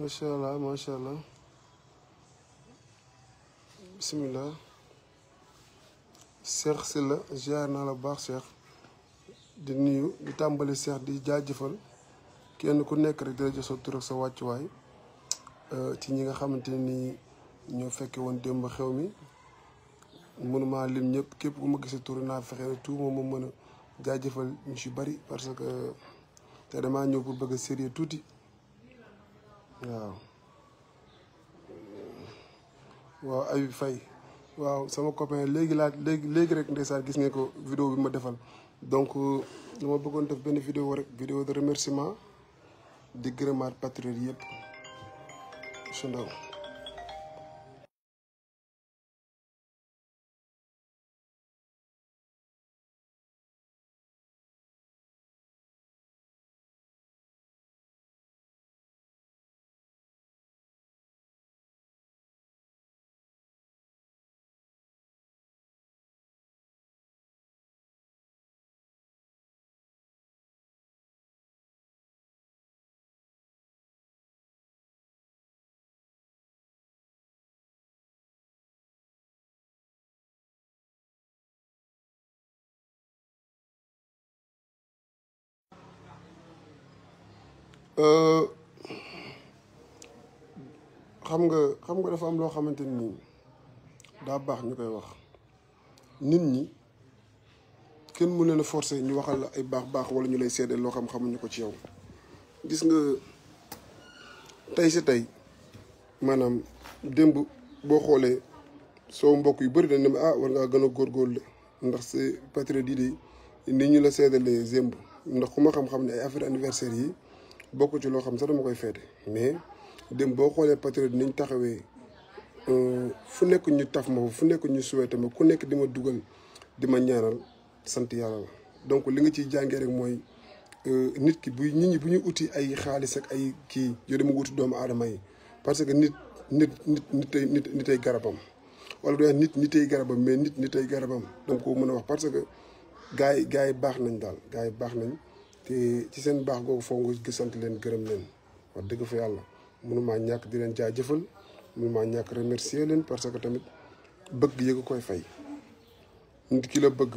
macha allah macha allah bisimilah. Cheikh Sylla ziar naa la baax Cheikh di nuyu di tàmbali Cheikh di jaajëfal kenn ku nekk rek di la jox sa tur ak sa wàccuwaay euh, ci ñi nga xamante ni ñoo fekkee woon démb xew mi. mënuma lim ñëpp képp ku ma gisee tur naa fexe ne tout moom ma mën a jaajëfal ñu si bari parce que te damaa ñëw pour bëgg a tuuti. waaw waaw copain rek gis vidéo ma donc euh, dama bëggoon def de vidéo de remerciement di gërëmaat patriote Euh, xam nga xam nga dafa am loo xamante nii daa baax ñu koy wax nit ñi kenn mën leen a forcer ñu waxal la ay baax baax wala ñu lay seedeel loo xam xamuñu ko ci yow gis nga tey si tey maanaam démb boo xoolee soo mbokk yu bari dañ ne ah war ngaa gën a góorgóorlu ndax c'est patriote yi de nit ñu la seedalee zémb ndax ku ma xam-xam ne ay affaire anniversaire yi bokk ci loo xam sax dama koy feete mais dem boo xoolee patriote niñ taxawee euh, fu nekk ñu taf ma fu nekk ñu souhaité ma ku nekk di ma dugal di ma ñaanal sant yàlla la donc li nga ciy jàngee rek mooy euh, nit ki buy nit ñi bu ñuy uti ay xaalis ak ay kii yoo dama wuti doomu aadama yi parce que nit nit nit nitay nit nitay garabam wala du nit nitay garabam mais nit nitay garabam koo mën a wax parce que gars yi gars yi baax nañ daal gars yi baax nañ te ci seen baax googu foog nga gisante leen gërëm leen wax dëgg fa yàlla mënumaa ñàkk di leen jaajëfal mënumaa ñàkk remercier leen parce que tamit bëgg yëg koy fay nit ki la bëgg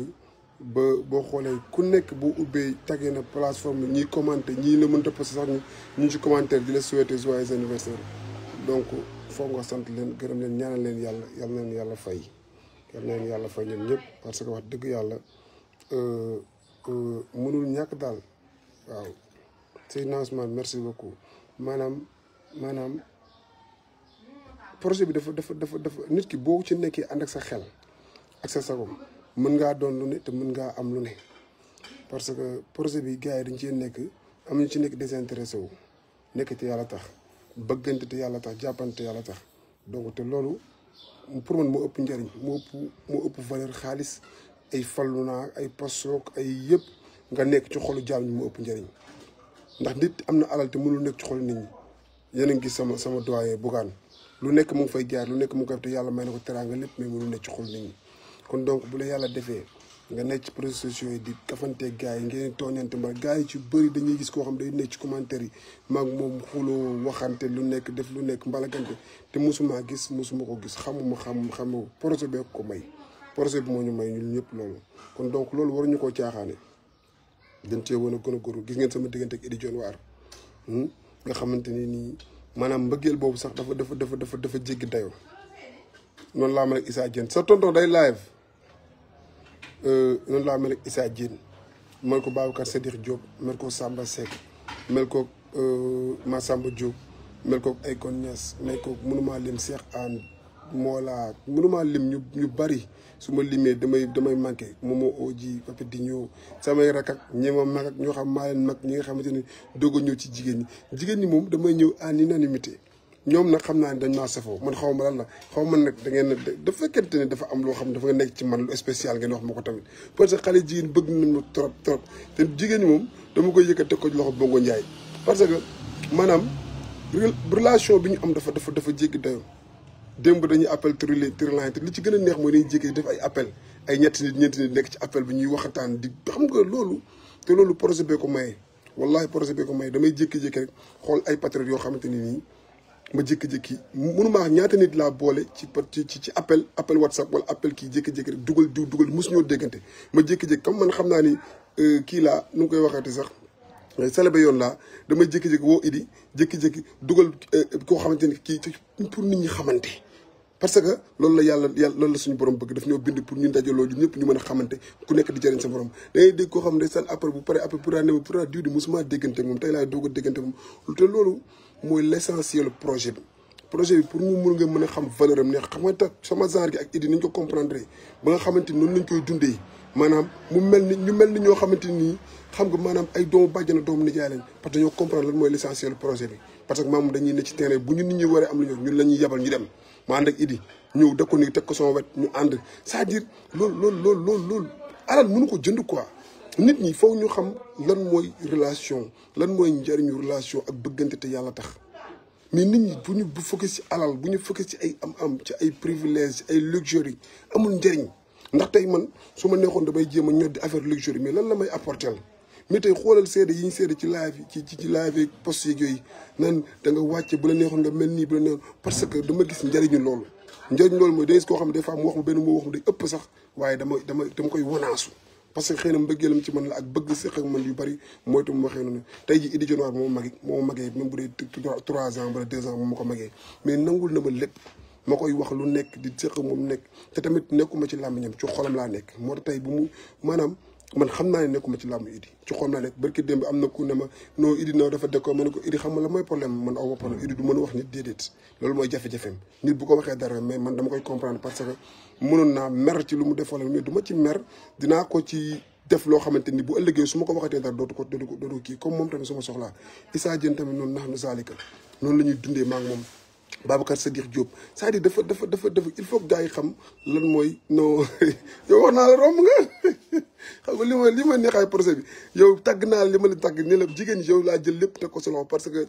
ba boo xoolee ku nekk bu ubbee tagee na plateforme bi ñiy ñii la mënta parce que sax ñu ci commentaire di la souhaiter joyeux anniversaire donc foog nga sant leen gërëm leen ñaanal leen yàlla yal na yàlla fay yal na yàlla fay ñoom ñëpp parce que wax dëgg yàlla euh, euh, mënul ñàkk daal waaw Seydina Ousmane merci beaucoup maanaam maanaam projet bi dafa dafa dafa dafa nit ki boo ci nekkee ànd ak sa xel ak sa sagom mën ngaa doon lu ne te mën ngaa am lu ne parce que projet bi gars yi dañ cee nekk am ñu ci nekk désintéressé wu nekk te yàlla tax bëggante te yàlla tax jàppante te yàlla tax donc te loolu pour man moo ëpp njariñ mu ëpp mu ëpp valeur xaalis ay fallu naa ay pasook ay yëpp nga nekk ci xolu jaam ñi mu ëpp njëriñ ndax nit am na alal te mënul nekk ci xolu nit ñi yéen a ngi gis sama sama doyen Bougane lu nekk mu ngi fay jaar lu nekk mu yàlla may na ko teraanga lépp mais mënul nekk ci xolu kon donc bu la yàlla defee nga nekk ci réseaux yi di kafante gars yi ngeen tooñante mbaa gars yi ci bëri dañuy gis koo xam day nekk ci commentaire yi maag moom xuloo waxante lu nekk def lu nekk mbalagante te mosuma gis mosuma ko gis xamuma xam xamuma projet bee ko may projet bi moo ñu may ñun ñëpp loolu kon donc loolu waruñu koo caaxaane dañ cee woon a gën a góor gis ngeen sama diggante ak Idi Dion waar hmm? nga xamante ni nii maanaam mbëggeel boobu sax dafa dafa dafa dafa dafa jéggi dayoo laa mel ak Issa Diène sa tonton day live euh, noonu laa mel ak Issa Diène mel ko Babacar Sadikh Diop mel ko Samba Seck mel ko euh, Massamba Diop mel ko ay kon Niass mel ko mënumaa lim Cheikh Anne Mollah mënuma lim ñu ñu bari su ma limee damay damay manqué Momo Oji Papa Digno samay rak ak ñi ma mag ak ñoo xam maa leen ñi nga xamante ne doog ñëw ci jigéen ñi jigéen ñi moom damay ñëw en unanimité ñoom nag xam naa ne dañ maa safoo man xaw ma lan la xaw ma nag da ngeen dafa fekkente ne dafa am loo xam dafa nekk ci man lu spécial ngeen wax ma ko tamit parce que xale jigéen bëgg nañu trop trop te jigéen ñi moom dama koy te ko loxo Bongo Ndiaye parce que maanaam relation bi ñu am dafa dafa dafa jéggi dayoo démb dañuy appel trilé trilante li ci gën a neex mooy dañuy jékkee def ay appel ñetti nit ñeenti nit nekk ci appel bi ñuy waxataan di xam nga loolu loolu projet bee ko maye wallahi projet bee ko maye damay jékki-jékki rek xool ay yoo xamante ni nii ma jékki-jékki ñaata nit laa boole ci ci ci appel appel whatsapp wala appel kii jékki-jékki rek dugal diw dugal mosu ñoo ma jékki-jékki comme man xam naa ni euh, kii laa nu ngi koy waxeeti sax euh, célébé yoon laa damay jékki-jékki woo idi jékki-jékki dugal euh, koo xamante ni kii pour nit ñi xamante parce que loolu la yàlla yàlla loolu la suñu borom bëgg daf ñoo bind pour ñu dajaloo ñu ñëpp ñu mën a xamante ku nekk di jëriñ sa borom da dégg koo xam ne seen après bu pare après pour ne pour diw di mosuma a projet projet bi pour mu mun nga mën a xam valeur am xam nga tax sama genre gi ak idée nañ ko comprendre ba nga xamante ni noonu lañ koy dundee maanaam mu mel ni ñu mel ni ñoo xamante nii xam nga maanaam ay doomu bàjjana doomu nijaay lañ parce que comprendre mooy l' essentiel projet bi parce que maam dañuy ne ci terrain bu ñu nit ñi waree am lu ñu ñun la ñu dem ma ànd ak Idi ñëw dëkk ko nii teg ko sama wet ñu ànd c'est-à-dire lool lool loolu loolu alal mënu ko jënd quoi nit ñi foog ñu xam lan mooy relation lan mooy njariñu relation ak bëggante te yàlla tax mais nit ñi bu ñu bu focus ci alal bu ñu fukki ci ay am-am ci ay privilège ay luxury amul njariñ ndax tey man su ma neexoon damay jéem a ñoddi affaire luxury mais lan la may apporter mais tey xoolal seede yi ñu seede ci live ci ci ci live yi post yeeg yooyu nan da wàcce bu la neexoon nga mel nii bu la neexoon parce que dama gis njariñu loolu njëriñ loolu mooy da gis koo xam ne des fois mu wax ma benn moo wax ma day ëpp dama koy wanaasu parce que xëy na mbëggeelam ci man la ak bëgg sëq ak man yu bëri mooy tam waxee noonu tey ji Idy Dionoor moo mag moo magee même bu dee trois ans wala deux ans moo ma ko magee mais nangul na ma lépp ma koy wax lu nekk di sëq moom nekk te tamit nekkuma ci làmmiñam ci xolam laa nekk moo tax tey bu mu maanaam man xam naa ne nekkuma ci làmb Idi ci xool naa ne barki démb am na ku ne ma non Idi non dafa dëkkoo ma ne ko Idi xam nga la mooy problème man a wax nit déedéet loolu mooy jafe-jafeem nit bu ko du ma ci mer dinaa ko ci def loo xamante ni bu ëllëgee su ma ko waxatee dara dootu ko dootu ko dootu kii comme moom tamit suma soxlaa Issa Diène tamit noonu nax nu saalika noonu la ñuy dundee maa ngi moom Babacar sa Diop jóob saa di dafa dafa dafa dafa il faut que xam lan mooy non yow wax naa la romb nga xam nga li ma li ma neexaay procès bi yow tàgg naa li ma la tàgg ne la jigéen yow laa jël lépp teg ko sa parce que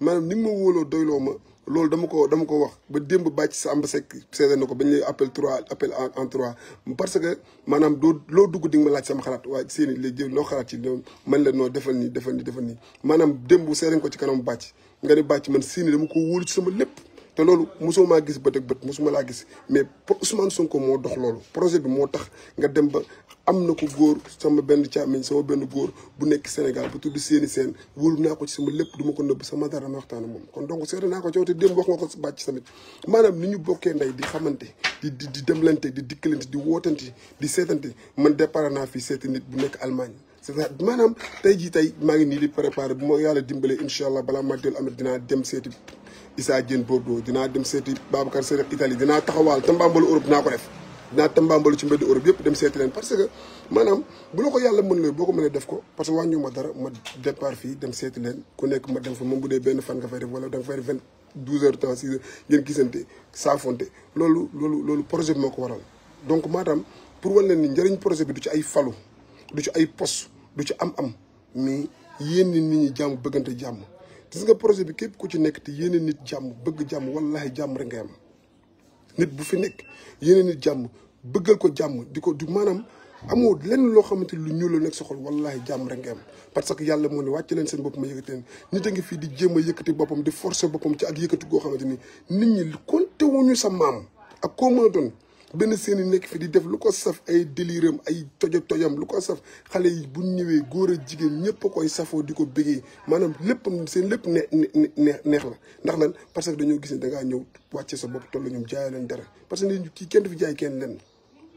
maanaam ni nga ma wóoloo doyloo ma loolu dama ko dama ko wax ba démb bàcc sa am sec seede na ko bañ lay appel trois appel en trois parce que maanaam doo loo dugg di ma laaj sama xalaat waaye seen i noo xalaat ci man la noo defal nii defal nii defal nii maanaam démb seede ko ci kanam bàcc nga ne bàcc man Siny dama ko wóolu ci sama lépp te loolu mosoo maa gis bët ak bët mosuma laa gis mais Ousmane Sonko moo dox loolu projet bi moo tax nga dem ba am na ko góor sama benn càmmiñ sama benn góor bu nekk Sénégal bu tudd Seny Sène wóolu naa ko ci sama lépp du ma ko nëbb sama dara ma waxtaan moom kon donc seet naa ko coow te démb wax nga ko bàcc tamit maanaam ni ñu bokkee ndey di xamante di di di demlante di dikkalante di wootante di seetante man départ naa fii seeti nit bu nekk Allemagne maanaam tey jii tey maa ngi nii li préparé bu ma yàlla dimbalee incha allah balaa ma dellu amat dinaa dem seeti Issa Diène Bordeaux dinaa dem seeti Babacar Seye Italie dinaa taxawaal tambaambalu Europe dinaa ko def dinaa tambaambalu ci mbeddi Europe yëpp dem seeti leen parce que maanaam bu la ko yàlla mën looyu boo ko mënee def ko parce que wàññu ma dara ma départ fii dem seeti leen ku nekk ma dem fa moom bu dee benn fan nga fay def wala da nga fay def vingt douze heures temps six heures ngeen gisante loolu loolu loolu projet bi moo ko waral donc maanaam pour wan leen ni njëriñ projet bi du ci ay falu du ay poste du ci am-am mais yéen nit ñi jàmm bëggante jàmm gis nga projet bi képp ku ci nekk te yéen nit jàmm bëgg jàmm wallahi jàmm rek am nit bu fi nekk yéen nit jàmm bëggal ko jàmm di ko du maanaam amoo lenn loo xamante lu ñuul la nekk soxal wallahi jàmm rek ngay am parce que yàlla moo ne wàcc leen seen bopp ma yëkkati leen nit a ngi fii di jéem a yëkkati boppam di forcer boppam ci ak yëkkati goo xamante ni nit ñi te konte wuñu sa maam ak koo mën a doon benn seen i nekk fi di def lu ko saf ay déliram ay tojo tojam lu ko saf xale yi bu ñëwee góor a jigéen ñëpp a koy safoo di ko bëggee maanaam lépp seen lépp ne neex la ndax lan parce que dañoo gis ne da ñëw wàcce sa bopp toll ñoom jaay leen dara parce que ni kii kenn du fi jaay kenn leen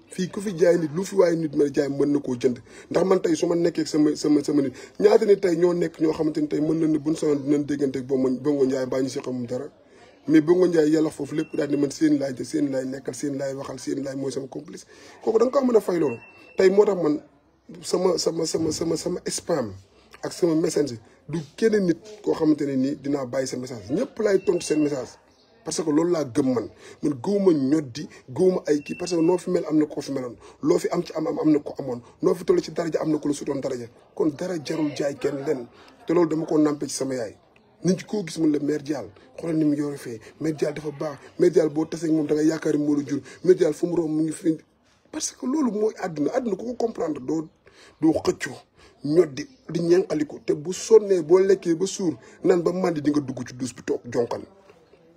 fii ku fi jaay nit lu fi waaye nit mën a jaay mën na koo jënd ndax man tey su ma nekkee sama sama sama nit ñaata ne tey ñoo nekk ñoo xamante ni tey mën na ne buñ déggante boo ma boo njaay baa ñu si xam dara mais Bongo Ndiaye yàlla foofu lépp daal di man seen laay jël seen laay nekkal seen laay waxal seen laay mooy sama complice kooku da ko mën a fay loolu tey moo tax man sama sama sama sama sama spam ak sama message du kenn nit koo xamante ne nii dinaa bàyyi seen message ñëpp laay tontu seen message parce que loolu laa gëm man man gëwuma ñoddi gëwuma ay kii parce que noo fi mel am na ko fi meloon loo fi am ci am am na ko amoon noo fi toll ci daraja am na ko la sutoon daraja kon dara jarul jaay kenn te loolu dama ko nampé ci sama yaay nit koo gis mun la mère Dial xoolal ni mu yore fee mère dafa baax mère boo tasee moom da nga yaakaari moo la jur mère fu mu romb mu ngi fi parce que loolu mooy àdduna àdduna ku ko comprendre doo doo xëccoo ñot di di ñànqaliku te bu sonnee boo lekkee ba suur naan ba màndi di nga dugg ci duus bi toog jonkan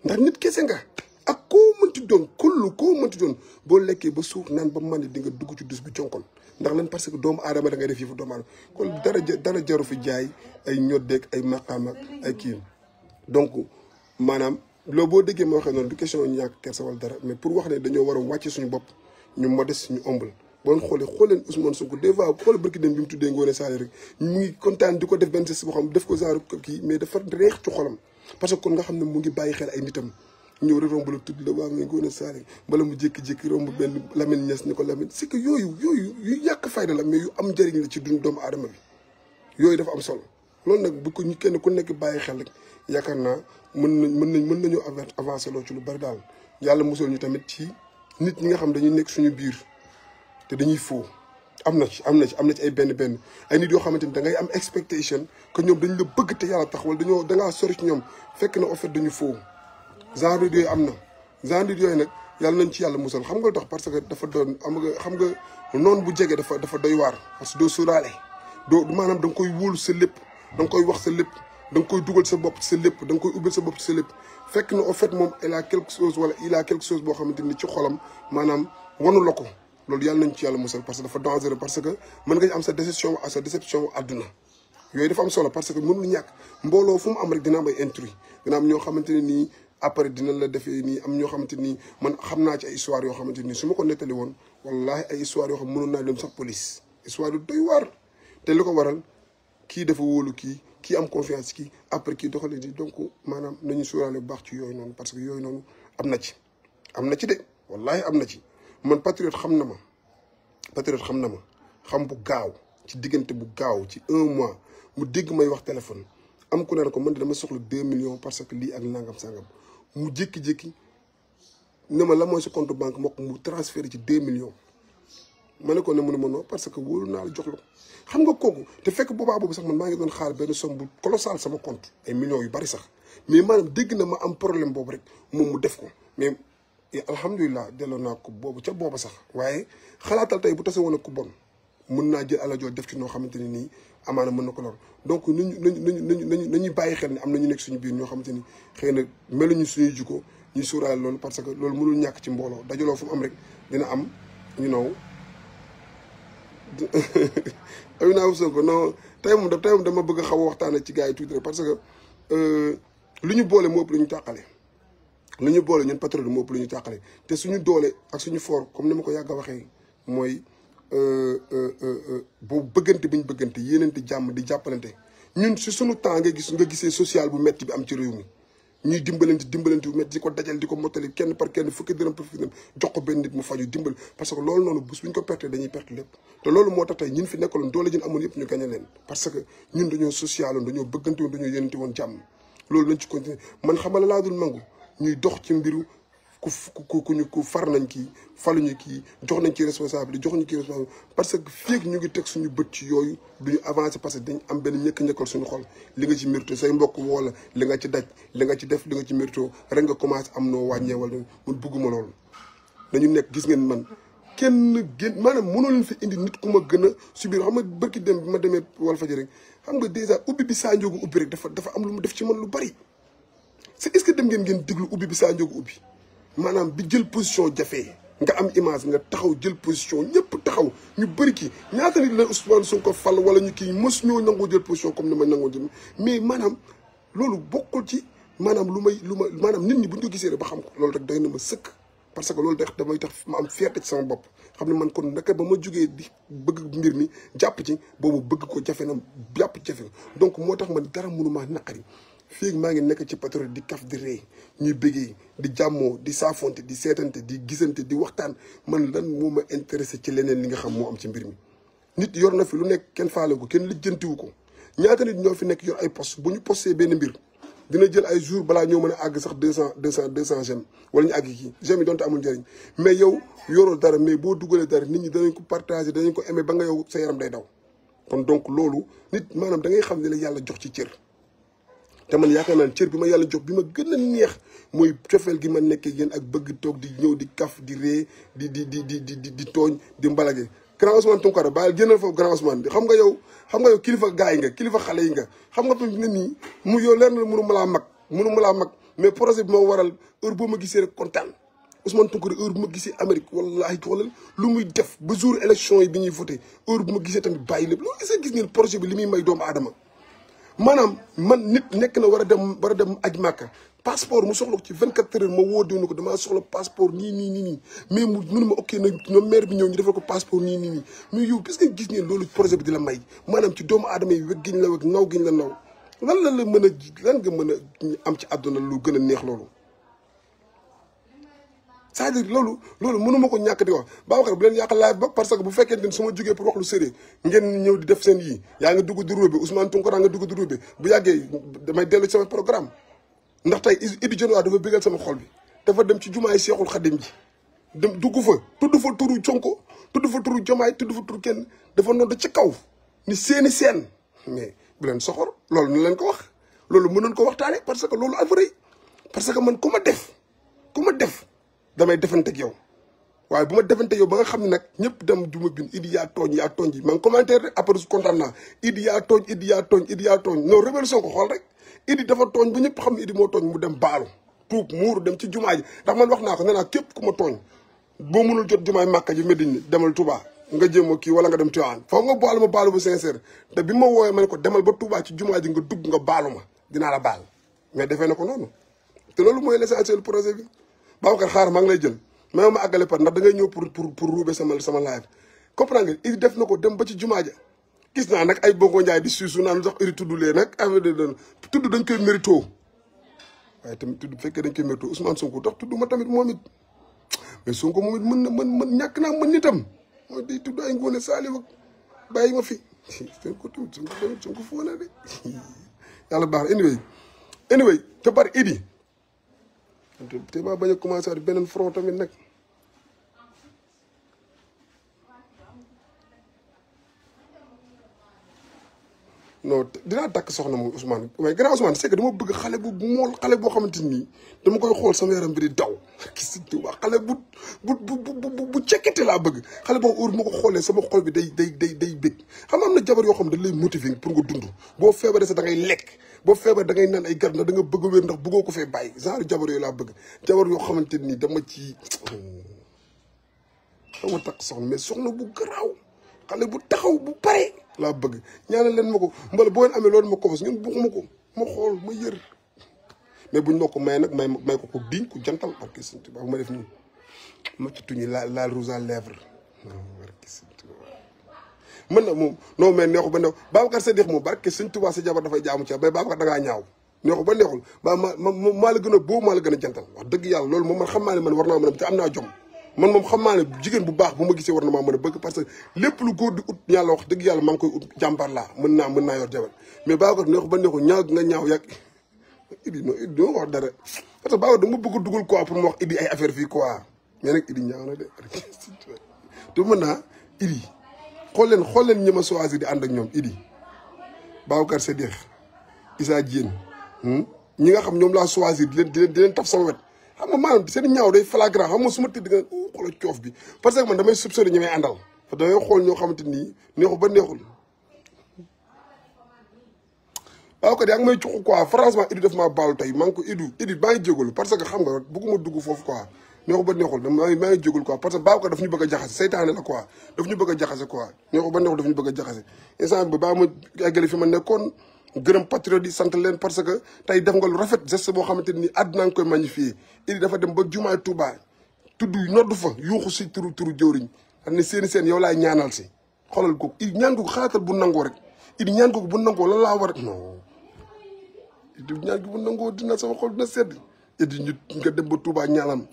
ndax nit kese nga ak koo mënti doon kullu koo mënti doon boo lekkee ba suur naan ba màndi di nga dugg ci duus bi jonkan ndax lan parce que doomu aadama da ngay def yëfu doomu aadama kon dara dara fi jaay ay ñoddeeg ay maqaam ak ay kii donc maanaam loolu boo déggee ma waxee noonu du question ñàkk kersa wala dara mais pour wax ne dañoo war a wàcce suñu bopp ñu modeste ñu humble boo leen xoolee xool leen Ousmane Sonko des fois xool dem bi mu tuddee Ngoné Sall rek mu ngi kontaan di ko def benn geste boo xam def ko genre kii mais dafa reex ci xolam parce que kon nga xam ne mu ngi bàyyi xel ay nitam. ñëw rek romb la tudd la waaw nga Ngoné Saliou bala mu jékki-jékki romb benn Lamine Niass ni ko Lamine c'est que yooyu yooyu yu yàq fayda la mais yu am njëriñ la ci dund doomu aadama bi yooyu dafa am solo loolu nag bu ñu kenn ku nekk bàyyi xel rek yaakaar naa mën nañ mën nañ mën nañoo avancer loo ci lu bari daal yàlla mosul ñu tamit ci nit ñi nga xam dañuy nekk suñu biir te dañuy foo am na ci am na ci am na ci ay benn benn ay nit yoo xamante ni da ngay am expectation que ñoom dañ la bëgg te yàlla tax wala dañoo dangaa sori ci ñoom fekk na offet fait dañu foo genre nit yooyu am na genre nit yooyu nag nañ ci yàlla musal xam nga tax parce que dafa doon am nga xam nga noonu bu jege dafa dafa doy waar parce que doo sóoraale doo maanaam da koy wóolu sa lépp da nga koy wax sa lépp da nga koy dugal sa bopp sa lépp da nga koy ubbil sa bopp sa lépp fekk na au fait moom il a quelque chose wala il a quelque chose boo xamante ni ci xolam maanaam wanu la ko loolu yàlla nañ ci yàlla musal parce que dafa dangereux parce que mën nga am sa déception sa déception àdduna yooyu dafa am solo parce que mënul ñàkk mbooloo fu mu am rek dina am ay intrus dina am ñoo nii après dinañ la defee nii am ñoo xamante nii man xam naa ci ay histoire yoo xamante nii su ma ko nettali woon wallahi ay histoire yoo xam mënoon naa dem sax police histoire waar te li ko waral kii dafa wóolu kii kii am confiance kii après kii doxale di donc maanaam nañu suuraale bu baax ci yooyu noonu parce que yooyu noonu am na ci am na ci de am na ci man patriote xam na ma patriote xam na ma xam bu gaaw ci diggante bu gaaw ci un mois mu dégg may wax téléphone am ku ne ko man de dama soxla deux millions parce que lii ak nangam sangam mu jékki-jékki ne ma la mooy sa compte banque mokk mu transféré ci deux millions ma ne ko ne mu ne ma non parce que wóolu naa la jox la ko xam nga kooku te fekk boobaa boobu sax man maa ngi doon xaar benn somme bu colossal sama compte ay millions yu bari sax mais maanaam dégg na ma am problème boobu rek moom mu def ko mais alhamdulilah delloo naa ko boobu ca booba sax waaye xalaatal tey bu tase woon a ku bon mën naa jël alal joo def ci noo xamante ne nii amaana mën na ko lor donc nañu nañu nañu nañu nañuy bàyyi xel ne am nañu ñu suñu biir ñoo xamante ni xëy na meluñu suñuy jikko ñu suuraale loolu parce que loolu mënul ñàkk ci mbooloo dajaloo fu mu am rek dina am ñu naaw. ayu naa Sonko non tey moom tey moom dama bëgg xaw a waxtaanee ci gars yi tuuti rek parce que euh, lu ñu boole moo lu ñu tàqale. lu ñu boole ñun patriote moo ëpp lu ñu tàqale te suñu doole ak suñu foor comme ni ma ko yàgg waxee mooy. boobu euh, euh, euh, bëggante bi ñu bëggante yéenante jàmm di jàppalante ñun si sunu temps nga gis nga gisee social bu metti bi am ci réew mi ñuy dimbalante dimbalante bu metti di ko dajal di ko mottali kenn par kenn fukki dërëm par fukki dërëm jox mu faju dimbal parce que loolu noonu bés bu ñu ko perte dañuy perte lépp te loolu moo tax tey ñun fi nekkaloon doole jën amoon yëpp ñu gañe leen parce que ñun dañoo social woon dañoo bëggante woon dañoo yéenante woon jàmm loolu lañ ci continuer man xamal laa dul nangu ñuy dox ci mbiru ku ku ku ku far nañ kii faluñu kii jox nañ ci responsabilité jox ñu kii responsabilité parce que fii ñu ngi teg suñu bët ci yooyu du ñu avancé parce que dañ am benn ñëkk-ñëkkal suñu xol li nga ci mérito say mbokk wala li nga ci daj li nga ci def li nga ci mérito rek nga commencé am noo wàññee wala mun bugguma loolu dañu nekk gis ngeen man kenn génn maanaam mënoo leen fi indi nit ku ma gën a subir xam nga bërki dem ma demee Walfadjri rek xam nga dèjà ubbi bi saa njóogu ubbi rek dafa dafa am lu mu def ci man lu bari c'est est-ce que dem ngeen ngeen déglu ubbi bi saa ubbi maanaam bi jël position jafee nga am image nga taxaw jël position ñëpp taxaw ñu bëri kii ñaata nit la Ousmane Sonko fal wala ñu kii mos ñoo nangoo jël position comme ni ma nangoo jël mais maanaam loolu bokkul ci maanaam lu may lu ma maanaam nit ñi bu ñu gisee rek ba xam ko loolu rek doy na ma sëkk. parce que loolu tax damay tax ma am fierté ci sama bopp xam ne man kon naka ba ma jógee di bëgg mbir mi jàpp ci boobu bëgg ko jafe na jàpp jafe donc moo tax man dara mënu maa naqari fii maa ngi nekk ci patriote di kaf di ree ñuy bëggee di jàmmoo di saafonte di seetante di gisante di waxtaan man lan moo ma intéressé ci leneen li nga xam moo am ci mbir mi. nit yor na fi lu nekk kenn faale ko kenn lijjantiwu ko ñaata nit ñoo fi nekk yor ay poste bu ñu posté benn mbir dina jël ay jour balaa ñoo mën a àgg sax deux cent deux cent deux cent j'aime wala ñu àgg kii j'aime yi donte amul njëriñ mais yow yoroo dara mais boo dugalee dara nit ñi danañ ko partagé danañ ko aimé ba nga yow sa yaram day daw kon donc loolu nit maanaam da ngay xam ne yàlla jox ci cër. te man yaakaar naa cër bi ma yàlla jox bi ma gën a neex mooy cofeel gi ma nekkee yéen ak bëgg toog di ñëw di kaf di ree di di di di di di tooñ di mbalage grand Ousmane Tounkara baal génnal foofu grand Ousmane xam nga xam nga yow kilifa gaay nga kilifa xale yi nga xam nga tamit ne nii mu yow leer mënu ma laa mag mënu ma laa mag mais projet bi ma waral heure boo ma gisee rek kontaan Ousmane Tounkara heure bu ma gisee Amérique wallaahi xoolal lu muy def ba jour élection bi ñuy voté heure bu ma gisee tamit bàyyi lépp loolu est gis ngeen projet bi li muy may doomu aadama maanaam man nit nekk na war a dem war a dem aj màkka passeport mu soxla ko ci 24 heures ma woo diw na ko damaa soxla passeport nii nii nii nii mais mu mënu ma ok nag ñoom bi ñëw ñu defal ko passeport nii nii nii mais yow gis gis ngeen loolu projet bi di la may maanaam ci doomu aadama yi wegg giñ la wegg naw giñ la naw lan la la mën a ren nga mën a am ci àdduna lu gën a neex loolu cest à loolu loolu mënuma ko ñàkk di wax Babacar bu leen yàq live ba parce que bu fekkente ni su ma jógee pour wax lu sérieux ngeen ñëw di def seen yii yaa ngi dugg di ruube Ousmane Tounkara nga dugg di ruube bu yàggee damay dellu ci sama programme ndax tey Idy Diadoua dafa bégal sama xol bi dafa dem ci jumaay Seexul Xadim ji dem dugg fa tudd fa turu Sonko tudd fa turu Jomaay tudd fa turu kenn dafa nodd ci kaw ni seeni seen mais bu leen soxor loolu na ko wax loolu mënoon ko waxtaane parce que loolu ak vrai que man ku ma def ku ma def damay defanteeg yow waaye bu ma defanteeg yow ba nga xam ne nag ñëpp dem du ma bind Idi yaa tooñ yaa tooñ ji ma ngi commentaire rek après su kontaan naa Idi yaa tooñ Idi yaa tooñ Idi révolution ko xool rek Idi dafa tooñ ba ñëpp xam ne Idi moo tooñ mu dem baalu tuub muuru dem ci jumaa ji ndax man wax naa ko nee képp ku ma tooñ boo mënul jot jumaay Màkka ji Medine demal Touba nga jëm a kii wala nga dem Tiwaan foog nga baalu ma baalu bu sincère te bi ma woowee ma ne ko demal ba Touba ci jumaa ji nga dugg nga baalu ma dinaa baal mais defee na ko noonu te loolu mooy l'essentiel projet bi Babacar xaar maa ngi lay jël mais ma àggale par ndax da ngay ñëw pour pour pour ruube sama sama live comprendre nga def na ko dem ba ci jumaa ja gis naa nag ay bongo njaay di suusu naan sax iri tudd lee nag affaire de tudd dañ koy mérito waaye tamit tudd bu fekkee dañ koy mérito Ousmane Sonko tax tudd ma tamit moom it mais Sonko moom mën na mën mën ñàkk naa mën nitam mooy di tudd ay ngoone saaliw ak bàyyi ma fi Sonko tudd Sonko Sonko foo na de baax anyway anyway te par idi te maa bañ a commencé at beneen front tamit nag non dinaa takk soxna moom Ousmane waaye gannaaw Ousmane c'est que dama bëgg xale bu mool xale boo xamante nii dama koy xool sama yaram bi di daw gis nga xale bu bu bu bu cekkete laa bëgg xale boo heure ma ko xoolee sama xool bi day day day day bëgg xam nga am na jabar yoo xam ne dañ lay motiver pour nga dund boo feebaree sax da ngay lekk. boo feebar dangay nan ay garab ndax da nga bëgg a ndax bëggoo fee bàyyi genre jabar yooyu laa bëgg jabar yoo xamante ni dama ci hmm, dama takk soxna mais soxna bu garaaw xale bu taxaw bu laa bëgg ñaanal leen ma ko mbala boo leen amee loolu ma ko ma ma yër mais buñ ma ko may nag may may ko ko diñ ku jantal barki sëñ Tuubaa ma def nii ma ci laal laal rouge à lèvres man na moom non mais neexu ba neexu babakar sadiq mo barke seigne touba sa jabar da fay jaamu ci bay babakar da nga ñaaw neexu ba neexul ba ma la gëna bo ma la gëna jantal wax deug yalla lool mo man xam naa ne man war naa te amna jom man mom xam jigen bu baax bu ma gisee warna ma maa bëgg parce que lepp lu goor di ut yalla wax deug yalla maa koy ut jambar la mën na mën na yor jabar mais babakar neexu ba neexul ñaaw nga ñaaw yak ibi no idi doo wax dara parce que babakar Babacar dama bëgg duggal quoi pour mo wax ibi ay affaire fi quoi mais nak ibi ñaaw na de te mën ibi xool leen xool leen ñi ma choisir di ànd ak ñoom Idi Babacar Sedikh Issa Diène hmm? ñi nga xam ñoom laa choisir di leen di leen di leen taf sama wet xam nga maanaam seen ñaaw day flagrant xam nga su ma tëdd nga uh, xoolal bi parce que man damay soupçonné ñi may àndal parce que xool ñoo xamante ni neexul ba neexul. waaw kat yaa ngi may cuq quoi franchement Idi daf maa baalu tey maa ngi ko Idi Idi baa ngi jégalu parce que xam nga bëgguma dugg foofu quoi. neexu ba neexul dama maa ngi jógul quoi parce que baaw ko daf ñu bëgg a jaxase saytaane la quoi daf ñu bëgg a jaxase quoi neexu ba neexul daf ñu bëgg a jaxase instant bi baa ma fi ma nekkoon gërëm patriote di sant len parce que tey def nga lu rafet geste boo xamante adna àddina nga koy magnifier il dafa dem ba jumaay Touba tudd noddu fa yuuxu si turu turu jëwriñ xam ne seeni seen yow laay ñaanal si xoolal ko il ñaan ko xaatal bu nangoo rek il ñaan ko bu nangoo lan laa war non ñaan ko bu nangoo dina sama xol dina sedd it ñu nga dem ba Touba ñaanam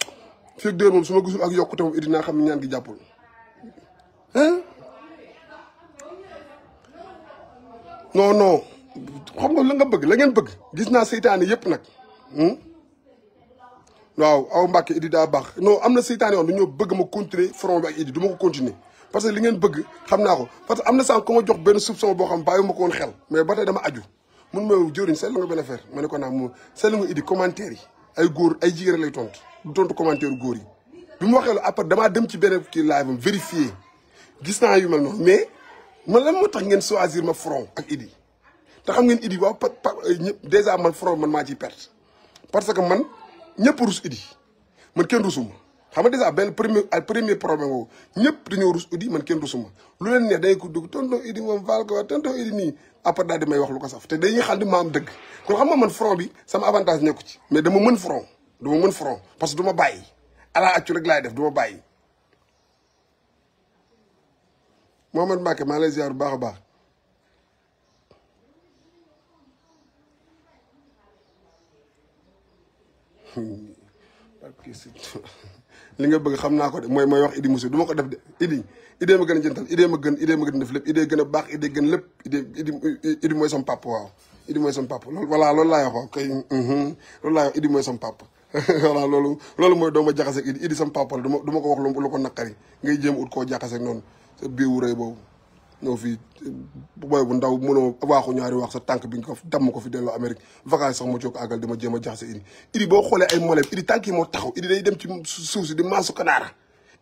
fek déer mom suma gisul ak yokkute moom it xam ñaan gi jappul hein non non xam nga la nga bëgg la ngeen bëgg gis na naa yépp nak hmm waaw aw mbacke Idi daa baax non amna na won dañu bëgg ma continuer front bi ak Idi duma ko continuer parce que li ngeen bëgg xam naa ko parce que amna sax ko ma jox benn soupçon bo xam bayu ma ko woon xel mais batay dama aju mun ma jëriñ sel nga benn affaire mané ko na mo sel nga Idi commentaire ay góor ay jigéen lay tontu du tontu commentaire góor yi. bi mu waxee lu après damaa dem ci beneen kii live am vérifié gis naa yu mel noonu mais man lan moo tax ngeen choisir ma front ak Idy te xam ngeen Idy waaw pa pa ñëpp dèjà man front man maa ci perte. parce que man ñëpp rus Idy man kenn rusuma xam nga dèjà benn premier ay premier problème woowu ñëpp dañoo rus Idy man kenn rusuma lu leen neex dañuy ko dugg tonton Idy moom vaal ko waa tonton Idy nii. après daal di may wax lu ko saf té dañuy xal di ma am deug kon xam nga man front bi sama avantage neeku ci mais dama mën front dama mën front parce que duma bayyi ala accu rek lay def duma bayyi mohammed mbake ma lay ziar bu baax a baax hmm. li nga bëgg xam naa ko de mooy mooy wax Idi Moussa du ma ko def de Idi idée ma gën a jëntal idée ma a baax idée gën lépp idée idi mooy sam papa waaw idi mooy sam papa loolu voilà loolu laa wax waaw kay mhm. loolu laa wax idi loolu loolu mooy dooma jaxase idi idi sam papa la duma du ma ko wax lu ko naqari ngay jéem ut koo jaxase noonu sa biiwu boobu ñëw fii booy bu ndaw mënoo waaxu ñaari wax sa tànk bi nga ko damm ko fi delloo Amérique vacances sax ma coo ko àggal dama jéem a jaxase idi boo xoolee ay moleem idi tànk yi moo taxaw idi day dem ci suuf si di maasu kanaara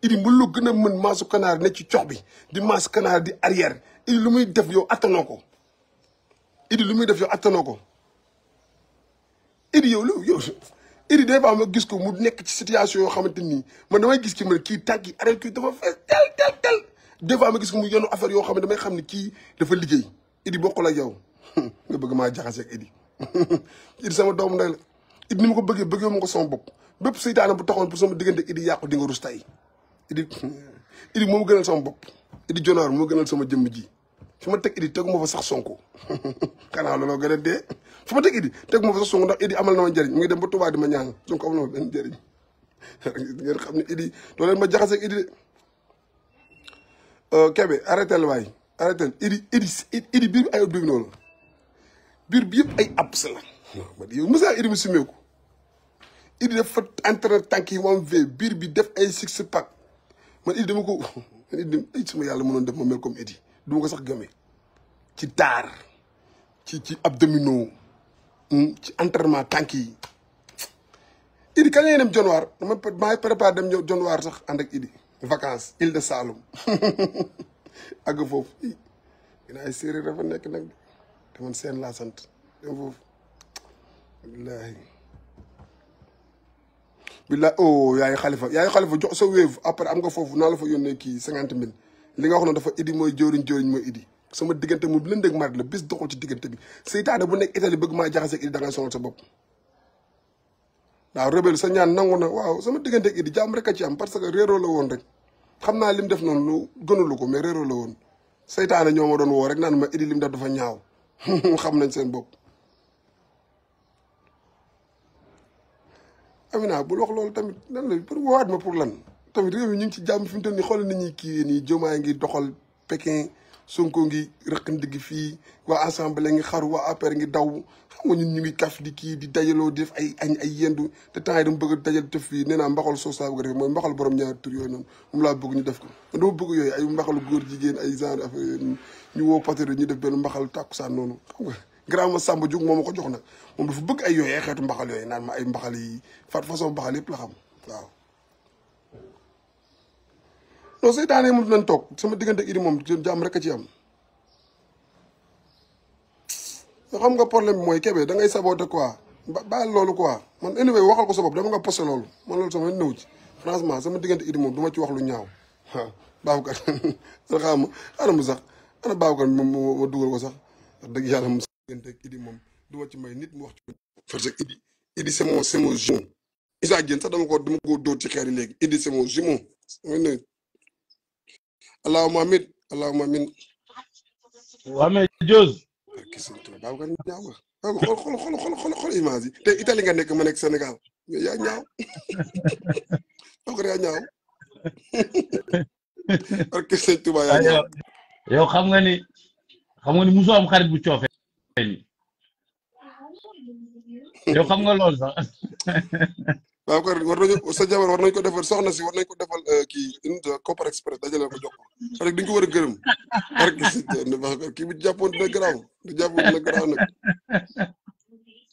idi mu lu gën a mën maasu kanaar ne ci cox bi di maas kanaar di arrière idi lu muy def yow attanoo ko idi lu muy def yow attanoo ko idi yow lu yow idi des fois gis ko mu nekk ci situation yoo xamante nii man damay gis ki man kii tànk yi arrêt kii dafa fees gis ko mu yenu affaire yoo xam ne damay xam ne kii dafa liggéey idi bokkul ak yow nga bëgg maa jaxase ak idi idi sama doomu ndey la idi ni ma ko bëggee bëggee ma ko sama bopp bépp seytaane bu taxoon pour sama diggante idi yàqu di nga rus tey idi idi moom gënal sama bopp idi jonaar moo gënal sama jëmm ji fi ma teg idi teguma fa sax sonko xanaa looloo gën a dee fi ma teg idi teguma fa sax sonko ndax idi amal na ma njëriñ mu ngi dem ba Tuubaa di ma ñaan sonko amal na ma benn njëriñ ngeen xam ne idi doo leen ma jaxaseeg idi de euh, bi yëpp ay abs la tànk yi moom v biir bi def ay six pack man idi dama ko man idi ay sama yalla mënon def ma mel comme idi duma ko sax gëmé ci tar ci ci abdominaux hmm, ci entraînement tanki idi kañ lay dem januar dama ma préparé dem ñëw januar sax and ak idi vacances île de salum ag fofu ina ay séeréer dafa nek nak te man seen laa sant dem fofu wallahi billaay oh yaay xalifa yaay xalifa jox sa wéev après am nga foofu naa la fa yónnee kii cinquante mille li nga wax noonu dafa idi mooy jëwriñ jëwriñ mooy idi sama diggante moom lëndëg marit la bis doxul ci diggante bi seytaane bu nekk Italie bëgg sa ñaan nangu na waaw sama diggante idi jàmm rek a ci am parce que réeroo la woon rek xam naa lim def noonu lu gënalu ko mais réeroo la woon seytaane ñoo ma doon woo rek naan ma idi lim def dafa ñaaw xam nañ seen bopp Amina bul wax loolu tamit lan la pour waat ma pour lan tamit ñu ngi ci jàmm fi mu toll nii xoolal nañuy kii nii Diomaye ngi doxal Pékin Sonko ngi rëqandi gi fii waa Assemblée ngi xaru waa APR ngi daw xam nga ñun ñu ngi kaf di kii di dajaloo di def ay añ yendu te temps yi bëgg dajal te fii nee naa mbaxal soo saa bëgg mooy mbaxal borom ñaar tur yooyu noonu moom laa bëgg ñu def ko dama bëgg yooyu ay mbaxalu góor jigéen ay genre ñu woo patéro ñu def benn mbaxal tàkkusaan noonu grand ma Samba Diouf moo ma ko jox nag moom dafa bëgg ay yooyu ay xeetu mbaxal yooyu naan ma ay mbaxal yi fat façon mbaxal yëpp la xam waaw non seytaane moom dinañ toog sama diggante idi moom jàmm rek a am xam nga problème bi mooy kebe da ngay saboté quoi baal loolu quoi man anyway waxal ko sa bopp dama nga posté loolu man loolu sama sama diggante idi moom du ma ci wax lu ñaaw waaw baabukat xaaral ma xaaral ma sax ana baabukat dugal ko sax dëgg diggante ak ma may nit mu wax ci Idi Idi c'est mon c'est mon jumeau Issa dama ko dama ko dóor ci xeer Idi c'est mon jumeau mooy ne allahumma amin allahumma amin waa mais nga nekk ma nekk Sénégal mais ñaaw Babacar xam nga ni xam nga ni musu am xarit bu coofe yow xam nga loolu sax. waaw kay war nañu sa jabar war nañ ko defal soxna si war nañ ko defal euh, kii une Kopar Express dajale ko jox ko parce dañ ko war a gërëm parce que kii bu jàppoon dina garaaw du jàppoon dina nag.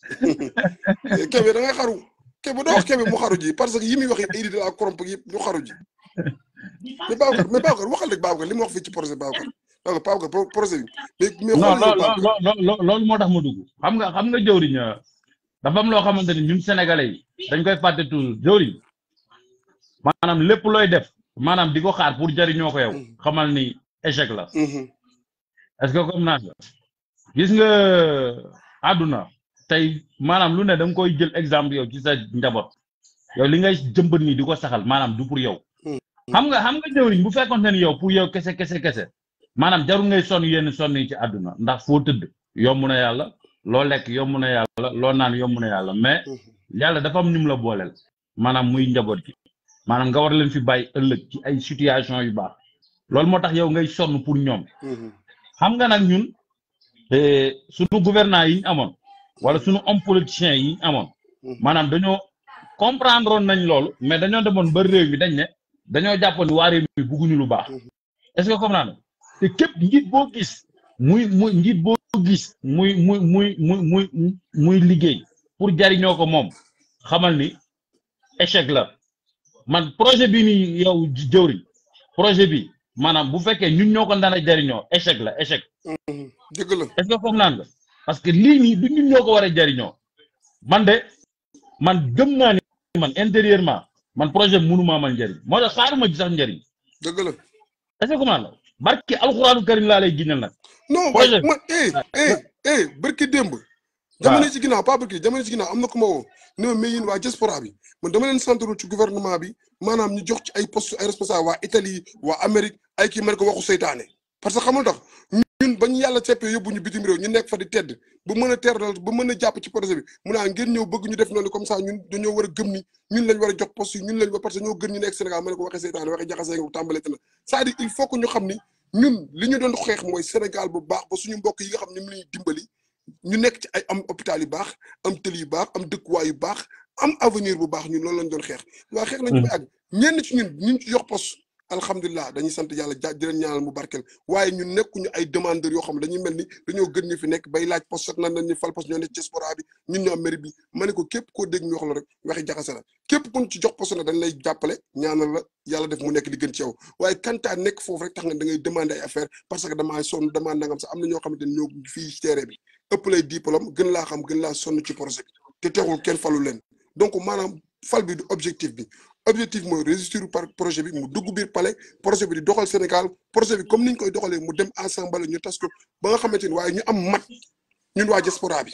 Kébé da ngay xaru Kébé doo wax Kébé mu xaru ji parce que yi muy wax yëpp ay la ak koromp yëpp mu xaru ji mais Babacar waxal rek Babacar li mu wax fii ci projet Babacar. non pas que projet bi. loolu moo tax ma dugg xam nga xam nga jëwriñ euh, dafa am loo xamante ni ñun sénégalais yi dañ koy fàtte toujours jëwriñ maanaam lépp looy def maanaam di ko xaar pour jariñoo ko yow mm-hmm. xamal ni échec la. Mm-hmm. est-ce que comme naa gis nga euh, àdduna tey maanaam lu ne da koy jël exemple yow ci sa njaboot yow li ngay jëmbat nii di ko saxal maanaam du pour yow. Mm-hmm. xam nga xam nga jëwriñ bu fekkoon ne ni yow yow kese kese kese. maanaam jarul ngay sonn yenn sonn yi ci àdduna ndax foo tëdd yomb na yàlla loo lekk yomb na yàlla loo naan yomb na yàlla mais mhm. yàlla dafa mu ñum la booleel maanaam muy njaboot gi maanaam nga war leen fi bàyyi ëllëg ci ay situation yu baax loolu moo tax yow ngay sonn pour ñoom mhm. xam nga nag ñun eh, suñu gouvernant yi ñu amoon wala suñu homme politicien yi amoon mhm. maanaam dañoo comprendre woon nañ loolu mais dañoo demoon ba réew mi dañ ne dañoo jàppoon waa réew mi lu baax te képp njiit boo gis muy muy njiit boo gis muy muy muy muy muy muy liggéey pour jariñoo ko moom xamal ni échec la man projet bi ni yow jëwriñ projet bi maanaam bu fekkee ñun ñoo ko daan jariñoo échec la échec mm-hmm. dëgg la est-ce que comme la parce que lii nii du ñun ñoo ko war jariñoo man de man gëm naa ni man intérieurement man projet bi mënumaa man njëriñ moo tax xaaruma ji sax njëriñ dëgg barki alxuraanu karim laa lay ginnal nag. projet non man eh ah. eh eh barki démb. waaw ah. jamono ci ginnaaw pas barki jamono ci ginnaaw am na ku ma woo ne ma mais yéen waa diaspora bi man dama leen santaru ci gouvernement bi maanaam ñu jox ci ay poste ay responsable waa Italie waa Amérique ay kii mën ko waxu seytaane parce que xamul tax ñun ba ñu yàlla seppee yóbbu ñu bitim réew ñu nekk fa di tedd ba mën a teeral ba mën a jàpp ci projet bi mu naa ah, ngeen ñëw bëgg ñu def noonu comme ça ñun dañoo war a gëm ni ñun lañ a jox poste yi ñun lañ doon xeex mooy Sénégal bu baax ba suñu mbokk yi nga xam ne dimbali ñu nekk ci ay am hôpital yi baax am tëli yu baax am dëkkuwaay yu baax am avenir bu baax ñun loolu lañ doon xeex waa xeex nañu ba àgg ñenn ci ñun ñu ci jox alhamdulilah dañuy sant yàlla ja di leen ñaanal mu barkeel waaye ñun nekkuñu ay demandeurs yoo xam dañuy mel ni dañoo gën ñu fi nekk bay laaj poste soog nan ñu fal poste ñoo ne ci spora bi ñun ñoo am mairie bi ma ne ko képp koo dégg ñu wax la rek jox poste na dañ lay jàppale ñaanal yàlla def mu nekk li gën ci waaye kantaa nekk foofu rek tax nga da ngay demander ay affaire parce que damaa sonn demande nangam sax am na ñoo xamante ne ñoo fii ci terrain bi ëpp lay diplôme gën laa xam gën laa sonn ci projet bi te texul kenn falu leen donc maanaam fal bi du objectif bi objectif mooy réussir par projet bi mu dugg biir palais projet bi di doxal Sénégal projet bi comme ni koy doxalee mu dem ensemble ñu tas ko ba nga xamante ni waaye ñu am mat ñun waa diaspora bi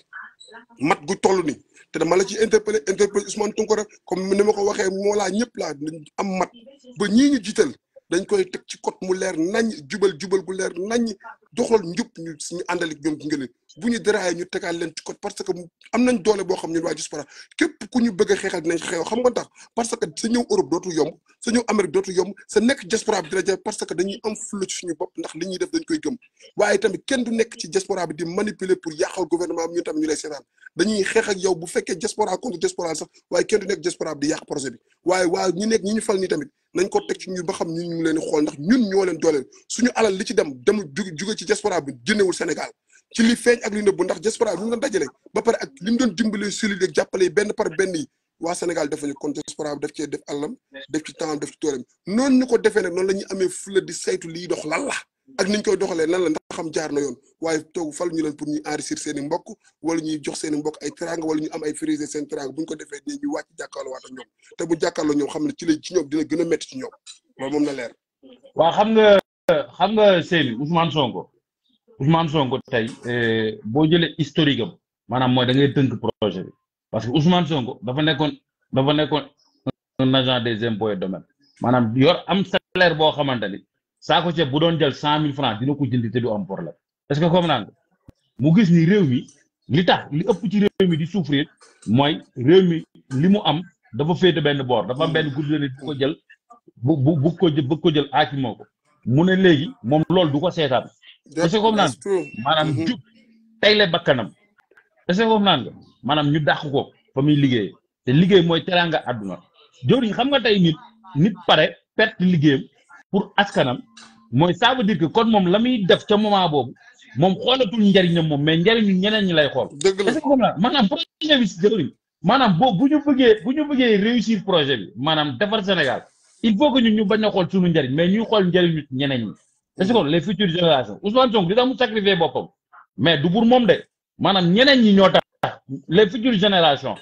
mat gu toll ni te dama la ci interpellé interpellé Ousmane Tounkara comme ni ma ko waxee moo laa ñëpp laa am mat ba ñii ñu jiital dañ koy teg ci code mu leer nañ jubal jubal gu leer nañ doxal njub ñu ñu àndal ak ñoom gunge leen bu ñu daraay ñu tegaal leen ci code parce que am nañ doole boo xam ñun waa diaspora képp ku ñu bëgg a xeexal dinañ xeew xam nga tax parce que sa ñëw Europe dootu yomb sa ñëw Amérique dootu yomb sa nekk diaspora bi dina jafe parce que dañuy am fulla ci suñu bopp ndax li ñuy def dañ koy gëm waaye tamit kenn du nekk ci diaspora bi di manipuler pour yàqal gouvernement bi ñun tamit ñu lay seetaan dañuy xeex ak yow bu fekkee diaspora contre diaspora sax waaye kenn du nekk diaspora bi di yàq projet bi waaye waa ñu nekk ñi ñu fal nii tamit nañ ko teg ci ñun ba xam ñun ñu leen xool ndax ñun ñoo leen dooleel suñu alal li ci dem dem juge ci diaspora bi génnewul Sénégal ci li feeñ ak li nëbbu ndax diaspora bi mu doon dajale ba pare ak li doon dimbalee solide ak jàppale benn par benn yi waa Sénégal def àllam ñu ko defee nag noonu la ñuy amee fula di saytu liy dox lan la ak jaar na yoon waaye toog fal ñu leen pour ñuy enrichir seen i mbokk wala ñuy jox seen i mbokk ay teranga wala ñu am ay frisé seen teranga bu ñu ko defee nii ñu wàcc jàkkaarloo waat ak ñoom te bu jàkkaarloo ñoom xam ne ci la ci ñoom dina gën a métti ci ñoom loolu moom na leer waa xam nga xam nga Seydou Ousmane Sonko Ousmane Sonko tey eh, boo jëlee historique am maanaam mooy da ngay tënk projet bi parce que usman Sonko dafa nekkoon dafa nekkoon un agent des impôts et domaines maanaam yor am salaire boo xamante ni saako ceeb bu doon jël cent mille francs dina ko jënd te du am problème est-ce que comme naan mu gis ni réew mi li tax li ëpp ci réew mi di souffrir mooy réew mi li mu am dafa féete benn boor dafa benn guddi nit bu ko jël bu bu bu ko jël bëgg ko jël aaci moo ko mu ne léegi moom loolu du ko seetaan est comme naan maanaam mm-hmm. jub tey la bakkanam est-ce comme naan nga maanaam ñu dàq ko fa muy liggéey te liggéey mooy teraanga àdduna jëwriñ xam nga tey nit nit pare perte liggéeyam pour askanam mooy ça veut dire kon moom la muy def ca moment boobu moom xoolatul njariñam moom mais njariñu ñeneen ñi lay xool est-ce que comme naan maanaam projet bi si jëwriñ maanaam boo bu ñu bëggee bu ñu bëggee réussir projet bi maanaam defar Sénégal il faut que ñun ñu bañ a xool suñu njëriñ mais ñuy xool njëriñu ñeneen ñi. est-ce que les futures générations Ousmane di tax sacrifier boppam mais du pour moom de maanaam ñeneen ñi ñoo tax le futures générations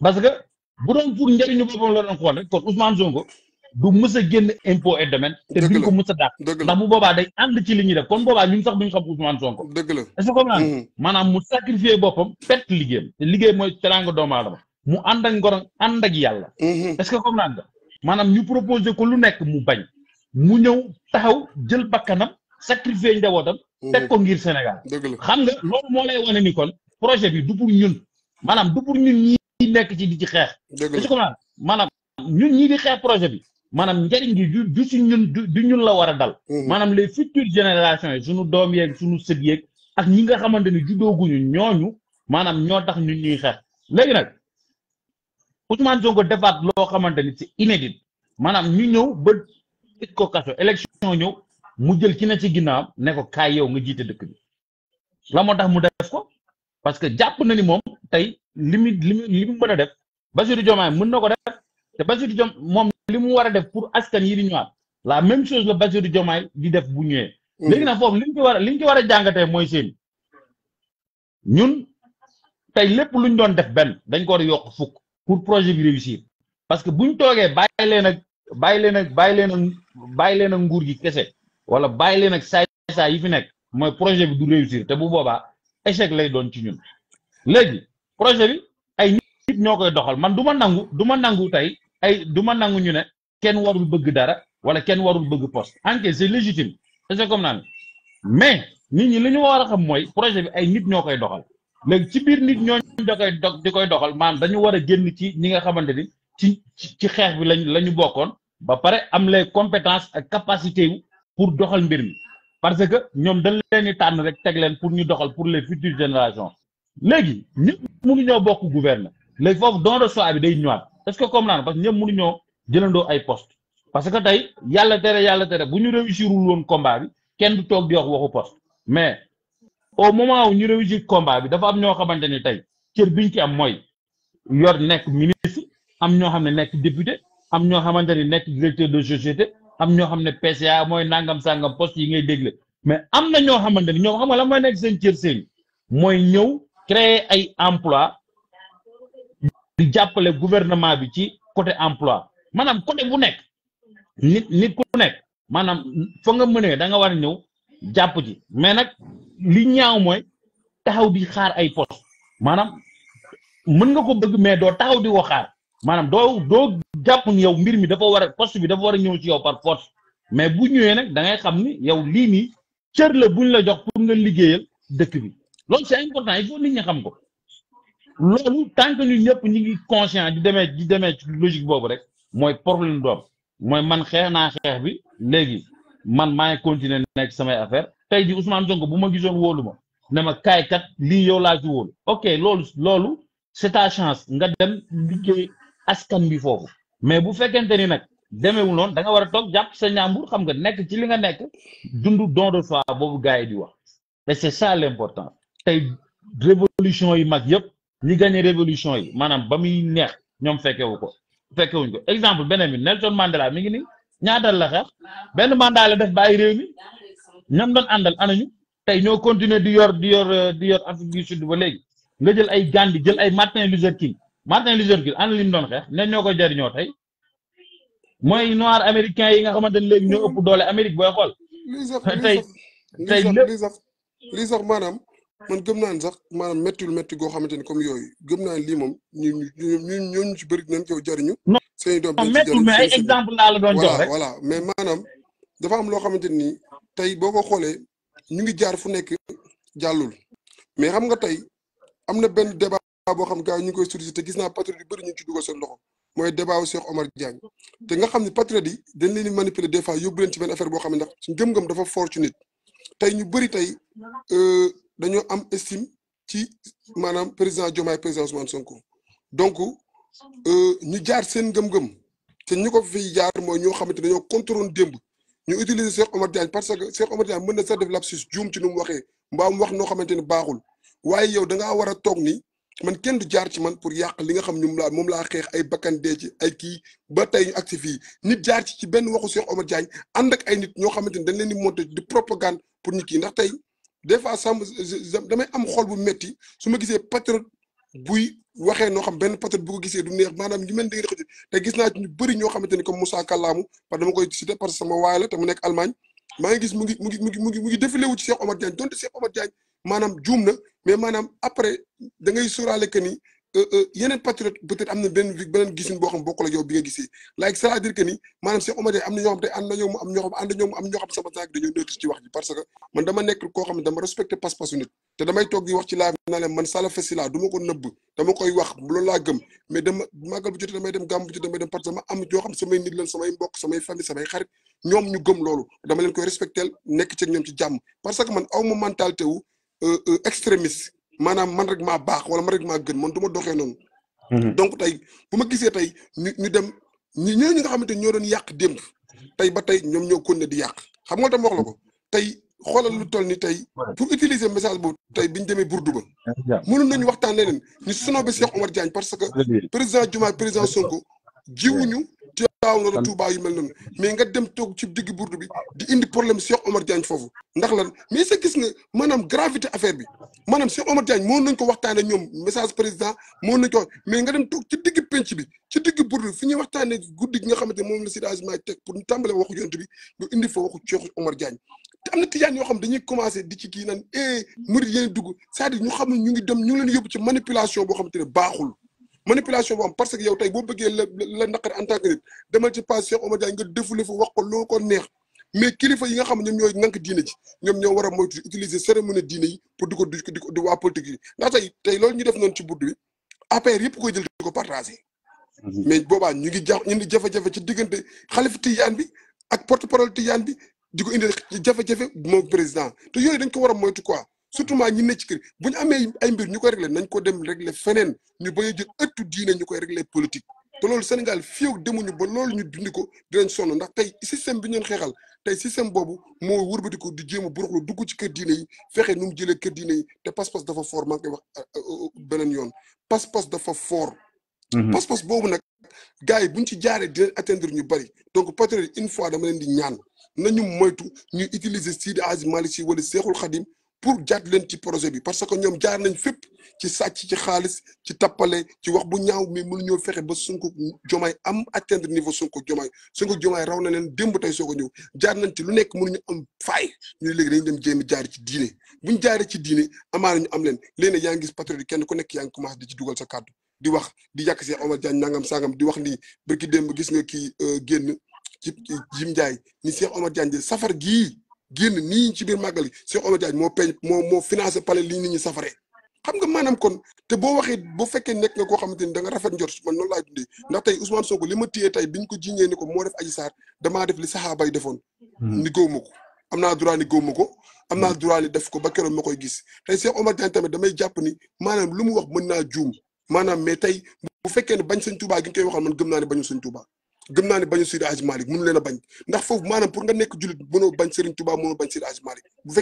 parce que bu doon pour njëriñu boppam la doon xool rek kon Ousmane Sonko du mës a génn impôt et domaine. te duñ ko mës a dàq. ndax boobaa day ànd ci li ñuy def kon boobaa ñun sax duñ xam Ousmane Sonko. dëgg la est-ce que comme naan mm-hmm. maanaam mu sacrifier boppam perte liggéeyam te liggéey mooy teraanga doomu aadama mu ànd ak yàlla. Mm-hmm. est-ce que maanaam ñu proposé ko lu nekk mu bañ mu ñëw taxaw jël bakkanam sacrifier njabootam. teg ko ngir Sénégal. xam nga loolu moo lay wane ni kon projet bi du pour ñun maanaam du pour ñun ñi nekk ci di ci xeex. dëgg la maanaam ñu ñii di xeex projet bi maanaam njëriñ gi du du si ñun du ñun la war a dal. Mhm. maanaam les futures générations yi suñu doom yeeg suñu sët yeeg ak ñi nga xamante ni juddooguñu ñooñu maanaam ñoo tax ñu ñuy xeex léegi nag. Ousmane Sonko defaat loo xamante ni c'est inédit maanaam ñu ñëw ba tëj ko kaso élection ñëw mu jël ki na ci ginnaawam ne ko kaay yow nga jiite dëkk bi la moo tax mu def ko parce que jàpp na ni moom tey li mu li mu li mu mën a def Bassirou Diomaye mën na ko def te ba Diomaye moom li mu war a def pour askan yi di ñëwaat la même chose la Bassirou Diomaye di def bu ñëwee. Mm. léegi nag foofu liñ ñu war a li war a jàngatee mooy seen ñun tey lépp luñ doon def benn dañ ko war yokk fukk. pour projet bi réussir parce que buñ toogee bàyyi leen ak bàyyi leen ak bàyyi leen ak bàyyi leen ak nguur gi kese wala bàyyi leen ak saay saay yi fi nekk mooy projet bi du réussir te bu boobaa échec lay doon ci ñun léegi projet bi ay nit ñoo koy doxal man du ma nangu du ma nangu tey ay du ma nangu ñu ne kenn warul bëgg dara wala kenn warul bëgg poste en tout cas c'est légitime c'est comme naan mais nit ñi li ñu war xam mooy projet bi ay nit ñoo koy doxal léegi ci biir nit ñoo da di koy doxal maanaam dañu war a génn ci ñi nga xamante ni ci ci xeex bi lañ la bokkoon ba pare am les compétences ak capacité yu pour doxal mbir mi parce que ñoom dañ leen di tànn rek teg leen pour ñu doxal pour les futures générations léegi ñëpp mënu ñoo bokk gouvernement léegi foofu don de soi bi day ñëwaat est-ce que comme naan parce que ñëpp mënu ñoo jëlandoo ay poste parce que tey yàlla tere yàlla tere bu ñu réussirul woon combat bi kenn du toog di wax waxu poste mais au moment où ñu réussir combat bi dafa am ñoo xamante ni tey cër biñ ki am mooy yor nekk ministre am ñoo xam ne nekk député am ñoo xamante ni nekk directeur de société am ñoo xam ne PCA mooy nangam sangam poste yi ngay dégle mais am na ñoo xamante ni ñoom xam nga la mooy nekk seen cër seen mooy ñëw créer ay emploi jàppale gouvernement bi ci côté emploi maanaam côté bu nekk nit nit ku nekk maanaam fa nga mënee da nga war a ñëw jàpp ci mais nag li ñaaw mooy taxaw di xaar ay poste maanaam mën nga ko bëgg mais doo taxaw di ko xaar maanaam doo doo jàpp yow mbir mi dafa war a post bi dafa war a ñëw ci yow par force mais bu ñëwee nag da ngay xam ni yow lii nii cër la buñ la jox pour nga liggéeyal dëkk bi loolu c'est important il faut nit ñi xam ko loolu tant que ñun ñëpp ñu ngi conscient di demee di demee ci logique boobu rek mooy problème doom mooy man xeex naa xeex bi léegi man maa ngi continuer nekk samay affaire tey ji Ousmane Sonko bu ma gisoon wóolu ma nama kay kat li yow la ci woon ok lolou loolu c'est ta chance nga dem liggéey askan bi fofu mais bu fekkente ni nak demeewul noonu da nga wara tok toog sa ñaambur xam nga nek ci li nga nek dund don de soi boobu gars yi di wax et c'est ça l'important tay révolution yi mag yëpp ñi gagné révolution yi manam bamuy neex ñom fekkewu ko fekkewuñ ko exemple benen bi Nelson Mandela mi ngi ni ñaadal la xeex benn mandala def bàyyi réew mi ñam doon andal anañu tey ñoo continuer di yor di yor euh, di yor Afrique du Sud ba léegi nga jël ay Gandhi jël ay Martin Luther King Martin Luther King ana li mu doon xeex ne ñoo ko jariñoo tey mooy noir américain yi nga xamante ne léegi ñoo ëpp doole Amérique booy xool. tey tey lépp lii sax lii sax maanaam man gëm naa ne sax maanaam méttiwul métti goo xamante ne comme yooyu gëm naa lii moom ñu ñu ñooñu ci bëri nañ ko jariñu. seen i doom dañ ci jariñu mais ay exemple laa la doon jox rek. voilà voilà mais maanaam dafa am loo xamante ni tey boo ko xoolee. ñu ngi jaar fu nekk jàllul mais xam nga tey am na benn débat boo xam gars ñu ngi koy sollicité te gis naa patriote yi bëri ñu ngi ci dugal seen loxo mooy débat wu Omar Diagne te nga xam ne patriote yi dañ leen di manipuler des fois yóbbu leen ci benn affaire boo xam ne ndax suñ gëm-gëm dafa fort tey ñu bëri tey euh, dañoo am estime ci maanaam président Diomaye président Ousmane Sonko donc euh, ñu jaar seen gëm-gëm te ñu ko fi jaar mooy ñoo xamante dañoo contrôle démb ñu utiliser Cheikh Omar Diagne parce que Cheikh Omar mën na sax def lapsus juum ci nu mu waxee mbaa mu wax noo xamante ni baaxul waaye yow da ngaa war toog ni man kenn du jaar ci man pour yàq li nga xam ñum laa moom laa xeex ay bakkan dee ay kii ba tey ñu agsi fii nit jaar ci ci benn waxu Cheikh Omar Diagne ànd ak ay nit ñoo xamante ni dañ leen di monté di propagande pour nit kii ndax tey des fois sam damay am xol bu metti su ma gisee patriote buy waxee noo xam benn peut-être bu ko gisee du neex maanaam ñu mel te gis naa ci ñu bëri ñoo xamante ni comme Moussa Kallaamu parce dama koy cité parce que sama waay la te mu Allemagne maa ngi gis mu ngi mu ngi mu ngi mu ngi mu ngi défilé wu ci Cheikh Omar Diagne donte Cheikh Omar Diagne maanaam juum na mais maanaam après da ngay sóoraale que ni Euh, euh, yeneen patriote peut am na benn beneen gisin boo xam bokkul ak yow bi nga gisee like c'est-à-dire que ni maanaam Cheikh Omar am na ñoo xam te am na ñoo am ñoo xam ànd ñoo ko nëbb samay nit leen samay mbokk samay famille samay xarit ñoom ñu gëm loolu dama leen koy respecté nekk ci ñoom ci jàmm parce que man aw ma mentalité wu euh, maanaam man rek maa baax wala man rek maa gën man du ma doxee noonu. Mhm. donc tey bu ma gisee tey ñu ñu dem ñu ñooñu nga xamante ñoo doon yàq démb tey ba tey ñoom ñoo kon ne di yàq xam nga tam wax la ko tey xoolal lu toll ni tey pour utiliser message boobu tey bi ñu demee Bourdou ba mënoon nañu waxtaan leneen ñu sunoo ba Cheikh Omar Diagne parce que président Diomaye président Sonko jiwuñu Tiwaawan wala Touba yu mel noonu mais nga dem toog ci digg burdu bi di indi problème Cheikh Omar Diagne foofu ndax lan mais sa gis nga maanaam gravité affaire bi maanaam Cheikh Omar Diagne moo nañ ko waxtaane ñoom message président moo nañ ko mais nga dem toog ci digg penc bi ci digg burdu fi ñuy waxtaane guddi gi nga xamante moom la sidagement teg pour ñu tàmbale waxu yonent bi nga indi fa waxu Cheikh Omar Diagne te am na tijaan yoo xam dañuy commencé di ci kii naan eh murid yéen dugg cest à xam ne ñu ngi dem ñu leen yóbbu ci manipulation boo xamante ne baaxul manipulation bu parce que yow tey boo bëggee la la naqari en tant que nit ci page Cheikh nga déful fa wax ko loo ko neex mais kilifa yi nga xam ne ñoom ñooy nank diine ji ñoom ñoo war a moytu utiliser cérémonie diine yi pour di ko di ko di waa politique yi ndax tey tey loolu ñu def noonu ci buddu bi APR yëpp koy jël di ko partagé. Mhm. mais boobaa ñu ngi ja ñu ngi jafe-jafe ci diggante xalifa tijaan bi ak porte parole tijaan bi di ko indi jafe-jafe moom président yooyu dañ ko war a moytu quoi. surtout ment ñi ne ci kër bu ñu amee ay mbir ñu koy réglé nañ ko dem réglé feneen ñu bañ a jël ëttu diine ñu koy réglé politique te loolu Sénégal fii ak demuñu ba loolu ñu dindi ko dinañ sonn ndax tey système bi ñoon xeexal tey système boobu moo wërbatiku di jéem a buruxlu dugg ci kër diine yi fexe nu mu jëlee kër diine yi te pas-pas dafa fort man ngi koy wax euh, euh, euh, beneen yoon pas-pas dafa fort mhm. pas-pas boobu nag gars yi ñu ci jaaree dinañ atteindre ñu bari donc peut une fois dama leen di ñaan nañu moytu ñuy utiliser Seydi Hadji Malick Sy wala Seexul Xadim pour jaat leen ci projet bi parce que ñoom jaar nañ fépp ci sàcc ci xaalis ci tappale ci wax bu ñaaw mais mënuñoo fexe ba Sonko Diomaye am atteindre niveau Sonko Diomaye Sonko Diomaye raw na leen démb tey soo ko ñëw jaar nañ ci lu nekk mënuñu am faay ñu léegi dañu dem jéem jaar ci diine buñ jaaree ci diine amaana ñu am leen léeg yaa ngi gis patriote kenn ku nekk yaa ngi commencé di ci dugal sa kàddu di wax di yàq Cheikh Omar Diagne nangam sangam di wax ni bërki démb gis nga kii euh, génn ci Jim Ndiaye ni Cheikh Omar Diagne safar gii génn nii ñu ci biir màggal gi Cheikh Omar Diagne moo peñ moo moo financé pale lii nit ñi safaree xam nga maanaam kon te boo waxee bu fekkee nekk nga koo xamante ni da nga rafet njort man noonu laay dundee ndax tey Ousmane Sonko li ma téyee tey biñ ko jiñee ni ko moo def Adji Sarr damaa def li saxaabay defoon hmm. ni góob ma ko am naa droit ni góob ko am naa hmm. droit ni def ko ba keroog ma koy gis tey Cheikh a Diagne tamit damay jàpp ni maanaam lu mu wax mën naa juum maanaam mais tey bu fekkee ne bañ Sëñ Tuubaa gi koy waxal man gëm naa ne bañu Sëñ Tuubaa gëm naa ne bañu Seydi Hadji Malick mënu bañ ndax foofu maanaam pour nga nekk julit mënoo bañ Serigne Touba mënoo bañ Seydi Hadji Malick bañ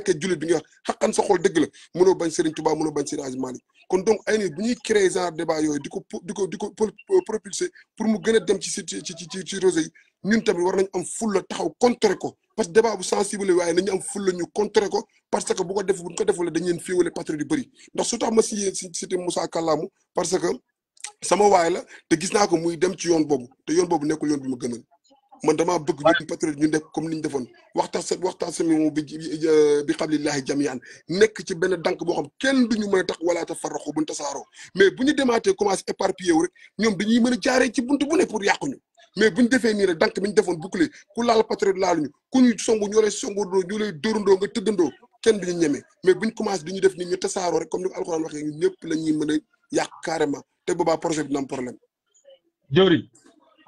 Serigne Touba mënoo bañ Seydi Hadji Malick kon donc ay nit bu ñuy créer genre débat yooyu di propulser pour mu gën a dem ci ci yi ñun tamit war nañu am fulla taxaw contrer ko parce que débat bu sensible waaye nañu am fulla ñu contrer ko parce que bu ko def buñ ko defule dañ leen féewale ndax su tax ma si cité Moussa Kallamu sama waay la te gis naa ko muy dem ci yoon boobu te yoon boobu nekkul yoon bi ma gënal man damaa bëgg ñun patriote ñu def comme ni ñu defoon waxtaan sa waxtaan sa moom bi bi xablillahi jamian nekk ci benn dànk boo xam kenn duñu mën tax wala te farroxu buñ tasaaroo mais bu ñu demaatee commencé éparpillé ñoom dañuy mën a jaaree ci buntu bu ne pour yàqu ñu mais bu ñu defee nii rek dànk bi ñu defoon bouclé ku laal patriote laaluñu ku ñu songu ñoo lay songandoo ñoo lay dóorandoo nga tëggandoo kenn duñu ñeme mais buñ commencé duñu def nii ñu tasaaroo rek comme ni ñëpp la ñuy mën a yàq carrément te boobaa projet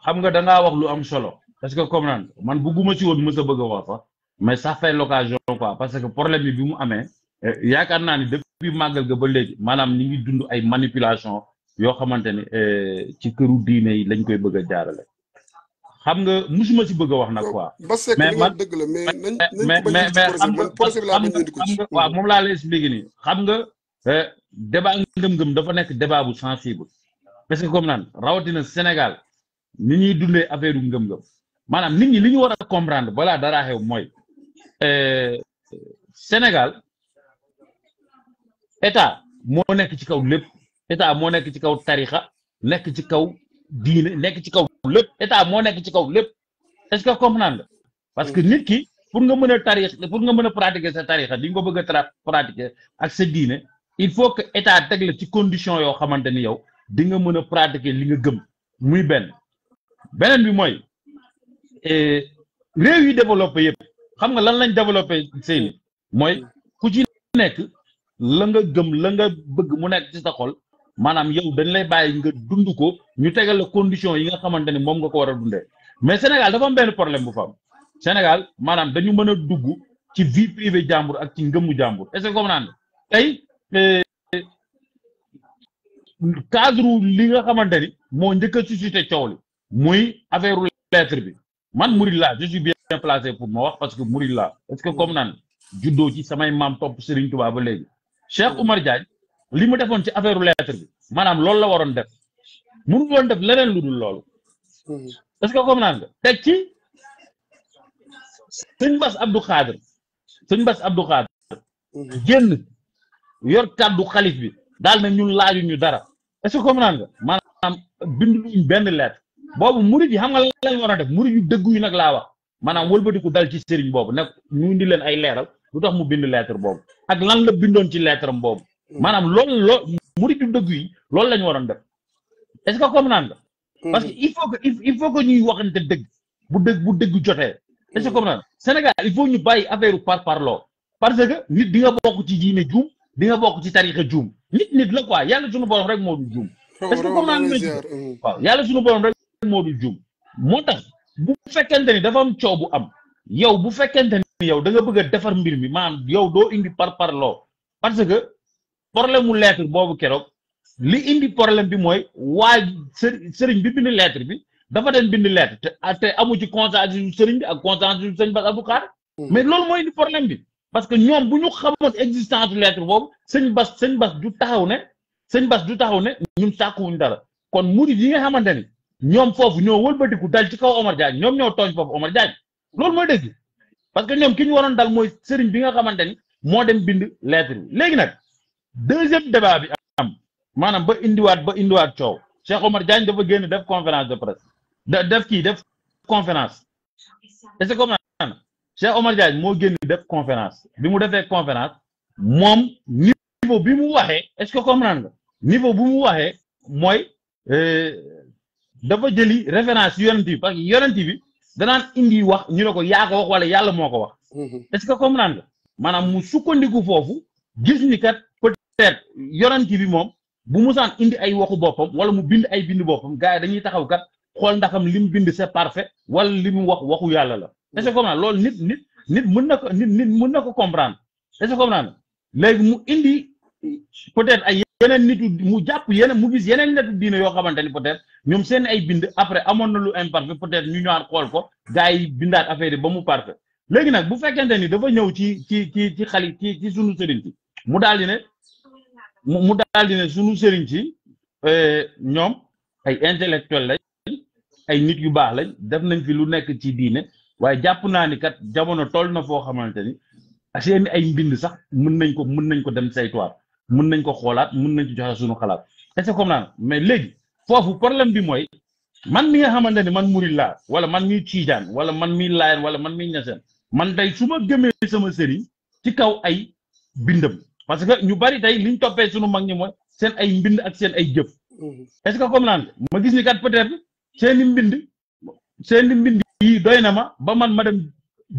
xam nga da ngaa wax lu am solo parce que comme naan man bugguma ci woon mës a bëgg a wax sax mais ça fait l'occasion quoi parce que problème bi bi mu amee eh, yaakaar naa ni depuis màggal ga ba léegi maanaam ni ngi dund ay manipulation yoo xamante ne eh, ci këru diine yi lañ koy bëgg a jaarale xam nga musuma ci bëgg a wax nag quoi. mais mais xam nga xam nga waaw moom laa lay expliqué nii xam nga. Eh, débat ngëm-ngëm dafa nekk débat bu sensible parce que comme naan rawatina Sénégal ni ñuy dundee affaire u ngëm-ngëm maanaam nit ñi li ñu war a comprendre balaa dara xew mooy euh, Sénégal état moo nekk ci kaw lépp état moo nekk ci kaw tarixa nekk ci kaw diine nekk ci kaw lépp état moo nekk ci kaw lépp est-ce que comprendre parce que nit ki pour nga mën a tarix pour nga mën a pratiquer sa tarixa di nga ko bëgg a pratiquer ak sa diine il faut que état teg la ci condition yoo xamante ni yow di nga mën a pratiquer li nga gëm muy benn beneen bi mooy eh, réew yi développé yëpp xam nga lan lañ développé seen mooy ku ci nekk la nga gëm la nga bëgg mu nekk ci sa xol maanaam yow dañ lay bàyyi nga dund ko ñu tegal la condition yi nga xamante ni moom nga ko war a dundee mais Sénégal dafa am benn problème bu fa am Sénégal maanaam dañu mën a dugg ci vie privée jàmbur ak ci ngëmu jàmbur est-ce que cadre li nga xamante ni moo njëkk a suscité coow li muy affaire lettre bi man Mouride laa je suis bien placé pour ma wax parce que Mouride laa parce que comme naan juddoo ci samay maam topp Serigne Touba ba léegi Cheikh Oumar Diagne li mu defoon ci affaire lettre bi maanaam loolu la waroon def mënu woon def leneen lu dul loolu hmm. est comme naan nga teg ci sëñ Bass Abdou Khadre sëñ Bass Abdou Khadre hmm. génn yor kàddu xalif bi daal na ñun laaju ñu dara est-ce que comprendre nga maanaam benn lettre boobu murid yi xam nga lañ war a def murid yu dëggu yu nag laa wax maanaam wëlbatiku dal ci sëriñ boobu nag ñu indi leen ay leeral lu tax mu bind lettre boobu ak lan la bindoon ci lettre am boobu maanaam loolu loolu murid yu dëggu yi loolu la ñu waroon def est-ce que comprendre nga hmm. parce que il faut que il faut que ñuy waxante dëgg bu dëgg bu dëgg jotee est-ce que hmm. comprendre Sénégal il faut ñu bàyyi affaire par parloo parce que nit di nga bokk ci diine juum bi nga bokk ci tarixa juum nit nit la quoi yàlla suñu borom rek moo dul juum oh, euh. yàlla suñu borom rek moo dul juum moo tax bu fekkente ni dafa am coow bu am yow bu fekkente ni yow da nga bëgg defar mbir mi maanaam yow doo indi par parloo parce que problème mu lettre boobu keroog li indi problème bi mooy waa sëriñ bi bind lettre bi dafa den bind lettre te te amu ci conscience yu sëriñ bi ak conscience sëñ sëriñ a Abdou Khadre hmm. mais loolu mooy indi problème bi parce que ñoom bu ñu xamoon existence lettre boobu sëñ bas sëñ bas du taxaw ne sëñ bas du taxaw ne ñun sàkkuwuñ dara kon murid yi nga xamante ni ñoom foofu ñoo wëlbatiku dal ci kaw Omar jaaj ñoom ñoo tooñ foofu Omar Diagne loolu mooy dëgg parce que ñoom ki ñu waroon dal mooy sëriñ bi nga xamante ni moo dem bind lettre léegi nag deuxième débat bi am maanaam ba indiwaat ba indiwaat coow Cheikh Omar Diagne dafa génn def conférence de presse da def kii def conférence Cheikh Omar moo génn def conférence bi mu defee conférence moom ni niveau bi mu waxee est-ce que comprendre nga niveau bu mu waxee mooy euh, dafa jëli référence yonent bi parce que yonent bi danaan indi wax ñu ne ko yaa ko wax wala yàlla moo ko wax. Mm-hmm. est-ce que comprendre nga maanaam mu sukkandiku foofu gis ni kat peut-être yonent bi moom bu mu musaan indi ay waxu boppam wala mu bind ay bind boppam gars yi dañuy taxaw kat xool ndaxam li mu bind c'est parfait wala li mu wax waxu yàlla la. est-ce que comprendre loolu nit nit nit mën na ko nit nit mën na ko comprendre est-ce que comprendre léegi mu indi peut-être ay yeneen nitu mu jàpp yeneen mu gis yeneen nitu diine yoo xamante ni peut ñoom seen ay bind après amoon na lu imparfait peut-être ñu ñëwaat xool ko gars yi bindaat affaire yi ba mu parfait léegi nag bu fekkente ni dafa ñëw ci ci ci ci xali ci ci sunu sëriñ ci mu daal di ne mu daal di ne sunu sëriñ ci euh, ñoom ay intellectuel lañ ay nit yu baax lañ def nañ fi lu nekk ci diine waaye jàpp naa ni kat jamono toll na foo xamante ni seen ay mbind sax mën nañ ko mën nañ ko dem saytuwaat mën nañ ko xoolaat mën nañ ci joxe suñu xalaat est ce comme naan mais léegi foofu problème bi mooy man mi nga xamante man muri laa wala man mi tiijaan wala man mi laayeen wala man mi ñaseen man day suma ma gëmee sama sëriñ ci kaw ay bindam parce que ñu bari tey liñ toppee suñu mag ñi mooy seen ay mbind ak seen ay jëf est ce comme naan ma gis ni kat peut être seeni mbind seeni mbind yi doy ma ba man ma dem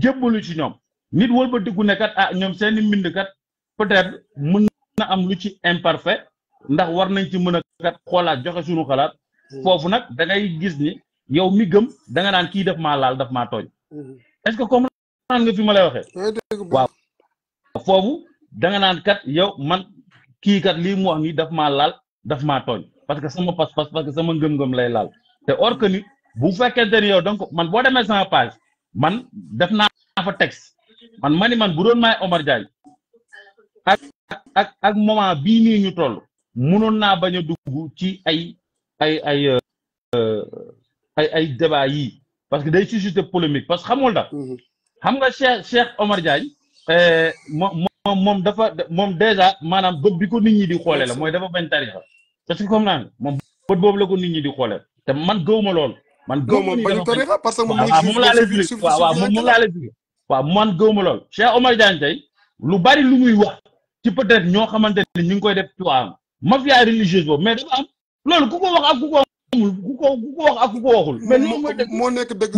jébbalu ci ñom nit wëlbatiku ne kat ah ñom seen mind kat peut-être mën na am lu ci imparfait ndax war nañ ci mëna kat xolaat joxe suñu xalaat hmm. fofu nak da ngay gis ni yow mi gëm da nga naan ki daf ma laal daf ma tooñ hmm. est-ce que comme nga fi ma lay waxe waaw da nga naan kat yow man ki kat li mu wax ni daf ma laal daf ma tooñ parce que sama pas-pas parce que sama ngëm-ngëm lay laal te or que nit bu fekkente ni yow donc man boo demee sama page man def naa fa texte man mani man bu doon maay Omar ak ak ak bii nii ñu toll mënoon naa bañ a dugg ci ay ay ay euh, euh, ay ay débat yii parce que day susciter polémique parce que xamoon da mm-hmm. xam nga Cheikh Cheikh Omar Diagne euh, moom moom dafa moom dèjà maanaam bët bi ko nit ñi di xoolee la mooy dafa bañ tarixa parce que comme naan moom bët boobu la ko nit ñi di xoolee te man gëwuma lool man gëw ma bañu tarixa parce que moom ah, moom laa la jugee waaw waaw moom man gëw ma lool lu bari lu muy wax ci peut-être ñoo xamante ni ñu ngi koy def tuwaam mafia religieuse boobu mais dafa am loolu ku ko wax ak ku ko amul ku ko ku ko wax ak ku ko waxul. loolu moo nekk dëgg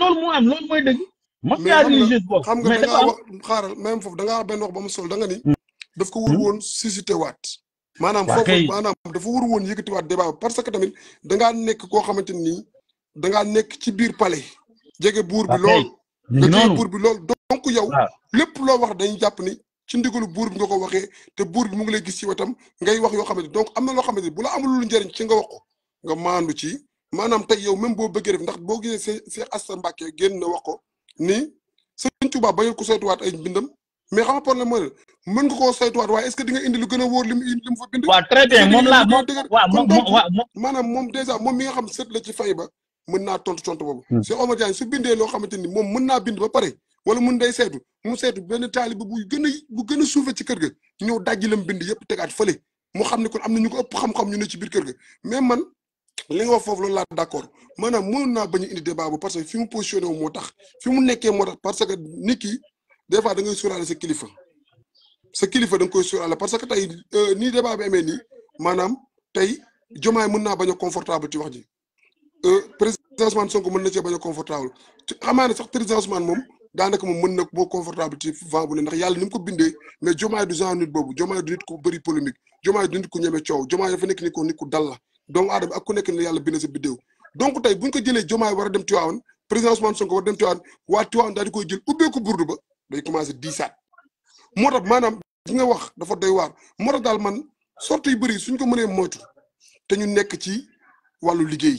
loolu moo am loolu mooy dëgg. mafia religieuse boobu xam nga da xaaral même foofu danga ngaa benn wax ba mu sol da nga ni. Hmm. daf ko wër woon suscité waat. maanaam foofu maanaam dafa war woon yëkkatiwaat débat parce que tamit dangaa nekk koo xamante nii dangaa nekk ci biir pale jege buur bi lool nga buur bi lool donc yow lépp loo wax dañu jàpp ni ci ndigalu buur bi nga ko waxee te buur bi mu ngi lay gis ci wetam ngay wax yoo xamante donc am na loo xamante bu la amul njëriñ ci nga wax ko nga maandu ci maanaam tey yow même boo bëggee def ndax boo gisee Seex Asta Mbàkke génn na wax ko ni Sëriñ Tuubaa bañul ko saytuwaat ay mbindam mais xam nga problème mooy mën nga koo saytuwaat waaye est-ce que di nga indi lu gën a wóor li bind. waaw très bien moom laa moom waaw moom maanaam moom dèjà moom mi nga xam sët la ci fay ba mën naa tontu tontu boobu. Hmm. si Omar Diagne su bindee loo xamante ni moom mën naa bind ba pare wala mun day seetu mu seetu benn taaliba bu gën a bu gën a ci kër ga ñëw dajji lam bind yëpp tegaat fële mu xam ne kon am na ñu ko ëpp xam-xam ñu ne ci biir kër ga mais man. li nga wax foofu loolu laa d'accord maanaam mënoon naa bañ a indi débat bu parce moo tax fi nekkee moo tax parce que nit ki des fois da ngay suuraale sa kilifa sa kilifa da nga koy suuraale parce que tey euh, nii débat bi amee nii maanaam tey mën naa bañ a confortable ci wax ji euh, président Sonko mën na cee bañ a confortable ci xamaa ne sax président Ousmane moom daanaka moom mën na boo confortable ci vent bu ne ndax yàlla ni ko bindee mais jomaay du genre nit boobu jomaay du nit ku bëri polémique jomaay du nit ku ñeme coow jomaay dafa nekk ni ko nit ku dal ku nekk ne yàlla bind sa biddéew donc tey buñ ko jëlee jomaay war a dem Tiwaawan président Ousmane Sonko war a dem Tiwaawan waa Tiwaawan daal di koy ba day commencé diisaat moo tax maanaam li nga wax dafa doy waar moo tax daal man sorte yu bëri suñ ko mënee moytu te ñu nekk ci wàllu liggéey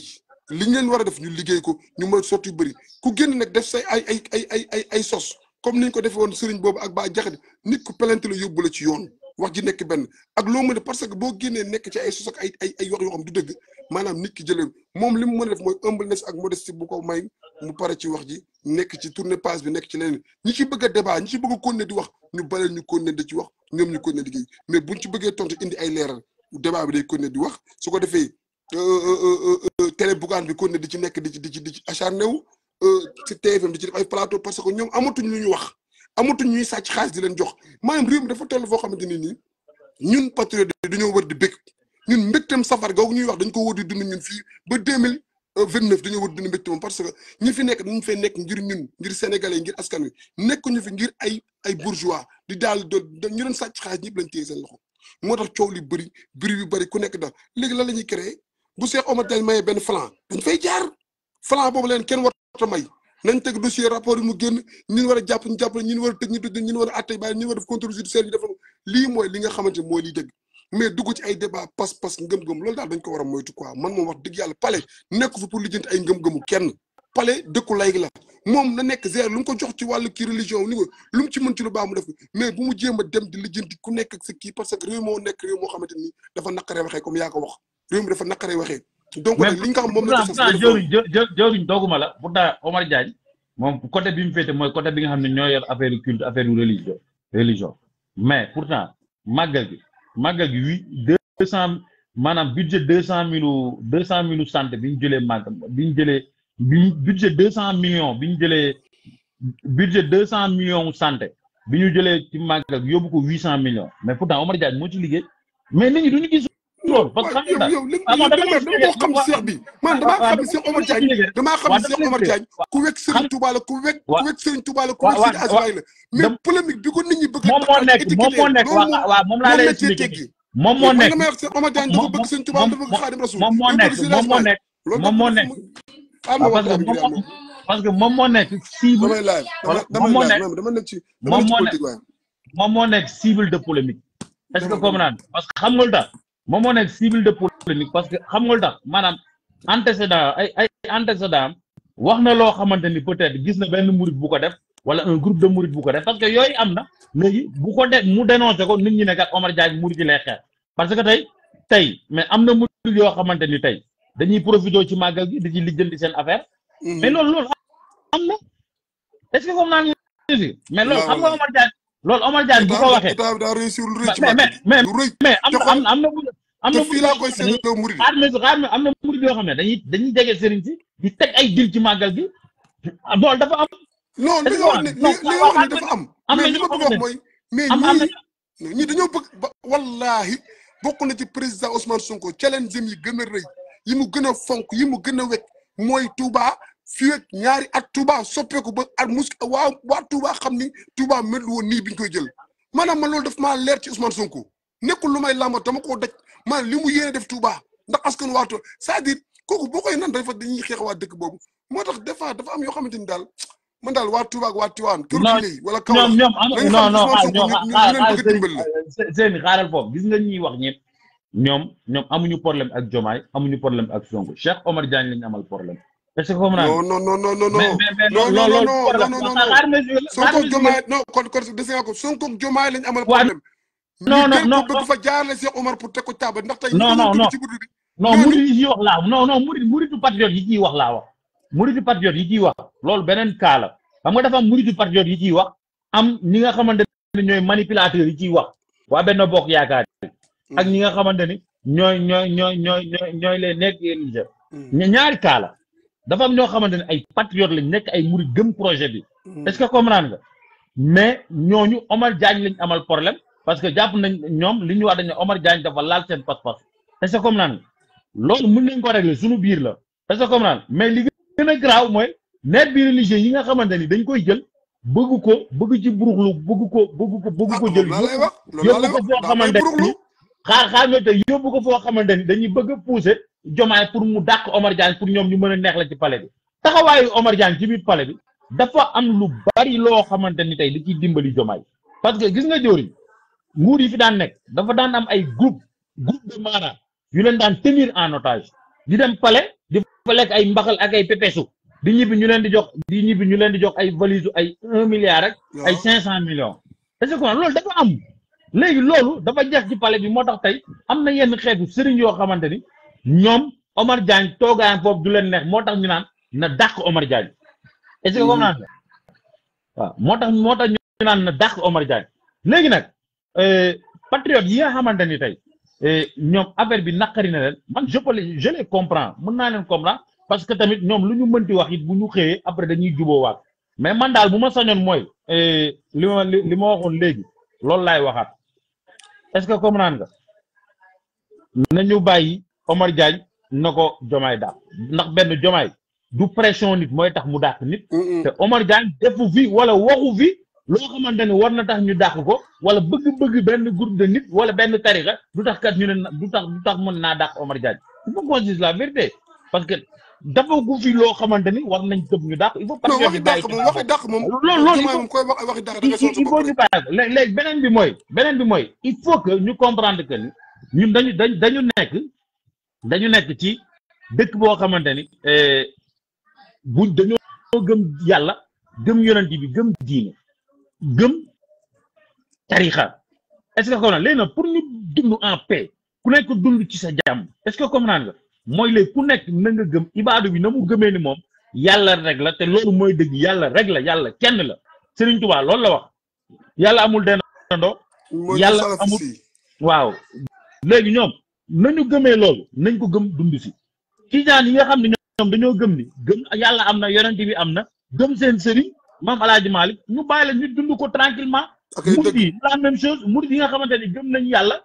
li ñu leen war a def ñu liggéey ko ñu moytu sorte yu bëri ku génn nag def sa ay ay ay ay ay ay sos comme ni ñu ko defee woon sëriñ boobu ak ba jaxate nit ku pelante la yóbbu la ci yoon wax ji nekk benn ak loo mën ne parce que boo génnee nekk ci ay sos ak ay ay ay wax yoo xam du dëgg maanaam nit ki jëlee moom li mu mën a def mooy humble ak modestie bu ko may mu pare ci wax ji. nekk ci tournée passe bi nekk ci leneen ñi ci bëgg a débat ñi ci bëgg a continuer di wax ñu bale ñu continuer di ci wax ñoom ñu continuer di liggéey mais buñ ci bëggee tontu indi ay leeral débat bi day continuer di wax su ko defee euh, euh, euh, télé bugaan bi continuer di ci nekk di ci di ci di ci acharné wu ci di ci def ay plateau parce que ñoom amatuñ lu ñu wax amatuñ ñuy sàcc xaalis di leen jox maanaam réew mi dafa toll foo xamante ni nii ñun patriote dañoo war di bëgg ñun mbégtam safar googu ñuy wax dañ ko war di dund ñun fii ba deux mille 29 dañoo wut dina métti moom parce que ñi fi nekk dañu fay nekk ngir ñun ngir sénégalais ngir askan wi nekk ñu fi ngir ay bourgeois di daal do ñu doon sàcc xaalis ñëpp lañ téye seen loxo moo tax coow li bëri biri bi bëri ku nekk daal léegi la ñuy créé bu Cheikh Omar Diagne mayee benn flan dañ fay jaar flan boobu leen kenn warta teg dossier rapport yi mu génn ñun war a jàpp ñu jàpp ñun war a tëj ñu tëj ñun war a àtte bàyyi ñun war a def contrôle judiciaire ñu def lii mooy li nga xamante mooy liy dëgg mais dugg ci ay débat pas-pas ngëm-ngëm loolu daal dañ ko war a moytu quoi man moom wax dëgg yàlla pale nekk fa pour lijjanti ay kenn pale dëkku lay la moom na nekk zéro lu ko jox ci wàll kii religion ni ko lu mu ci mën ci lu baax mu def mais bu mu jéem a dem di lijjanti ku nekk ak kii parce que réew moo nekk réew moo xamante ni dafa naqaree waxee comme yaa ko wax réew mi dafa naqaree waxee donc nag li nga xam moom la jëriñ jëriñ dooguma la moom côté bi mu féete mooy côté bi nga xam ne ñoo yor affaire culte affaire religion religion mais pourtant màggal màggal gi huit deux cent maanaam budget deux cent mille deux cent mille santé bi ñu jëlee màgg bi ñu jëlee bi budget deux cent millions bi ñu jëlee budget deux cent millions santé bi ñu jëlee ci màggal yóbbu ko huit cent millions mais pourtant Omar Diagne moo ci liggéey mais nit ñi duñu gis non ba xam yow yow li nga dama xam Cheikh bi man damaa xam ne Cheikh Omar Diagne damaa xam ne Cheikh Omar Diagne ku wekk Serigne Touba la ku wekk ku wekk Serigne Touba la ku wekk Serigne Asbaay la mais polémique bi ko nit ñi bëgg moom moo nekk moom moo nekk waaw moom laa lay expliquer moom moo nekk dama wax Cheikh Omar Diagne dafa bëgg Serigne Touba dafa bëgg Xaadim Rasul moom moo nekk moom moo nekk moom moo nekk parce que moom moo nekk cible damay laaj moom moo nekk dama nekk ci moom moo nekk cible de polémique est-ce que comprendre parce que xam nga lu tax moom moo nekk cible de polémique parce que xam nga lu tax maanaam antécédent ay ay am wax na loo xamante ni peut-être gis na benn murit bu ko def wala groupe de murit bu ko def parce que yooyu am na léegi bu ko def mu dénoncé ko nit ñi ne kat Omar Diagne murit yi lay xeex parce que tey tey mais am na murit yoo xamante ni tey dañuy profité ci màggal gi di ci di seen affaire. Mhm. mais loolu loolu am na est-ce que comme naan mais loolu xam nga Omar loolu Omar Diagne bu ko waxee mais mais mais am na am na am na fii laa xam ne dañuy dañuy jege sëriñ si di teg ay dil ci màggal gi ah, loolu dafa am. non li nga wax ne li nga wax ne dafa am. am na ñu ko wax mooy mais ñii ñii dañoo bëgg ba wallaahi bokk na ci président Ousmane Sonko challenge yi gën a rëy yi mu gën a fonk yi mu gën a wekk mooy Touba si ak ñaari at Touba soppeeku ba at mus waa waa Touba xam ni Touba melu woon nii bi ñu koy jël maanaam ma loolu daf maa leer ci Ousmane Sonko nekkul lu may làmba ma koo daj maanaam li mu def Touba ndax askan waa Touba c'est-à-dire kooku boo koy nan dafa dañuy xeex waa dëkk boobu moo tax des fois dafa am yoo xamante ni daal man daal waa Touba ak waa Tiwaan. kër gi wala kaw la ñoom ñoom non non ah, ñoom seen ah, ah, xaaral foofu gis nga ñuy wax ñëpp ñoom ñoom amuñu problème ak Jomaay amuñu problème ak Sonko Cheikh Omar Diagne lañu amal problème est-ce que comprendre non non non non non non non non non kon kon dese nga ko Sonko ak Jomaay lañ amal problème. non non non bëgg fa jaarale Cheikh Omar pour teg ko taaba ndax tey. non non non non murid yi ciy wax laa non non murid muridu patriote yi ciy wax laa wax muridu patriote yi ciy wax loolu beneen cas la xam nga dafa am muridu patriote yi ciy wax am ñi nga xamante ne ñooy manipulateur yi ciy wax waa benn bokk yaakaar ak ñi nga xamante ne ñooy ñooy ñooy ñooy ñooy les nekk mm. ñaari cas la dafa am ñoo xamante ne ay patriote lañu nekk ay murid gëm projet bi mm. est-ce que comprendre nga mais ñooñu Omar Diagne lañ amal problème parce que jàpp nañ ñoom li ñu wax dañu Omar Diagne dafa laal seen pas-pas est-ce que comprendre nga loolu mën nañ ko régler suñu biir la est-ce que comprendre mais li gën a graaw mooy net bi religieux yi nga xamante ni dañ koy jël bëgg ko bëgg ci buruxlu bëgg ko bëgg ko bëgg ko jël ah, yóbbu ko foo xamante ni xaar xaar ñoo te yóbbu ko foo xamante ni dañuy bëgg a Jomaay pour mu dàq Omar pour ñoom ñu mën a neex la ci palais bi taxawaayu Omar Diagne ci biir palais bi dafa am lu bari loo xamante ni tey li ciy dimbali Jomaay parce que gis nga jóoriñ nguur yi fi daan nekk dafa daan am ay groupe groupe de maara yu leen daan tenir en otage di dem pale di fa lekk ay mbaxal ak ay pepesu di ñibbi ñu leen di jox di ñibbi ñu leen di jox ay valise ay un milliard ay cinq cent millions est ce que loolu dafa am léegi loolu dafa jeex ci palais bi moo tax tey am na yenn xeetu sëriñ yoo xamante ni ñoom Omar Diagne toogaayam foofu du leen neex moo tax ñu naan na dàq Omar Diagne est-ce mm. moo tax moo tax na dàq Omar Diagne léegi nag euh, patriote yi nga xamante ni tey euh, ñoom affaire bi naqari na leen man je peux je les comprends mën naa leen comprendre parce que tamit ñoom lu ñu mënti wax it bu ñu xëyee après dañuy juboo waat mais man daal bu ma sañoon mooy euh, li ma li ma waxoon léegi loolu laay waxaat est-ce que comme naan nga bàyyi Omar Diagne nako ko da dàq ndax benn Jomaay du pression nit moy tax mu dàq nit. te Omar Diagne defu vie wala waxu vie lo xamanteni warna tax ñu dàq ko wala bëgg-bëgg benn groupe de nit wala benn tariqa du tax kat ñu len du tax du tax mën naa dàq Omar Diagne il faut qu'on dise la vérité parce que dafa gu fi loo xamante ni war nañ tëb ñu dàq. il faut parce que ñu bàyyi loolu loolu il faut ñu bàyyi léegi léegi beneen bi moy beneen bi moy il faut que ñu comprendre que ñun dañu dañu nekk. dañu nekk ci dëkk boo xamante ni eh, buñ dañoo gëm yàlla gëm yonent bi gëm diine gëm tarixa est-ce que comprendre léegi nag pour ñu dund en ku nekk dund ci sa jàmm est-ce que comprendre mooy ku nekk na nga gëm ibaadu bi na mu gëmee ni moom yàlla rek la te loolu mooy dëgg yàlla rek la yàlla kenn la Sëriñ Tuubaa loolu la wax yàlla amul dendandoo yàlla amul waaw léegi ñoom nañu gëmee loolu nañ ko gëm dund si tijaan yi nga xam ne ñoom dañoo gëm ni gëm yàlla am na yonent bi am na gëm seen sëriñ maam alaaji Malick ñu bàyyi la ñu dund ko tranquillement murid yi la même chose murid yi nga xamante ni gëm nañ yàlla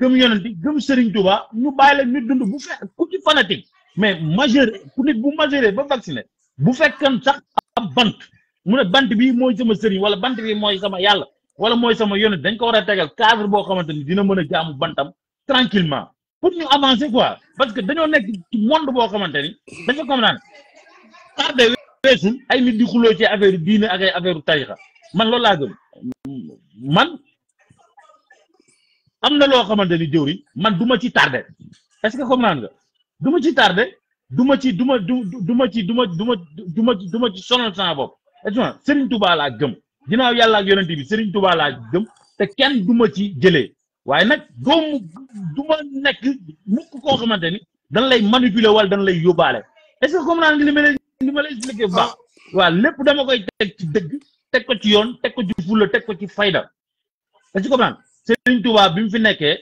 gëm yonent gëm sëriñ Touba ñu bàyyi la dund bu fekk ku ci fanatique mais majeur ku nit bu majeure ba vacciné bu fekkan sax ab bant mu ne bant bi mooy sama sëriñ wala bant bi mooy sama yàlla wala mooy sama yonent dañ ko war a tegal cadre boo xamante ni dina mën a jaamu bantam tranquillement pour ñu avancer quoi parce que dañoo nekk ci monde boo xamante ni dafa comprendre tardé weesul ay nit di xuloo ci affaire diine ak ay affaire tarixa man loolu laa gëm man am na loo xamante ni jëwriñ man du ma ci tardé est-ce que comprendre nga du ma ci tardé du ma ci du ma du du ma ci du ma duma ma du ma du ma ci sonal sama bopp est-ce que Serigne Touba laa gëm ginnaaw yàlla ak yonent bi Serigne Touba laa gëm te kenn du ma ci jëlee. waaye nag doomu du ma nekk mukk koo xamante ni dan lay manipuler wala dan lay yóbbaale est-ce que comme naan li ma lay li ma lay expliqué bu baax ah. waaw lépp dama koy teg ci dëgg teg ko ci yoon teg ko ci fulla teg ko ci fayda est-ce que comme naan Serigne Touba bi mu fi nekkee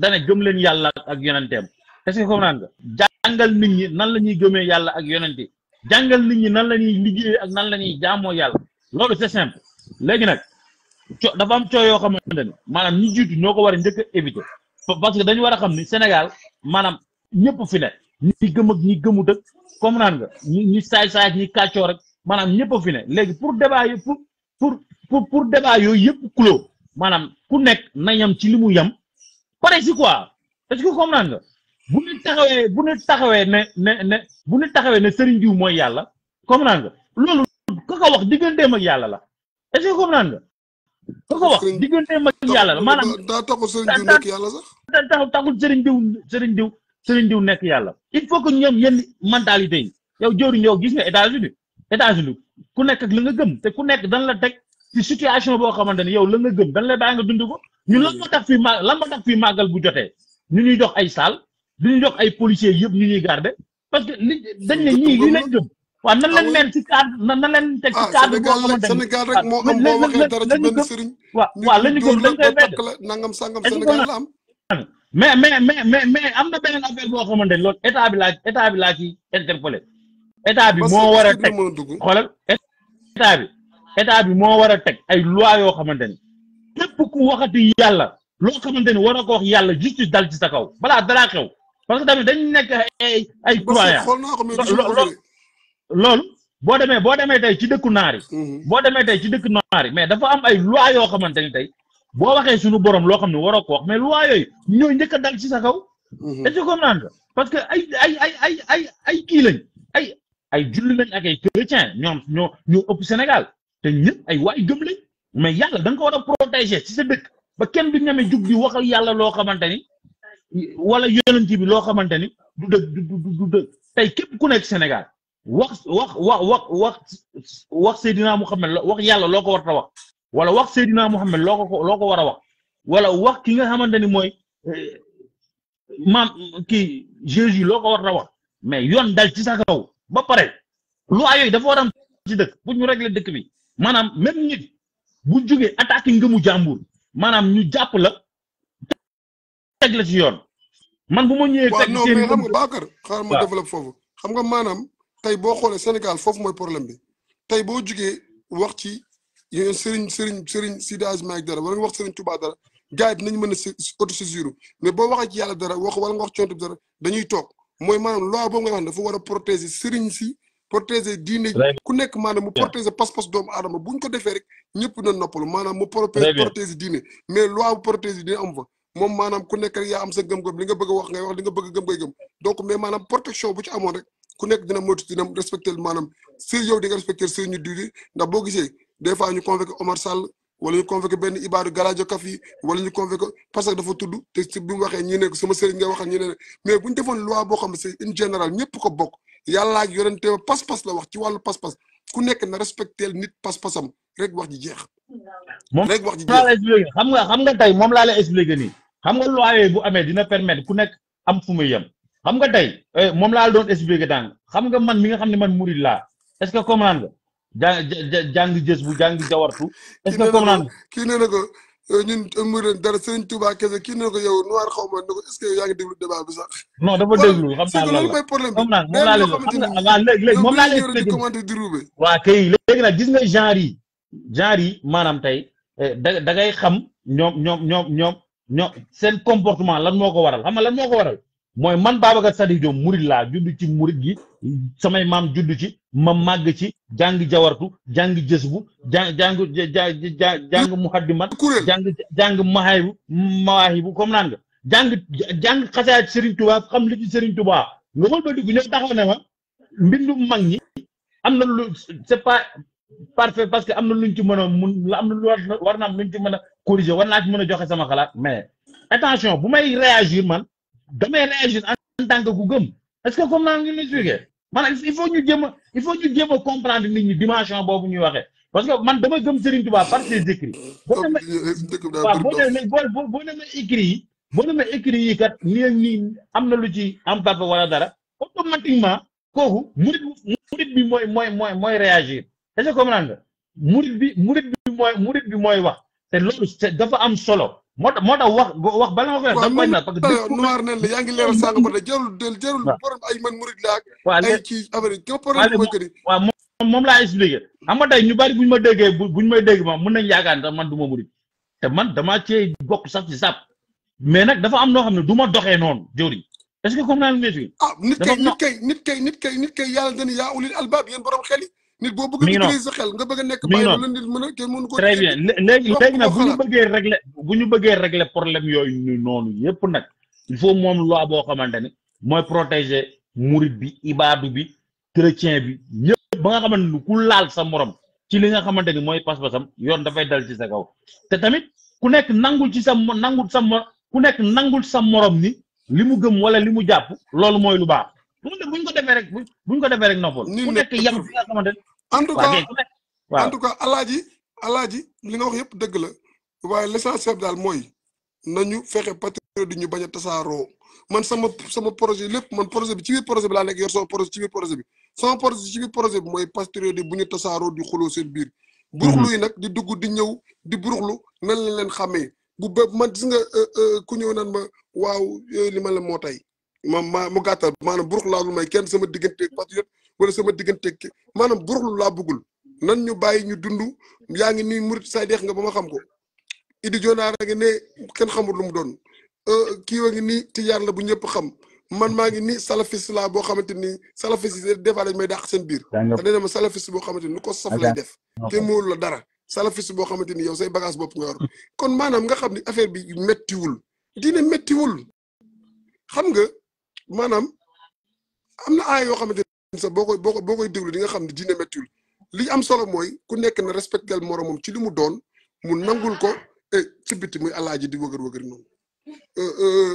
dane gëm leen yàlla ak yonenteem est-ce que comme naan nga jàngal nit ñi nan la ñuy gëmee yàlla ak yonente jàngal nit ñi nan la ñuy liggéeyee ak nan la ñuy jaamoo yàlla loolu c'est léegi nag co dafa am coow yoo xamante ne maanaam ñi jiitu ñoo ko war a njëkk a éviter dañu war a xam ni Sénégal maanaam ñëpp fi ne ñi gëm ak ñi gëmut ak comme naan nga ñi ñi saay saay ñi kàccoo rek maanaam ñëpp a léegi pour débat yi pour pour pour débat yooyu yëpp clos maanaam ku nekk na yam ci li mu yam pare si quoi est-ce que comme nga bu ñu taxawee bu ñu taxawee ne ne ne bu ñu taxawee ne Serigne Diouf mooy yàlla comme loolu ka ko wax digganteem ak yàlla la est que comme ko ko wax diggante mag yàlla la maanaam. daa taxul sëriñ diw nekk yàlla sax. daa taxul taxul sëriñ diw sëriñ diw sëriñ nekk yàlla. il faut que ñoom yenn mentalité yi yow jëriñ yow gis ne États-Unis États-Unis ku nekk ak nga gëm te ku nekk dan la teg ci situation boo xamante ne yow la nga gëm dan la bàyyi nga dund ko. ñun lan moo tax fii ma lan moo tax fii màggal bu jotee ñu ñuy jox ay salle di ñu jox ay policiers yëpp ñu ñuy garder parce que li dañ ñu ñii lii waa nan ah leen mel ci cadre nan leen teg ci ah, cadre boo xamante ni Sénégal rek moo am boo waxee la ñu gëm dañ koy bedd nangam am mais mais mais mais mais am na beneen affaire boo xamante ni loolu état bi laa état bi laa ci interpellé état bi moo war a teg xoolal état bi état bi moo war a teg ay loi yoo xamante ni képp ku waxati yàlla loo xamante ni war a ko yàlla justice dal ci sa kaw balaa dara xew parce que tamit dañ nekk ay ay loolu boo demee boo demee tey ci dëkku naar yi mhm. boo demee tey ci dëkku naar mais dafa am ay loi yoo xamante ni tey boo waxee suñu borom loo xam ne waroo ko wax mais loi yooyu ñooy njëkk dal ci sa kaw mhm. est-ce que parce que ay ay ay ay ay ay kii lañ ay ay julli lañ ak ñoom ñoo ñoo ëpp Sénégal te ay waay gëm mais yàlla da nga ko war a protéger ci sa dëkk ba kenn du ñeme jug di waxal yàlla loo xamante ni wala yonent bi loo xamante ni du dëgg du du du képp ku nekk Sénégal wax wax wax wax wax wax Seydina Muhammad wax yàlla loo ko war a wax wala wax xam Muhammad loo ko loo ko war a wax wala wax ki nga xamante ni mooy eh, maam kii Jésus loo ko war a wax mais yoon dal ci sa kaw ba pare lu ay yooyu dafa war am ci dëkk bu ñu régler dëkk bi maanaam même nit bu jógee attaqué ngëmu jàmbur maanaam ñu jàpp la teg la ci yoon man bu ma ñëwee. teg seen xam xam maanaam. tey boo xoolee Sénégal foofu mooy problème bi tey boo jugee wax ci yéen Serigne Serigne Serigne Sidi Hadj Malick dara wala wax Serigne Touba dara gars yi dinañ mën a autosaisir mais boo waxee ci yàlla dara wax wala wax ci dara dañuy toog mooy maanaam loi boobu nga xam dafa war a protéger Serigne si protéger diine ku nekk maanaam mu protéger pas-pas doomu aadama bu ñu ko defee rek ñëpp na noppalu maanaam mu protéger diine mais loi bu protéger am fa moom maanaam ku nekk rek yaa am sa gëm-gëm li nga bëgg a wax ngay wax li nga bëgg a gëm ngay gëm donc mais maanaam protection bu ci amoon rek ku nekk dina moytu dina respecté maanaam si yow di nga respecté seen ñu diwli ndax boo gisee des fois ñu convoqué Omar Sall wala ñu convoqué benn Ibadou Galadio Kafi wala ñu convoqué parce que dafa tudd te waxee nekk sama sëriñ nga waxal ñi ne mais bu ñu defoon loi boo xam bokk yàllaa ak yorente pas-pas la wax ci wàllu pas-pas ku nekk na respecté nit pas-pasam rek wax ji jeex. moom rek wax ji jeex xam nga xam nga tey moom laa la expliqué nii xam nga loi bu amee dina permettre ku nekk am fu muy yem. xam nga tey eh, moom laa doon expliqué tànk xam nga man mi nga xam ne man murid laa est-ce que comprendre nga jàng jàng jës bu jàng jawartu est-ce que comprendre kii nee na ko eh, ñun eh, murid dara Serigne Touba kese kii nee na ko yow noir xaw ma ne ko est-ce dafa déglu xam naa loolu mooy problème moom laa moom laa moom laa leen expliqué waa kay léegi nag gis nga genre yi genre yi maanaam tey da da xam ñoom ñoom ñoom ñoom ñoom seen comportement lan moo ko waral xam nga lan moo ko waral mooy man Babacar Sadikh Diop murit laa judd ci murit gi samay maam judd ci ma màgg ci jàng jawartu jàng jësbu jàng jàng jàng muhaddimat jàng jàng mahaybu mawaahibu comme naan nga jàng jàng xasaayat Serigne Touba xam li ci Serigne Touba nga wal ba dugg ñëw taxaw ne ma mbindum mag ñi am na lu c'est pas parfait parce que am na luñ ci mën a mun am na lu war na am luñ ci mën a corriger war naa mën a joxe sama xalaat mais attention bu may réagir man damay réagir en tant que ku gëm est-ce que comme naa ngi ñu expliqué maanaam il faut ñu jéem a il faut ñu jéem a ni nit ñi dimension boobu ñuy waxe parce que man dama gëm Serigne a par ses écrits. boo ah, demee euh, euh, waaw boo demee boo boo demee écrits yi boo demee écrits yi kat nii nii am na lu ci am papa wala dara automatiquement kooku murit murit bi mooy mooy mooy mooy réagir est-ce que comprendre bi murit bi mooy murit bi mooy wax te loolu dafa am solo. moo moo tax wax wax bala nga koy wax. waaw na parce que noir nen la yaa ngi leeral sànq ba tey jarul jarul borom moom laa expliqué. xam nga tey bari bu ñu ma déggee bu ñu may dégg ma mun nañu yaakaar ne man du ma murid cee bokk sax ci sàpp mais nag dafa am noo xam ne du ma doxee noonu jëwriñ est-ce que comme naa la ah nit kay nit kay nit kay nit kay nit kay yàlla yaa ulil albaab yéen borom xel nit boo bëgg sa nga bëgg nekk bàyyi la nit mën a kenn mënu ko très bien léegi léegi nag bu ñu bëggee régler bu ñu bëggee régler problème yooyu noonu yëpp nag il faut moom loi boo xamante ne mooy protéger murit bi ibaadu bi chrétien bi ñëpp ba nga xamante ni ku laal sa morom ci li nga xamante ni mooy pas-pasam yoon dafay dal ci sa kaw te tamit ku nekk nangul ci sa nangul sa ku nekk nangul sa morom ni li mu gëm wala li mu jàpp loolu mooy lu baax loolu buñ ko defee rek buñ ko defee rek noppal ku nekk yam fi nga xamante ne en tout tout cas alaaji alaaji li nga wax yëpp dëgg la waaye l'essentiel daal mooy nañu fexe patriote ñu bañ a tasaaroo man sama sama projet lépp man projet bi ci projet bi laa nekk yor sama projet ci biir projet bi sama projet ci biir projet bi mooy patriote yi bu ñu tasaaroo di xuloo seen biir mhm. buruxlu yi nag di dugg di ñëw di buruxlu nan lañ leen xàmmee bu bépp man gis nga euh, euh, ku ñëw naan ma waaw li ma la moo ma ma mu gàttal maanaam burux laa lu may kenn sama digganteeg patriote wala sama digganteeg maanaam burux laa bëggul nan ñu bàyyi ñu dund yaa ngi ni murit say deex nga ba ma xam ko Idi Jonaar a ngi ne kenn xamul lu mu doon euh, kii wa ngi ni tijaan la bu ñëpp xam man maa ngi nii salafis laa boo xamante ni salafis yi defaa lañ may dàq seen biir te nee ma salafis boo xamante ni ko saf lay def kenn mënul la dara salafis boo xamante ni yow say bagage bopp nga yor hmm. kon maanaam nga xam ni affaire bi méttiwul diine méttiwul xam nga maanaam am na ay yoo xamante ne sax boo koy boo koy déglu di nga xam ne diine méttiwul li am solo mooy ku nekk na respectel moromam ci li doon mu nangul ko eh, ci bit muy alaaji di wëgër wëgër noonu euh, euh,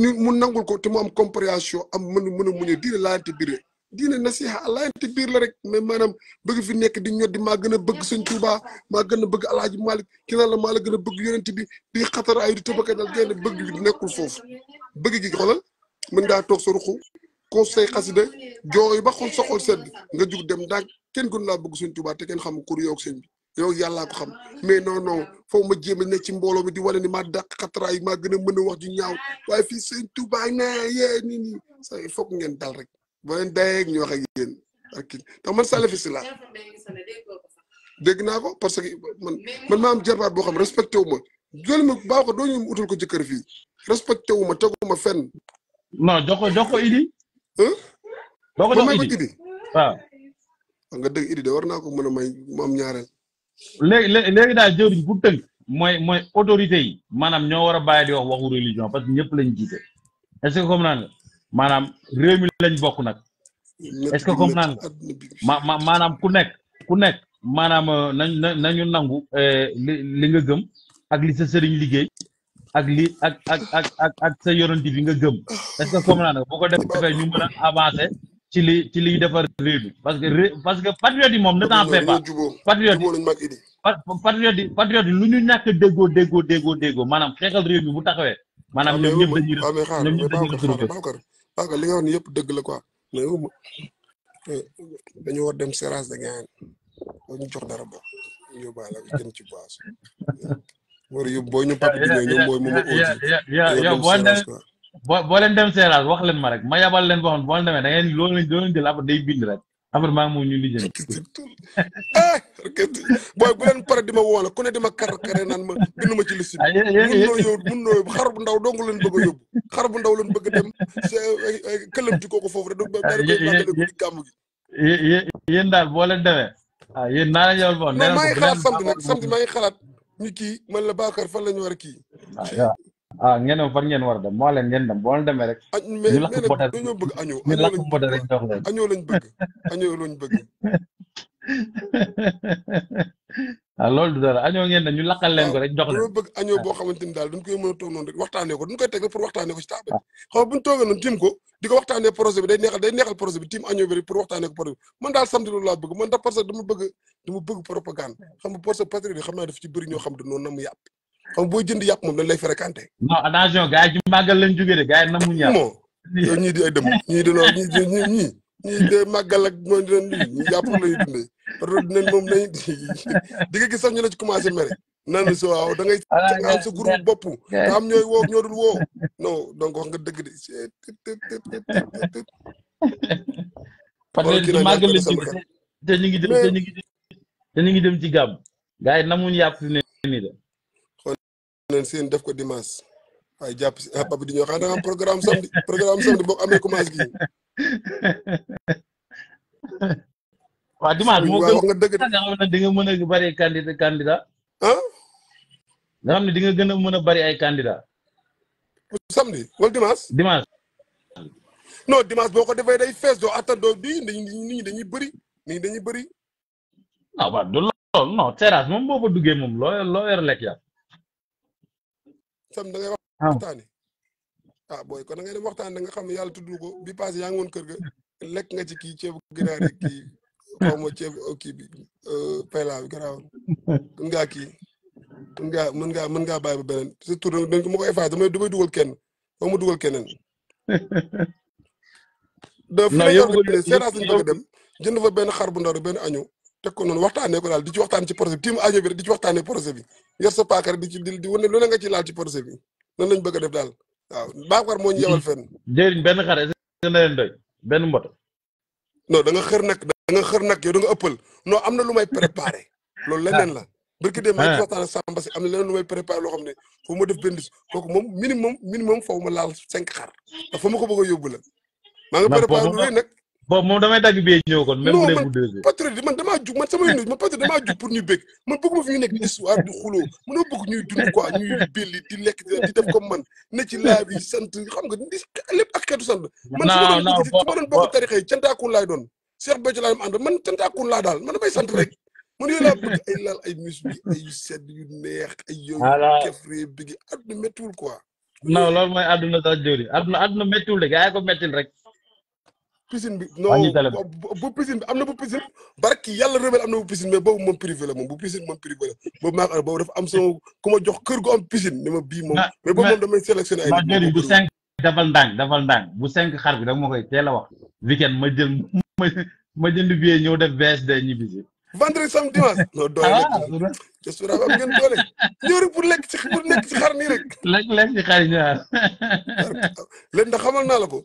ñu mu nangul ko te mu am compréhension am mën mën a muñ a diine laayante biir diine nasiha laayante biir la rek mais maanaam bëgg fi nekk di ñod di maa gën a bëgg sëñ Tuuba maa gën a bëgg alaaji Malik ki na la maa la gën a bëgg yonent bi di xatar ay di tëbaka dal génn bëgg gi nekkul foofu bëgg gi xoolal mën daa toog sa ruxu conseil xasida jooy ba xol sa xol sedd nga jug dem daag kenn gën laa bëgg sëñ Tuubaa te kenn xamul kur yow ak sëñ bi yow yàllaa ko xam mais non non foo ma jéem na ci mbooloo mi di wane ni maa dàq xatraay ma gën a mën a wax ju ñaaw waaye fii sëñ Tuubaa na yee sa il faut ngeen dal rek boo leen dayeeg ñu wax ak yéen ak tax man salafi dégg naa ko parce que man man maa am jarbaat boo xam respecté wu ma jël ma baaw ko doo utal ko jëkkër fii respecté wu ma tegu ma fenn non jox ko jox ko Idi. doo ko jox Idi waaw. nga dëgg Idi de war naa ko mën a may mu am ñaareel. léegi léegi daal jëwriñ bu tënk mooy mooy autorité yi maanaam ñoo war a bàyyi di waxu religion parce que ñëpp lañ jiite est-ce que comprendre nga maanaam réew lañ bokk nag. est-ce que comprendre nga ma maanaam ku nekk ku nekk maanaam euh, na nañu nangu euh, li li nga gëm ak li sa sëriñ liggéey. ak lii ak ak ak ak ak bi nga gëm est-ce que comprendre nga bu ko defee ñu mën a avancer ci li ci liy defar réew parce que parce que patriote yi moom na t'en fais pas patriote yi patriote yi patriote yi lu ñu ñàkk déggoo déggoo déggoo déggoo maanaam xeexal réew mi bu taxawee maanaam ah, ah, ñoom ñëpp dañuy ñoom ñëpp dañuy retrouvé parce que li nga wax ni yëpp dëgg la quoi mais yow eh, dañu war dem serage de ñu jox dara ba yóbbaale jëm ci war yëpp booy ñu papi bi ñoom mooy boo leen dem seeraas wax leen ma rek ma yabal leen boo xam boo leen demee da ngeen loolu lañ doon jël après ma woona ku ne di ma kar ma bindu ma ci liste bi ah, mun noo leen a bu ndaw bëgg a dem këlëb foofu rek ah, da ci daal boo leen demee waaw ah, yéen naa yabal boo xam maa ngi xalaat samedi nag maa ngi xalaat ñu kii man la Bakar fan la ñu war a kii. ah, ah ngeen dem fan ngeen war a dem moo leen ngeen dem boo demee rek. Ah, ñu lakk mbote ñu bëgg añoo. ñu lakk mbote rek jox leen añoo lañ bëgg añoo lañ bëgg. waaw loolu du dara añoo ngeen ne ñu leen ko rek jox toog noonu rek waxtaanee ko duñ koy teg rek pour waxtaanee ko ci table ah. xam nga buñu toogee noonu tiim ko di waxtaanee projet bi tiim añoo bi rek loolu laa bëgg man da parce dama bëgg dama bëgg propagande xam nga parce que patriote xam naa dafa ci bëri ñoo xam ne noonu na yàpp xam nga jënd yàpp moom dañ lay fréquenté non attention gars ci màggal lañ jógee de gars yi ñii de màggal ak mooy dinañ lii ñu jàpp lay dundee parce que dinañ moom di nga gis sax ñu la ci commencé mere nan si waaw da ngay am sa groupe bopp te am ñooy woo ñoo dul woo non donc wax nga dëgg de parce que di màggal lañ jëm te ñu ngi dem te ñu ngi te ñu ngi dem ci namuñ ni seen def ko dimanche waaye jàpp papa di ñoo xam programme samedi programme samedi gi waa dimanche moo gën nga xam ne di nga mën a bari ay candidat candidat nga xam ne di nga gën a mën a bari ay candidat samedi wala dimanche dimanche non dimanche boo ko defee day fees doo attan doo di nit ñi dañuy bëri nit ñi dañuy bëri non waa du lool non terrasse moom boo fa duggee moom loo loo yor lekk yaa sam da ngay waxtaane ah boy kon da ngay dem waxtaan da nga xam yalla tuddu ko bi pass ya ngone keur ga lek nga ci ki ci ginaar rek kii xaw ci o ki bi euh pela graw nga ki nga mën nga mën nga bay ba benen ci nag dañ ko mako ko dama damay duggal kenn ba mu dugal keneen. non yëpp de séerase lañ bëgg a dem jënd fa benn xar bu ndaw benn añu teg ko non waxtane ko dal di ci waxtane ci projet bi tiim añu bi di ci waxtane projet bi yor sa paaka di ci di wone lu nga ci laal ci projet bi nan lañ bëgg def dal waaw Babacar moo ñu yabal fenn. jëriñ benn xar est-ce que benn mboto. non da nga xër nag da nga xër nag yow da nga ëppal non am na lu may préparé. loolu ah. leneen la. barki de maa ah. ngi waxtaan Samba si am na leneen lu may préparé loo xam ne fu ma def benn kooku moom minimum minimum faw ma laal cinq xar ndax fa ma ko bëgg yóbbu la. maa préparé lu rëy nag boobu moom damay dagg bee ñëw kon. même bu dee bu deux jug man sama yoon man patriote damaa jug pour ñu bëgg man bëgguma fi ñu nekk histoire du xuloo mënoo bëgg ñuy dund quoi ñuy belli di lekk def comme man ne ci laaj yi sant xam nga di lépp ak xeetu sant. man su ma doon su ma doon bokk tarixa yi laay doon. Cheikh Béthio laa dem ànd man cantaakun laa daal man damay sant rek man yooyu laa bëgg ay laal ay mus bi ay yu sedd yu neex ay yow. voilà ah, kefree bi gi àdduna méttiwul quoi. non loolu mooy àdduna sax jóori àdduna àdduna méttiwul de gaa yi ko rek piscine bi non bu piscine bi am na bu piscine barki yàlla rebel am na bu piscine mais boobu moom privé la moom bu piscine moom privé la boobu maa xam boobu dafa am sama ku ma jox kër gu am piscine ne ma bii moom ah, mais boobu moom damay sélectionné ay non bu cinq dafal ndànk dafal ndànk bu cinq xar bi da ma koy teel a wax weekend ma jël ma ma jënd billet ñëw def VSD ñibbisi vendredi samedi dimanche non doole ah, jësura am ngeen doole ñëw rek pour lekk ci pour nekk ci xar nii rek lekk lekk ci xar ñaar leen da xamal naa la ko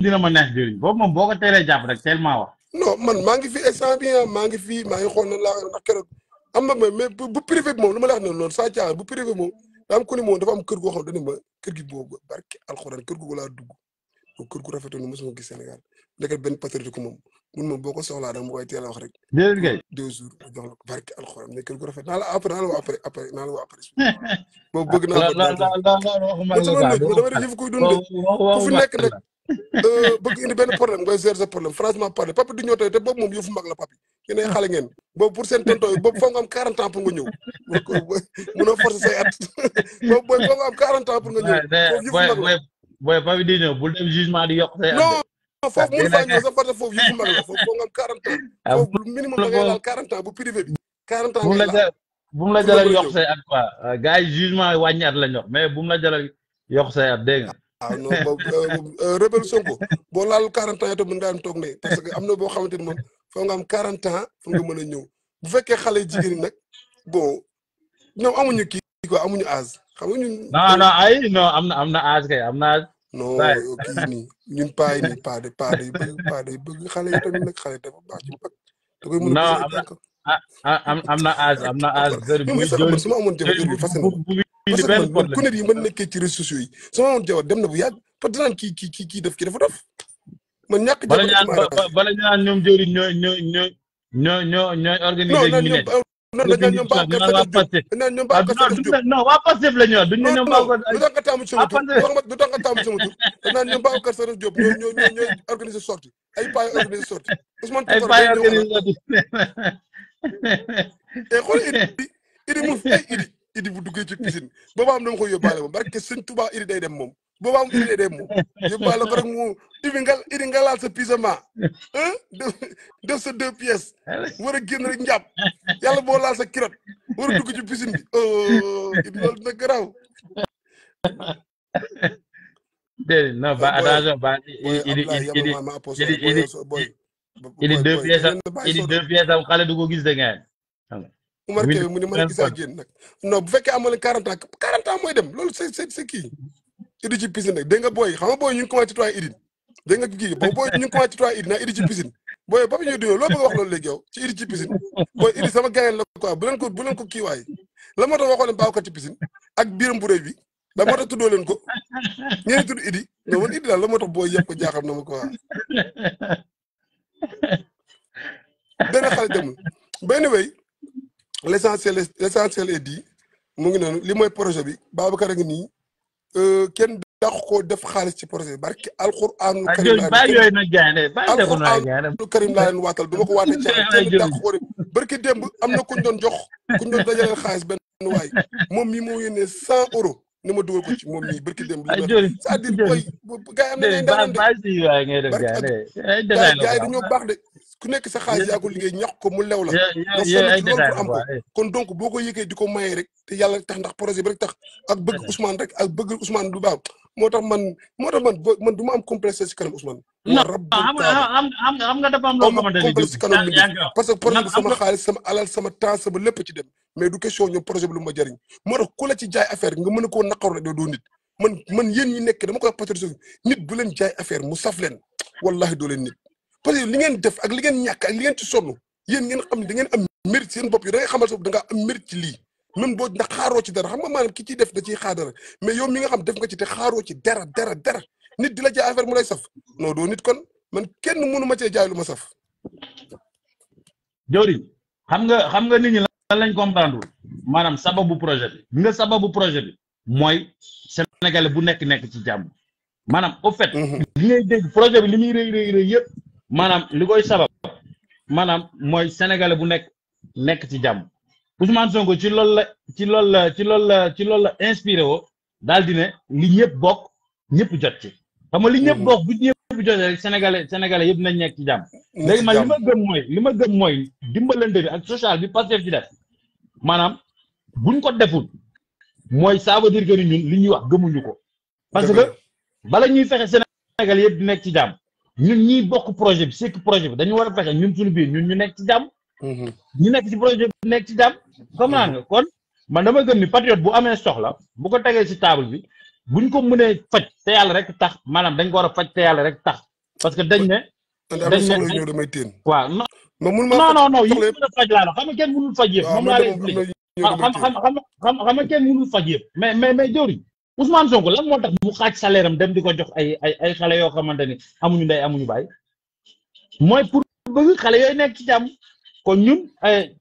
dina ma neex jëriñ boobu moom boo ko teelee jàpp rek tellement wax. non man maa ngi fi instant bi ah, maa ngi fi maa ngi xool laa ndax keroog am na mais bu privé bi lu ma la wax noonu loolu saa caa bu privé moom am ku ni moom dafa am kër goo xam ne ma kër gi boobu barke alxuraan kër gu laa dug moom kër gu rafetoon na mosuma gis Sénégal nekkat benn patriote moom mun moom boo ko soxlaa da ma koy teel a wax rek. déedéet kay deux jours jox la barke alxuraan mais kër gu rafet naa la après naa la woo après après bëgg naa ko. la la la dama def yëfu koy dund Euh, bëgg indi benn problème ngay gérer sa problème franchement parler papi du ñëw tey te boobu moom yëfu mag la papi yéen ay xale ngeen boobu pour seen tonton yi boobu foog nga am 40 ans pour boobu booy mag la booy papi di ñëw bul dem jugement di yokk at non foofu mun faa ñëw sa farte foofu yëfu mag la foofu ah, minimum da la jaral at quoi euh, gars yi jugement wàññi la ñor mais bu la jaral yokk at dégg nga waaw ah, non boobu euh, rebelle Sonko boo laal quarante ans itam mën ngaa toog parce que am na boo xamante ni moom foo nga am quarante ans fu nga mën a ñëw bu fekkee xale jigéen ñi nag bon ñoom amuñu kii quoi amuñu âge xam nga ñun. non non ay non am na am na âge kay am na âge. non a nii ñun paa yi nii paa de paa day bëgg paa day bëgg xale yi tamit nag xale a ah, ah, am na âge am na âge. bu bu li benn problème ku ne yi mën nekkee ci réseaux sociaux yi sama dem na bu yàgg parce que dinaan kii kii kii def kii dafa dof man ñàkk bala ñu ñoom jëwriñ ñoo ñoo ah, ñoo ñoo ñoo ñooy organiser ñu ne ba ka fa def non waa Pastef la ñu wax duñ ne ñoom ba ko du tax nga taamu sama tur du ñoo ñoo organiser sortie ay pay organiser sortie ay pay organiser eh, sortie e xool idi idi mu fi idi bu duggé ci piscine boobaam dama ko yobale moom barké sëñ touba idi day dem moom boobaam idi day dem moom yóbbaale ko rek mu idi ngal idi nga laal sa pyjama de ce deux pièces wara genn rek njàpp yalla bo la sa kirot wara dugg ci piscine bi oh, idi lol na graw déedéet na ba oh, attention ba idi idi idi idi deux pièces idi deux pièces am xalé du ko gis de ngeen Umar Kébé mu ne mën a gis ak yéen nag non bu fekkee amoon na 40 ans 40 ans mooy dem loolu c'est c'est ci piscine nag dégg nga booy xam nga booy ñu ngi commencé tuwaay idi dégg nga kii ba booy ñu ngi commencé tuwaay idi naa idi ci piscine booy ba ñuy duñoo loo bëgg a wax loolu léegi yow ci idi ci piscine booy idi sama ganeen la leen ko bu leen ko kii waay la moo tax waxoo ci piscine ak biiram bu rëy bi la moo tax tuddoo leen ko ngeen tudd idi non man idi la moo tax booy yëpp ko jaaxal na ma quoi benn xale demul benn way l' essentiel l' essentiel est dit mu ngi noonu li mooy projet bi Babacar a gi nii euh, kenn dàq koo def xaalis ci projet bi barki alxuraanul ah, karim alxuraanul karim laa leen waatal du ma ko waatee ca kenn dàq koo barki démb am na kuñ don jox kuñ doon dajaleel xaalis benn waay moom mi moo yene cent euros ni ma dugal ko ci moom mii barki démb ah, li c'est-à-dire koy gars am na ngay daan de barki gars yi dañoo baax de ku nekk sax xaalis yaa ko liggéey ñax ko mu lew la. nga am eh. kon donc boo ko yëgee di ko maye rek yàlla tax ndax projet bi tax ak bëgg eh. Ousmane rek ak bëgg Ousmane du baax moo tax man moo tax ma am complexe ci kanam Ousmane. non xam nga xam nga dafa am loo xamante ni complexe ci kanam parce que projet bi sama xaalis sama alal sama temps sama lépp ci dem mais du question ñoom projet bi lu ma jariñ moo tax ku la ci jaay affaire nga mën a koo naqaru rek doo doo nit man man yéen ñi nekk dama koy wax patriote nit bu leen jaay affaire mu saf leen wallahi doo leen nit parce que li ngeen def ak li ngeen ñàkk ak li ngeen ci sonn yéen ngeen xam ne ngeen am mérite seen bopp yi da ngay xamal sa da nga am mérite ci lii même boo ndax xaaroo ci dara xam nga maanaam ki ciy def da ciy xaar dara mais yow mi nga xam def nga ci te xaaroo ci dara dara dara nit di la jaay affaire mu lay saf non doo nit kon man kenn mënu ma cee jaay lu ma saf. Jori xam nga xam nga nit ñi lan lañ comprendre maanaam sababu projet bi nga sababu projet bi mooy sénégalais bu nekk nekk ci jàmm maanaam au fait. Mhm. li ngay dégg projet bi li muy rëy rëy rëy maanaam li koy sabab maanaam mooy sénégalais bu nekk nekk ci jàmm Ousmane Sonko ci lool la ci lool la ci loolu la ci loolu la inspiré woo daal di ne li ñëpp bokk ñëpp jot ci xam nga li ñëpp mm. bokk bu ñëpp jotee rek sénégalais sénégalais yëpp nañ nekk ci jàmm léegi man li ma gëm mooy li ma gëm mooy dimbalante bi ak social bi Pastef ci def maanaam buñ ko deful mooy ça veut dire li ñuy wax gëmuñu ko parce que bala ñuy fexe sénégalais yëpp di nekk ci jàmm ñun ñiy bokk projet bi sekk projet bi dañu war a fexe ñun suñu biir ñun ñu nekk ci jàmm. Mhm. ñu nekk ci projet bi nekk ci jàmm. comprendre nga mhm. kon man dama gën ni patriote bu amee soxla bu ko tegee ci table bi bu buñ ko mënee faj te yàlla rek tax maanaam dañ ko war a faj te yàlla rek tax parce que dañ ne. dañ ne ñëw damay téen waaw non non non yi mën a faj laa la xam nga kenn mënul faj yëpp moom laa lay xam xam xam xam nga kenn mënul faj yëpp mais mais mais jëwriñ Ousmane Sonko lan moo tax mu xaaj saleeram am dem di ko jox ay ay ay xale yoo xamante ni amuñu ndey amuñu baay mooy pour bëgg xale yooyu nekk ci jàmm kon ñun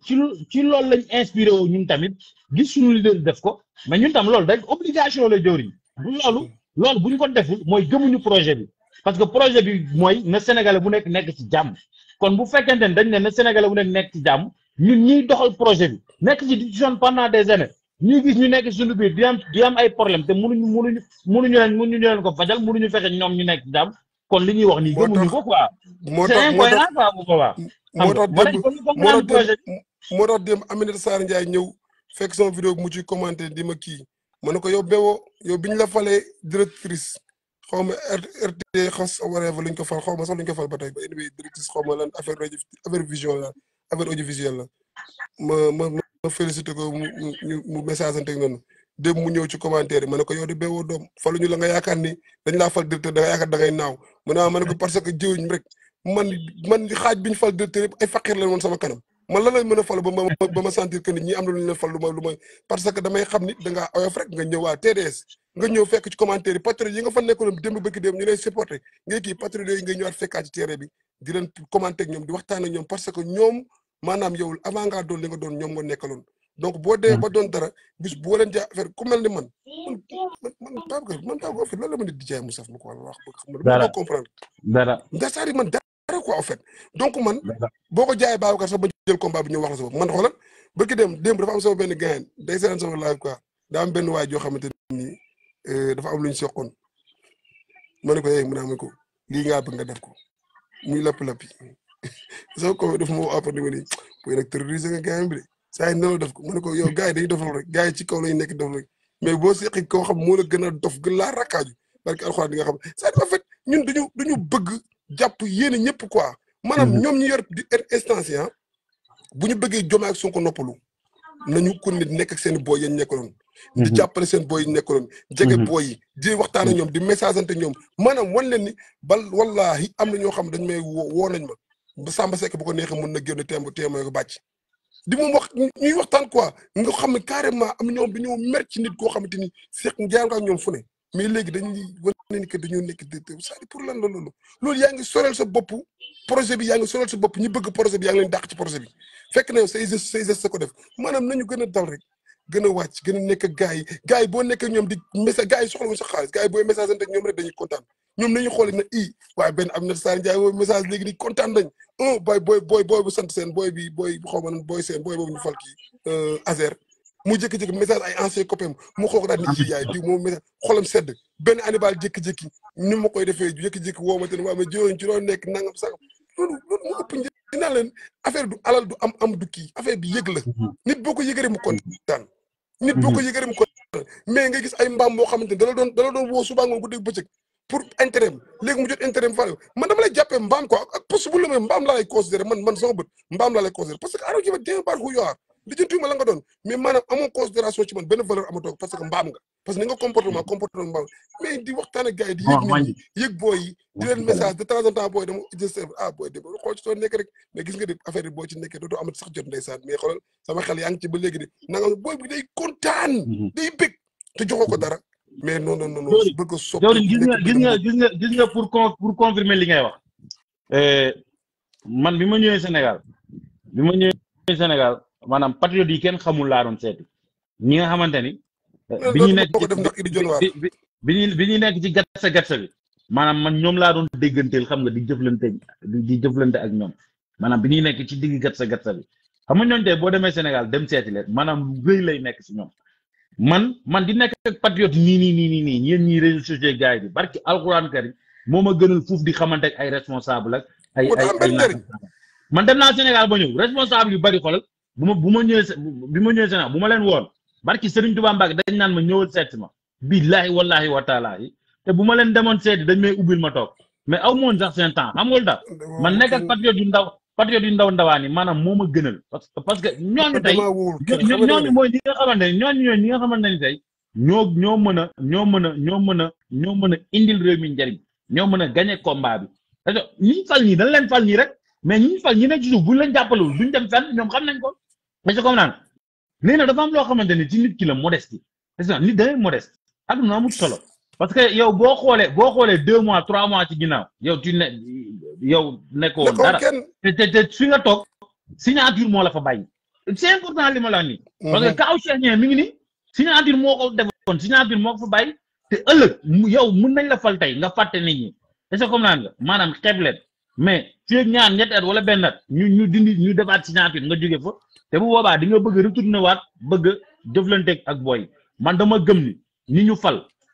ci ci loolu lañ inspiré woo ñun tamit gis suñu leader def ko ma ñun tam loolu rek obligation la jëwriñ du loolu loolu bu ñu ko deful mooy gëmuñu projet bi parce que projet bi mooy na sénégalais bu nekk nekk ci jàmm kon bu fekkente ne dañ ne na sénégale bu nekk nekk ci jàmm ñun ñuy doxal projet bi nekk ci discussion pendant des années Nous gis ñu nekk ne di am di am problème mënuñu mënuñu mënuñu leen ko mënuñu problèmes. ñu kon li ñuy wax ko quoi. problèmes. son vidéo mu di ma ma ko directrice RRT xos luñ ko fal sax luñ ko fal vision ma félicité ko mu mu message ante noonu dem mu ñew ci commentaire yi ko yow di dom doom faluñu la nga yaakaar ni dañ la fal directeur da nga yaakaar da ngay naw mu ne ko parce que jiwuñ rek man man di xaj biñ fal directeur ay fakir la won sama kanam man la lay mëna fal ba ba ma sentir que nit ñi am lu ñu leen fal lu ma lu ma parce que damay xam ni da nga oyof rek nga ñëwa TDS nga ñëw fekk ci commentaire patron yi nga fa nekkul dem bëkk dem ñu lay supporter ngay ki patron yi nga ñëwaat fekk ci terrain bi di leen commenter ak ñom di waxtaan ak ñom parce que ñom manam yow avant nga doon li nga doon ñom nga nekkalon donc bo dé ba doon dara bis bo leen ja affaire ku melni man man tab ko man ko fi la ma nit di jaay mu wala wax bëgg xam nga comprendre dara nga sari man dara quoi en fait donc man boko jaay baaw ka sa ba jël combat bi ñu wax la sa bopp man xoolal bëgg dem dem dafa am sama ben gain day sen sama live quoi da am ben waay jo xamanteni ni euh, dafa am luñu ñu soqoon ma ko yéeg eh, mu na ma ko lii ngaa bëgg nga def ko muy lepp lepp soo ko def moo après dama ni booy nag terroriser nga gars mu ne ko yow gars yi dañuy dofal rek gars yi ci kaw lañu nekk dof rek mais boo seqi koo xam moo la gën a dof gën laa rakkaaju barke alxuraan di nga xam saa en fait ñu dañu bëgg jàpp yéene ñëpp quoi maanaam mhm. ñoom ñu yor di instance yi ah, bu ñu bëggee Diomaye ak Sonko noppalu nañu kon ne nekk ak seen booy yañ nekkaloon di mhm. jàppale seen booy yi nekkaloon jege mhm. booy yi di waxtaan ñoom di message messageante ñoom maanaam wan leen ni bal wallahi am na ñoo xam dañ may woo nañ ma ba Samba Seck bu ko neexee mën na génn téem téeméer ko bàcc di moom wax ñuy waxtaan quoi nga xam ne carrément am ñoom dañoo mer ci nit koo xamante ni Seck jaar nga ak ñoom fu ne mais léegi dañuy wane ni que dañoo nekk de pour lan la loolu yaa ngi soreel sa bopp projet bi yaa ngi soreel sa bopp ñu bëgg projet bi yaa ngi leen dàq ci projet bi fekk na yow say geste say geste sa ko def maanaam nañu gën a dal rek gën a wàcc a nekk ak gars yi boo nekkee ñoom di message gars yi soxla wuñ sa xaalis gars yi booy message ante ñoom rek dañuy kontaan ñoom nañu xool na i waaye benn Aminata Sarr Ndiaye woo message léegi ni kontaan nañ un oh, booy booy booy booy bu sant seen booy bi booy xaw ma booy seen booy boobu ñu fal kii euh, Azer mu jékki-jékki message ay ancien copain mu xool ko daal ni i jaay diw moom message xolam sedd benn anibal jékki-jékki ni ma koy defee jékki-jékki woo ma te ne waa mais jiwooñ ci loolu nekk nangam sangam loolu loolu dinaa leen affaire du alal du am am du kii affaire bi yëg la mhm. nit boo ko yëgëree mu kontaan nit boo mhm. ko yëgëree mu kontaan mais nga gis ay mbaam moo xamante ne dala doon dala doon woo suba ngoon guddi bëccëg pour intérim léegi mu jot intérim far man dama lay jàppee mbaam quoi ak poste bu la may mbaam laa lay man man sama bët mbaam laa lay considéré parce que arrêté ba dégg baar ku yowaar lijjanti ma la doon mais maanaam amoo considération ci man benn valeur amatoo parce que mbaam nga parce que ni comportement hmm. comportement mbaam mais di waxtaan ak di yëg nit ñi yëg di leen message de temps en temps booy dama jël serve ah booy déglu xool ci soo nekk rek mais non non non gis nga gis nga gis nga gis pour pour li ngay wax eh, man bi ma ñëwee Sénégal bi ma ñëwee Sénégal maanaam patriote yi kenn xamul laa doon seeti ñi nga xamante ni. Eh, bi ñuy nekk ci bi ñuy bi ñuy nekk ci gatsa gatsa bi maanaam man ñoom laa doon dégganteel xam nga di jëflante di jëflante ak ñoom maanaam bi ñuy nekk ci digg gatsa gatsa bi xam ma ñooñu boo demee Sénégal dem seeti leen maanaam lu lay nekk ci ñoom. man man di nekk ak patriote nii nii nii nii nii yéen ñii réseaux sociaux gars yi bi barki alxuraan karim moo ma gënal fuuf di xamante ak ay responsable ak ay ay ay man dem naa Sénégal ba ñëw responsable yu bari xolal bu ma bu ma ñëwee bi ma ñëwee Sénégal bu ma leen woon barki Serigne Touba Mbacke dañ naan ma ñëwal seet ma billaahi wallaahi wa taala yi te bu ma leen demoon seeti dañ may ubbil ma toog mais aw moon sax seen temps xam nga lu tax man nekk ak patriote yu ndaw patriote yu ndaw ndawaan yi maanaam moo ma gënal parce que parce que ñooñu tey ñooñu mooy ñi nga xamante ne ñooñu ñooñu ñi nga xamante tey ñoo ñoo mën a ñoo mën a ñoo mën a ñoo mën a indil réew mi njariñ ñoo mën a gañe combat bi parce que ñi fal ñii dañ leen fal ñii rek mais ñi fal ñi ne ci suuf buñ leen jàppalewul duñ dem fenn ñoom xam nañ ko mais comme naan nee na dafa am loo xamante ne ci nit ki la modeste parce que nit dangay modeste aduna amul solo parce que yow boo xoolee boo xoolee deux mois trois mois ci ginnaaw yow tu yow nekkoon dara te te te fi nga toog signature moo la fa bay c'est important li ma la ni mhm. parce que kaaw Cheikh Niang mi ngi ni signature moo ko defoon signature moo ko fa bay te ëllëg yow mun nañ la fal tey nga fàtte ni ñi est comme naan nga maanaam xeeb leen mais ñaan ñaar ñetti wala benn at ñu ñu dindi ñu defaat signature nga jóge fa te bu boobaa di nga bëgg retourné waat bëgg jëflanteeg ak booy man dama gëm ni ni ñu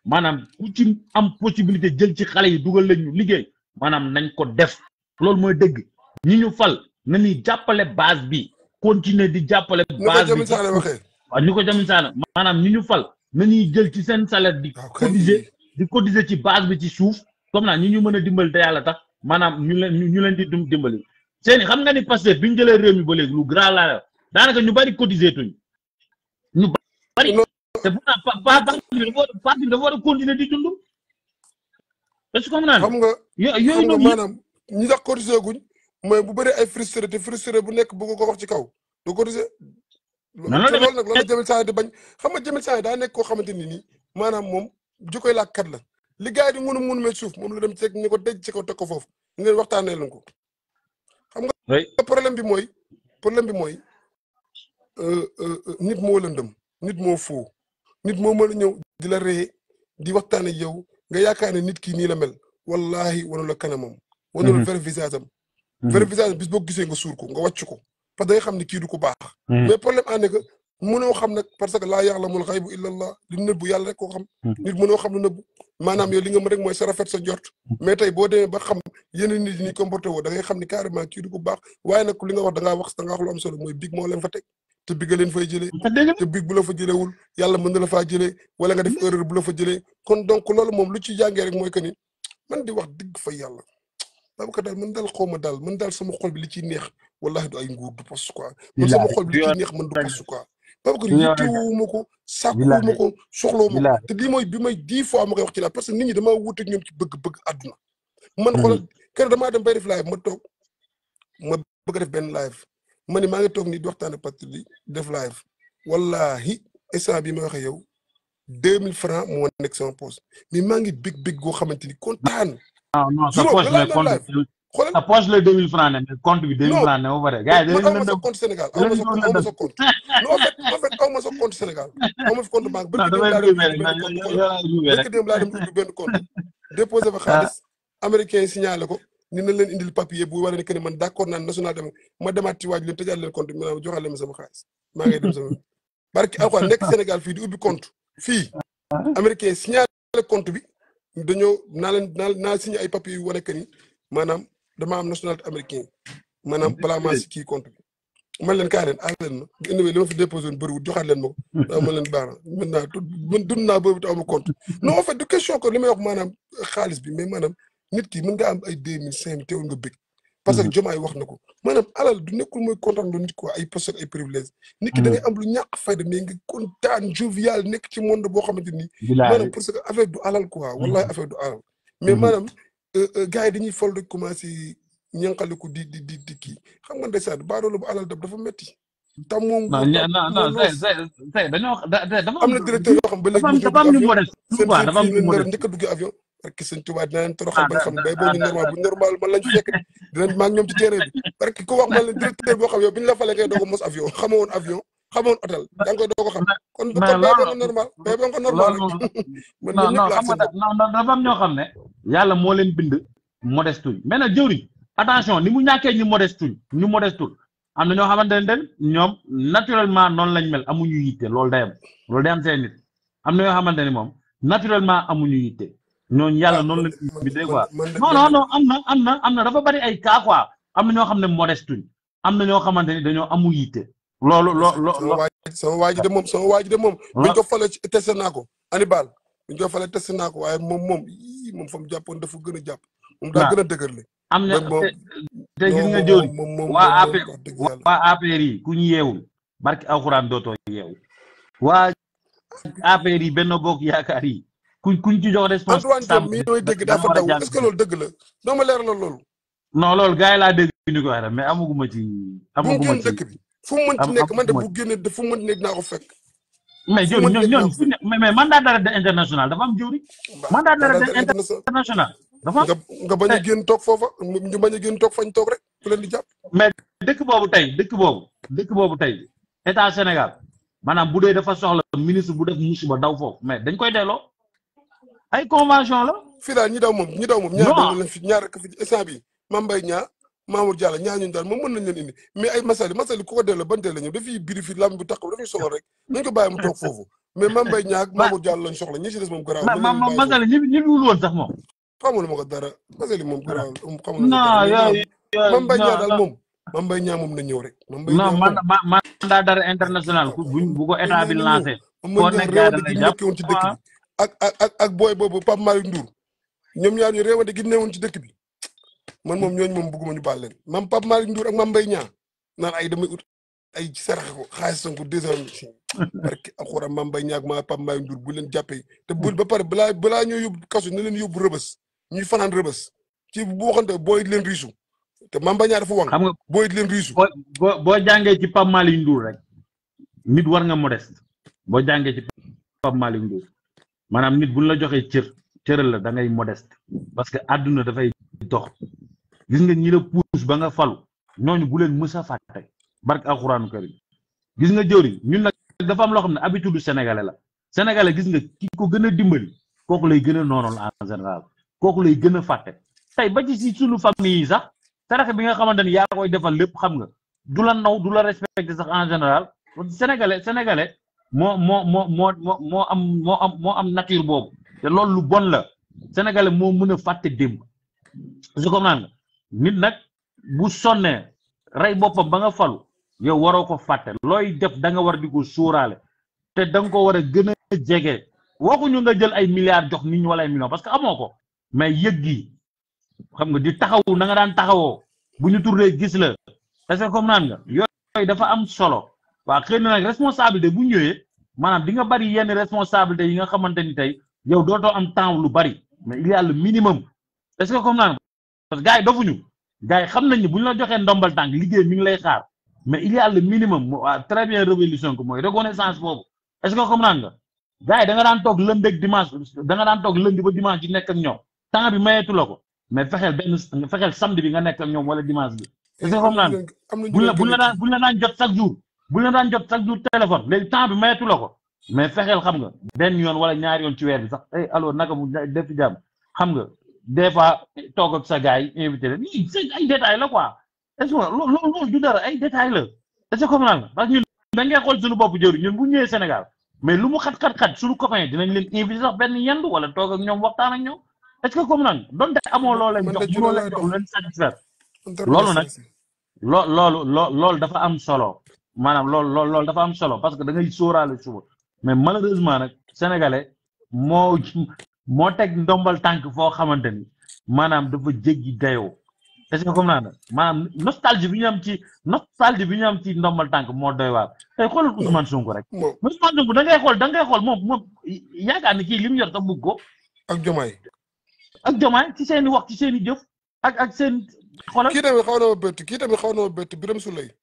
maanaam ku ci am possibilité jël ci xale yi dugal lañ ñu liggéey maanaam nañ ko def loolu mooy dëgg ñu ñu fal na nañuy jàppale baas bi continuer di jàppale base bi waaw ni ko jamin saana maanaam ñi ñu fal nañuy jël ci seen salaire di ah, cotiser di cotiser ci base bi ci suuf comme naa ñu ñu mën a dimbali te yàlla tax maanaam ñu leen ñu leen di dimbali seeni xam nga ni Pastef bi ñu jëlee réew mi ba léegi lu grand la daanaka ñu bari cotiser tuñ ñu bari par bu naan parti bi dafa war a parti a continuer di dund. est ce que xam naa xam nga yooyu noonu maanaam ñi tax cotiser guñ mooy bu bëri ay frustré te frustré bu nekk bëgg ko wax ci kaw du cotiser. nan la demee nag loolu Jamil Sané di bañ xam nga Jamil Sané daa nekk koo xamante ni nii maanaam moom jikkoy làkkat la li gars yi di munu munu suuf moom la dem ci ñu ko dej ci ko teg ko foofu ñu leen waxtaanee ko. xam nga problème bi mooy problème bi mooy euh, euh, euh, nit moo lëndëm nit moo fu nit moo mën ñëw di la ree di waxtaan ak yow nga yaakaar nit ki ni la mel wallahi wonu la kanamam wanu la vrai visage am visage bis boo gisee nga suur ko nga waccu ko parce que xamni ki du ko bax mais problème ané est que mënoo xam nak parce que la ya'lamul ghaib illa Allah li neub yàlla rek ko xam nit mëno xam lu neub manam yow li nga mën rek moy sa rafet sa jort mais tay bo démé ba xam yene nit ñi comporté wo da ngay xam ni carrément ki du ko baax waaye nag li nga wax da nga wax da nga wax lu am solo moy big mo leen fa tek te bigga leen fay jëlee te big bu la fa jëlewul yàlla mën na la faa jëlee wala nga def erreur bu la fa jëlee kon donc loolu moom lu ci jàngee rek mooy que ni man di wax digg fay yàlla Babacar daal man dal xaw ma daal man dal sama xol bi li ciy neex wallahi du ay nguur du poste quoi man sama xol bi li ciy neex man du poste quoi Babacar yitteewuma ko sàkkuwuma ko soxlawuma ko te lii mooy bi may dix fois ma koy wax ci laa parce que nit ñi damaa wuute ñoom ci bëgg bëg àdduna man mm. xoolal kër damaa dem bay def live ma toog ma bëgg a def benn live ma ngi toog nii de def live wallahi instant bi ma waxe yow 2000 francs mo nek sama poche mais mangi big big go xamanteni contane non non sa poche mais compte sa poche la 2000 francs ne compte bi de francs ne je pare. gars yi compte Sénégal aw sa compte compte non en fait en sa compte Sénégal compte banque. dem la dem benn compte fa américain yi ni na leen indil papier bu war a nekk ne man d' accord naan national dem ma demaat ci waaj leen tëjaat leen compte bi maanaam joxaat leen ma sama xaalis maa fii di ubbi compte fii américain signalé compte bi naa leen naa naa signé ay papier yu wane que maanaam damaa am nationalité américain maanaam balaa maa si kii compte bi man leen kaa leen aar leen ma li ma fi déposé leen ma ko waaw man leen baax na mën naa boobu te amu compte non en fait du question que li may wax maanaam xaalis bi mais maanaam nit ki mën nga am ay deux mille cinq mille teewul nga bëgg. parce que jomaay mhm. wax na ko maanaam alal du nekkul mooy kontaan lu nit quoi ay poste ay privilège nit ki da ngay mhm. am lu ñàkk fayda mais nga kontaan jovial nekk ci boo xamante ni maanaam parce que affaire du alal quoi wallahi mhm. affaire du alal mais maanaam euh, euh, gars yi dañuy fol rek commencé ñànqaliku di di di di kii xam nga ndeysaan baadoolu bu alal dab dafa métti dafa am na directeur yoo xam ba léegi a dugg avion barke sëñ Tuubaa dina parce que ku wax man la directeur boo da nga koy doo ko xam kon ñoom ñoo xam ne yàlla moo leen bind modestuñ mais nag jëwriñ attention ni mu ñàkkee ñu modestuñ ñu modestul am na ñoo xamante ne ñoom naturellement noonu lañ mel amuñu yitte loolu day lool loolu day am seen nit na ñoo xamante ne moom naturellement amuñu yitte ñooñu yàlla ah, noonu la bi dee quoi non am na am na am dafa bari ay cas quoi am na ñoo xam ne modestuñ am na ñoo xamante ni dañoo amul yitte loolu loo loo sama waa ji de moom sama waa de moom buñ ko fale testé naa ko Hannibal waaye moom moom i moom fa dafa gën a jàpp moom daa gën a dëgër le am na te gis nga jóori waa AP waa APR yi ku ñu yeewul barki alxuraan dootoo yeewu waa APR ah, yi benn bokk yaakaar yi kuñ kuñ ci jox responsable Antoine Diop mii nooy dégg dafa daw est-ce que loolu ma leer la loolu. non loolu gars yi laa dégg ni ko mais amaguma ci. amaguma ci dëkk bi fu mu man de bu génne fu mu mënti nekk naa ko fekk. mais ñoom ñoom mais mandat d'arrêt international dafa am jëwriñ. mandat d'arrêt international dafa nga bañ a génn toog foofa ñu bañ a génn toog fañ toog rek ku leen di jàpp. mais dëkk boobu tey dëkk boobu dëkk boobu tey état Sénégal maanaam bu dee dafa soxla ministre bu def musiba daw foofu mais dañ koy delloo ay convention la. fii daal ñi daw moom ñi daw moom. ñaar dañu leen fi ñaar rek fi instant bii Mame Mbaye Niang Mamour Diallo ñaar ñun daal moom mën nañ leen indi mais ay masali masali ku ko delloo ban delloo ñëw dafay biri fi lam bu taxaw dafay soxla rek nañ ko bàyyi mu toog foofu mais Mame Mbaye Niang ak Mamour Diallo lañ soxla ñi ci des moom. garaaw ma ma ma masali ñi ñi wul woon sax moom. xamul ma ko dara masali moom garaaw xamul ma ko dara. Mame Mbaye Niang daal moom. Mame Mbaye Niang moom na ñëw rek. Mame Mbaye Niang moom non mandat d'arrêt international bu ko état bi lancé. koo nekk gaa da lay jàpp ak ak ak ak booy boobu Pape Ndour ñom ñaar ñu réewante gi neewon ci dekk bi man moom ñooñu moom bëgguma ñu baal leen mam pap mari Ndour ak mam bay ñaan nan ay damay ut ay sarax ko xaliss sonko deux ci ak xura mam bay ñaak ma pap mari Ndour bu leen jappé te bu hmm. ba par bla bla ñu yub kasu ne leen yub rebeus ñuy fanan rebeus ci bu waxante booy leen risu te mam bay ñaar dafa wang boy nga leen risu bo jangé ci pap mari Ndour rek nit war nga modeste bo jangé ci pap mari Ndour maanaam nit buñ la joxee cër cëral la da ngay modeste parce que àdduna dafay dox gis nga ñi la puus ba nga falu ñooñu bu leen mës a fàtte barke alxuraanu karim gis nga jëwriñ ñun nag dafa am loo xam ne habitude sénégalais la sénégalais gis nga ki ko gën a dimbali kooku lay gën a la en général kooku lay gën a fàtte tey ba ci si sunu famille yi sax sarax bi nga xamante ni yaa koy defal lépp xam nga du la naw du la respecté sax en général sénégalais sénégalais mo mo mo mo mo am mo am mo am nature bob te lolou lu bon la sénégalais mo meuna a dem je comprends nit nak bu sonné ray bopam ba nga falu yow waro ko fàtte loy def da nga war di ko suuraale te ko wara gëna djégé waxu ñu nga jël ay milliards jox nit ñi wala ay millions parce que amoko ko mais yeggi gi xam nga di taxawu na nga daan taxawoo bu ñu tourné gis la est ce que comprends nga yoy dafa am solo waaw xëy na nag bu ñëwé manam di nga bari yenn responsabilité yi nga xamante tay yow doto am temps lu bari mais il y a le minimum est-ce que comme naan parce que gars yi dofuñu gars yi xam nañ ni buñ la joxé ndombal tank liggéey mi ngi lay xaar mais il y a le minimum waaw ah, très bien révolution ko moy reconnaissance bobu est-ce que comme naan nga gars yi da nga daan tok lundi dimanche da nga daan toog lundi ba dimanche di nekk ak ñom temps bi mayeetu lako ko mais fexeel benn fexeel samedi bi nga nekk ak ñom wala dimanche bi est-ce que comme naan buñ la buñ la daan jot chaque jour bu la daan jot chaque jour téléphone léegi temps bi mayatu ko mais fexeel xam nga benn yoon wala ñaar yoon ci weer bi sax ay alors naka mu def ci jàmm xam nga des fois toog ak sa gars yi invité leen lii c'est ay détails la quoi est ay la est ce que comprendre nga ngay xool suñu bopp jëru ñun bu ñëwee Sénégal mais lu mu xat-xat-xat suñu copain dinañ leen invité sax benn yendu wala toog ak ñoom waxtaan ak ñoom est ce que comprendre nga donte amoo loo leen jox mënoo leen jox leen satisfaire loolu nag loo loolu loo loolu dafa am solo maanaam loolu loolu loolu dafa am solo parce que da ngay sóoraale mais malheureusement nag sénégalais moo moo teg ndombal tànk foo xamante ni maanaam dafa jéggi dayoo est-ce que comme naa na maanaam nostalgie bi ñu am ci nostalgie bi ñu am ci ndombal tànk moo doy waar tey xoolal Ousmane Sonko rek Ousmane Sonko da ngay xool da ngay xool moom moom yaakaar ni kii li mu yor sax bëgg ko ak jomaay ak jomaay ci seen i wax seen i jëf ak ak seen xoolal kii tamit xaw na ma bett kii tamit xaw na ma bett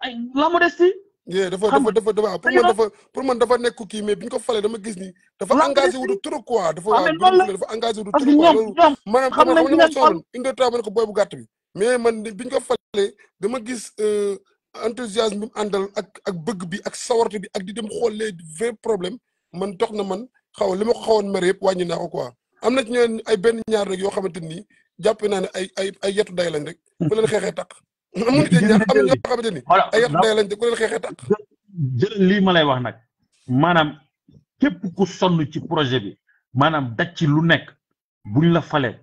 ay la modestie. Eh, dafa dafa dafa pour man dafa pour man dafa nekk kii mais bi ñu ko falee dama gis ni. dafa engagé wu de trop quoi dafa. Ah, dafa engagé wu de trop quoi loolu. maanaam nga li ma sooroon une deux temps ma ne ko booy bu gàtt bi. mais man bi ñu ko falee dama gis euh, enthousiasme bi mu àndal ak ak bëgg bi ak sawarte bi ak di dem xoolee vrai problème man tox na man xaw li ma ko xawoon mer yëpp wàññi naa ko quoi. am na ci ñooñu ay benn ñaar rek yoo xamante ni jàpp naa ne ay ay ay yetu day lañ rek. bu leen xeexee taq amul ci ñaar am na ñoo xamante ni. lii ma lay wax nag maanaam képp ku sonn ci projet bi maanaam daj ci lu nekk bu ñu la falee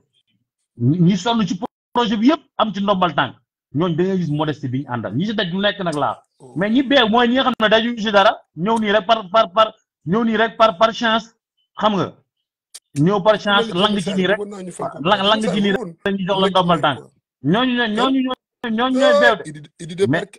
ñi sonn ci projet bi yëpp am ci ndombal tànk ñooñu da ngay gis modeste bi ñu àndal ñi si daj lu nekk nag laa oh. mais ñi bee mooy ñi nga xam ne dajuñu si dara ñëw nii rek par par par ñëw nii rek par par chance xam nga ñëw par chance lang ci nii rek lang ci nii rek dañuy jox la ndombal tànk ñooñu ñooñu. ñooñu ñooy beew eh, idi idi de barke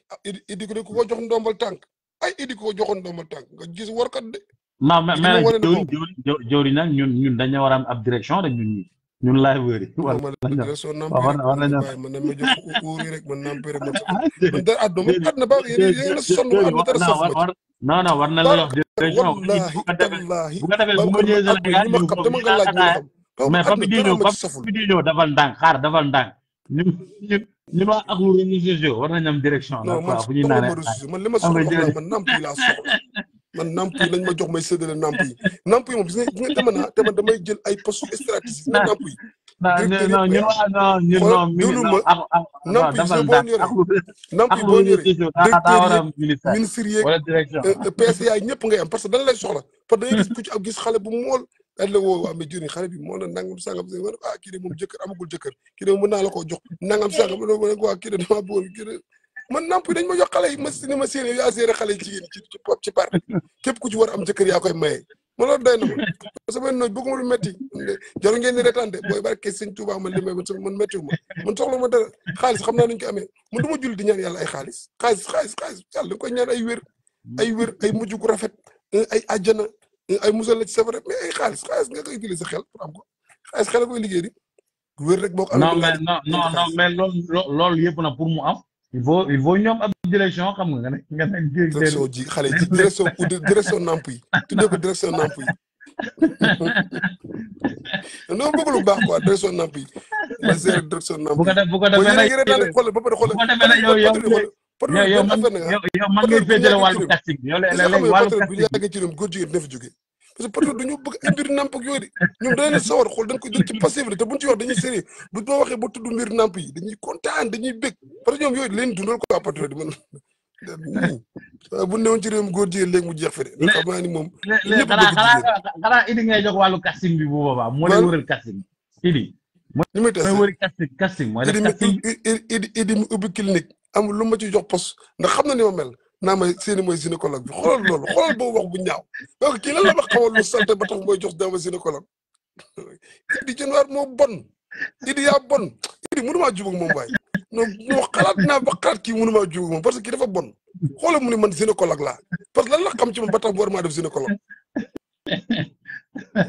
idi ko ko jox ndombal tànk ay idi ko joxoon ndombal tànk nga gis warkat de non mais mais ñun ñun dañu war a am ab direction rek ñun ñi ñun laay wëri war nañu man na ma jox wóori rek man nampe rek man da addu ma adna ba yéen la sonn war na la jox direction bu ko defee bu ko defee bu ma ñëwee Sénégal ñu ko dama nga laaj fa bi di ñëw fa bi di ñëw dafal ndànk xaar dafal ndànk ñun waa ak lu réseaux war nañ am direction. non man bu ñuy naan man li ma ah, soxla man namp yi laa soxla man namp yi lañ ma jox may séddale namp yi namp yi moom gis nga dama naa dama damay jël ay postes stratégiques na namp yi. non ñun waa non ñun non. ñun ak ak namp yi boo ñoree namp yi boo ñoree directeur parce que dañ lay soxla parce que dañuy gis ku daal la woo waa mais jëriñ xale bi moo na nangam sangam sa man ah kii de moom jëkkër amagul jëkkër kii de mën naa la koo jox nangam sangam ne waa ah, kii de dama bëggoon kii de man namp dañ ma jox xale yi ma ni ma séen yow yaa séere xale yi jigéen ci ci pop ci parti képp ku ci war am jëkkër yaa koy maye ma loolu doy na ma sama nooj bëgguma lu metti jaru ngeen ni retante booy barke sëñ Tuubaa man li may man sama man méttiwu ma man soxla ma dara xaalis xam naa nuñ ko amee man du ma jul di ñaan yàlla ay xaalis xaalis xaalis xaalis yàlla da koy ñaan ay wér ay wér ay mujj gu rafet ay àjjana ay musal la ci safara mais ay xaalis xaalis nga koy utiliser xel pour am ko di rek non non non mais loolu na pour mu am il faut il faut ñoom ab direction xam nga ne nga ne direction ji xale ji direction direction yi tuddee ko direction yi non bëgg quoi direction yi direction bu ko Ah. yow yow man yow man ngay féetale wàllu casting yow léeg-léeg wàllu casting bu ñu yàggee ci ñoom góor jigéen dina fi jóge parce que peut-être dañu bëgg ay mbir nàmp ak yooyu de ñoom dañu sawar xool dañ ko jël ci passif te buñ ci wax dañuy sérieux bu ma waxee ba tudd mbir nàmp yi dañuy kontaan dañuy bég parce que ñoom yooyu leen dundal ko apatro di man bu newoon ci réewum góor jigéen léegi mu jeex fi de xam naa ni moom ñëpp xanaa idi ngay jox wàllu casting bi bu boobaa moo lay wëral casting idi ñu may tas wëri casting casting mooy def casting idi idi mu ubbi clinique amul lu ma ci jox pos ndax xam na ni ma mel naa may seeni mooy gynécologue bi xoolal loolu xoolal boobu wax bu ñaaw donc kii lan la ma xamal lu salte ba tax mooy jox dama gynécologue idi jënwaar moo bon idi yaa bon idi mënumaa jubag moom waaye non moo xalaat naa ba xalaat kii mënumaa jubag parce que kii dafa bon mu ne man gynécologue laa parce que lan xam ci ma ba tax war maa def gynécologue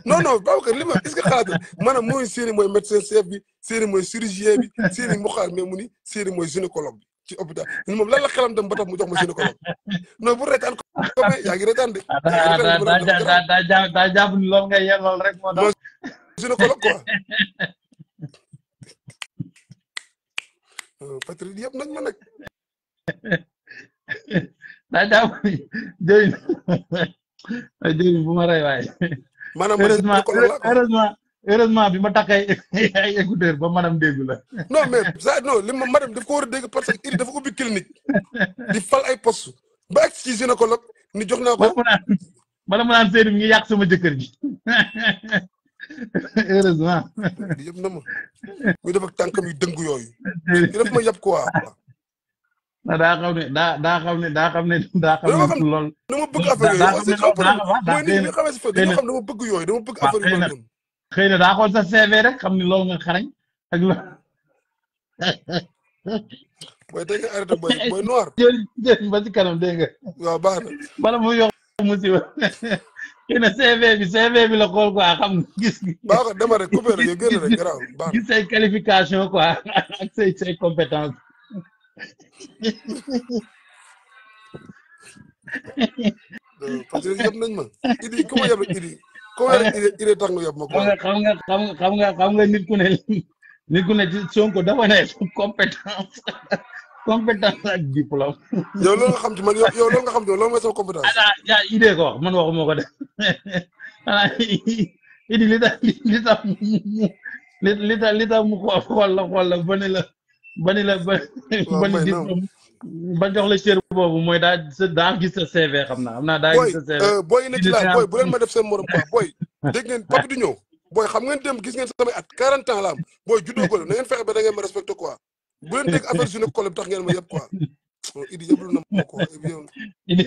non non Babacar li ma est-ce que xalaat mooy seeni mooy médecin chef bi seeni mooy chirurgien bi seeni mu xaar mais mu ni seeni mooy gynécologue bi ci hôpital moom lan la xelam dem ba tax mu jox ma gynécologue non bu ko yaa ngi retaan de. Ah, daa daa jàpp ni loolu nga yee loolu rek moo tax. gynécologue quoi. Euh, patriote yëpp nañ ma ni jëy bu ma rey waaye. maanaam mu ne heureusement heureusement bi ma takk ay ay écouteur ba madame déggu la. non mais ça non li ma madame daf ko war a dégg parce que dafa ubbi clinique di fal ay poste ba egg ci gynécologue ni jox naa ko. bala ma naan Seydou mi ngi yàq sama jëkkër ji heureusement. yëpp na ma muy def ak tànkam yu dëngu yooyu. ki daf ma yab quoi. daa xam ne daa daa xam ne daa xam ne daa xam ne lool. dama bëgg affaire yooyu. daa xam ne daa xam ne daa xam ne mooy nit ñi nga xamante ne dama bëgg yooyu dama bëgg affaire yooyu. xëy na daa xool sa CV rek xam ni loolu nga xarañ ak loolu. booy dégg nga arrêté booy noir. jël ba ci kanam dégg nga. waaw baax na. bala mu yokk musiba xëy na CV bi CV bi la xool quoi xam nga gis. baax na dama rek coupé rek yow génn rek compétence. comme idée tax nga yóbbu ma ko. xam nga xam nga xam nga xam nga nit ku ne nit ku ne ci Sonko dafa ne compétence compétence ak diplôme. yow loolu nga xam ci man yow loolu nga xam ci man loolu mooy sama compétence. ah ah, ah idée ko wax man waxuma ko de ah idée li tax li tax li tax li tax mu xool la xool la ba ni la ba ni la ba ni diplôme. ba jox la cër boobu mooy daa daa gis sa CV xam naa xam naa daa gis sa CV. booy euh, na ci laa booy bu leen ma def seen morom quoi booy dégg ngeen pap du ñëw booy xam ngeen dem gis ngeen samay at 40 ans la am booy juddoo ko na ngeen fexe ba da ngeen ma respecté quoi bu leen dégg affaire suñu collègue tax ngeen ma yëpp quoi. Idi yëpp na ma ko Idi.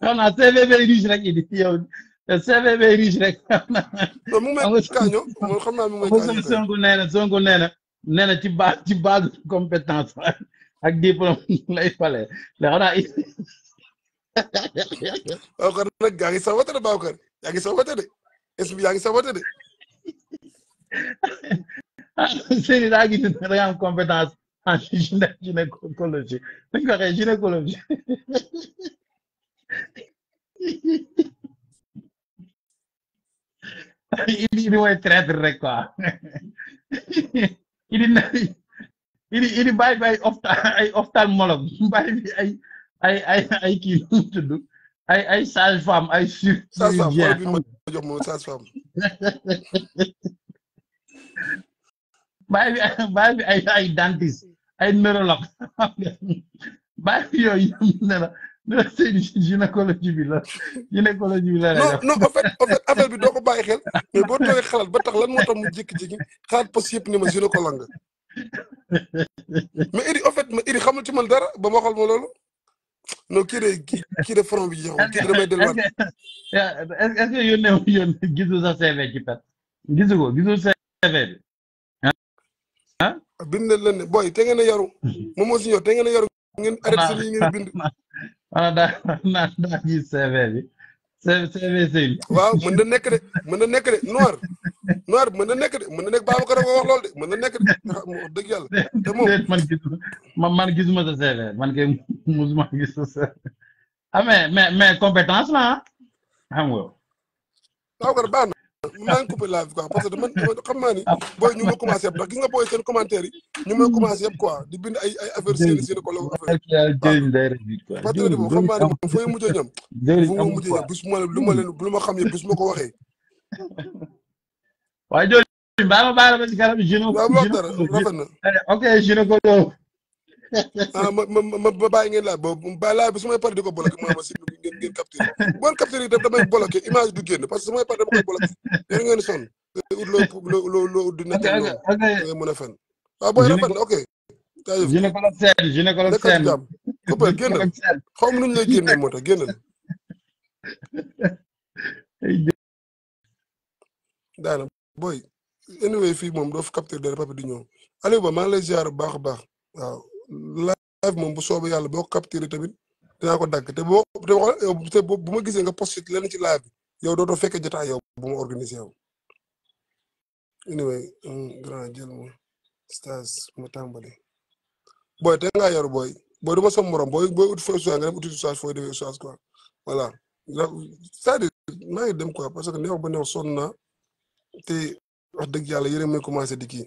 xam naa CV bay riche rek Idi yow CV na. nee na ci base ci base compétence ak diplôme lay fale la xanaa Babacar nag yaa ngi saboté de Babacar yaa ngi saboté de est yaa ngi saboté de sëni daa gis da nga am compétence en gynécologie dañ ko waxee gynécologie li quoi idi na idi idi bàyyi bi ay ofta ay ophtalmologue bi ay ay ay ay kii nu mu tudd ay ay sage femme ay sur chirurgien bàyyi bi bàyyi bi ay ay dentiste ay neurologue bi yooyu ne la gynécologie gynécologie bi la non non en fait en doo ko bàyyi ba tax lan moo tax mu jékki-jékki xalaat pos yëpp ne ma ma Idi ci man dara ba ma waxal ma loolu non kii de de front bi jeexul sa CV ci pet gisu ko gisul CV bi ah. bind leen ne booy te ngeen a yaru moom moo si ñëw te ngeen a yaru ngeen arrêté seen yi ngeen bind. ah daa naa daa gis CV bi CV sëñ bi. waaw mën na nekk de mën na nekk de noor noor mën na nekk de mën na nekk Babacar ko wax loolu de mën na nekk de wax dëgg yàlla. te moom man gisuma man man gisuma sa CV man kay musuma gis sa CV ah mais mais mais compétence la ah xam nga. Babacar baax na. naa ngi coupé live quoi parce que dama xam naa ni booy ñu ma commencé yëpp ndax nga booy seen commentaire yi ñu may commencé di bind ay ay affaire seen seen ko law fooy mujj a ñam foo ma mujj a lu ma lu ma xam yëpp bis ma ko waaye jooju baal ma baal ma ci kanam gynéco waaw rafet na eh, ok gynéco ah ma ma ma ma bàyyi ngeen laa ba laaj bi su may pare di ko bloqué ma ma si ngeen ngeen capturé bon capturé yi daf damay bloqué image du génn parce que su may pare dama koy bloqué yéen ngeen sonn ut loo loo loo ut di nekk loo mën a fen waaw booy rafet na ok jaajëf gynécologue seen gynécologue seen jàmm coupé génnal xaw ma nuñ lay génne moo tax génnal anyway fi moom doo fi capturé dara papi di ñëw Ba man ziar live moom bu soobee yàlla boo capturé tamit dinaa ko dagg te bo te bu ma gisee nga poste leen ci live bi yow dootoo fekkee jotaay yow bu ma organisé yow. anyway grand jël mo stars ma tàmbali Boy te ngaa yor boy booy du ma sam morom booy booy ut fooy nga dem uti stage fooy defee stage quoi voilà c'est-à-dire maa ngi dem quoi parce que neex ba neex sonn te wax dëgg yàlla yéen may commencé di kii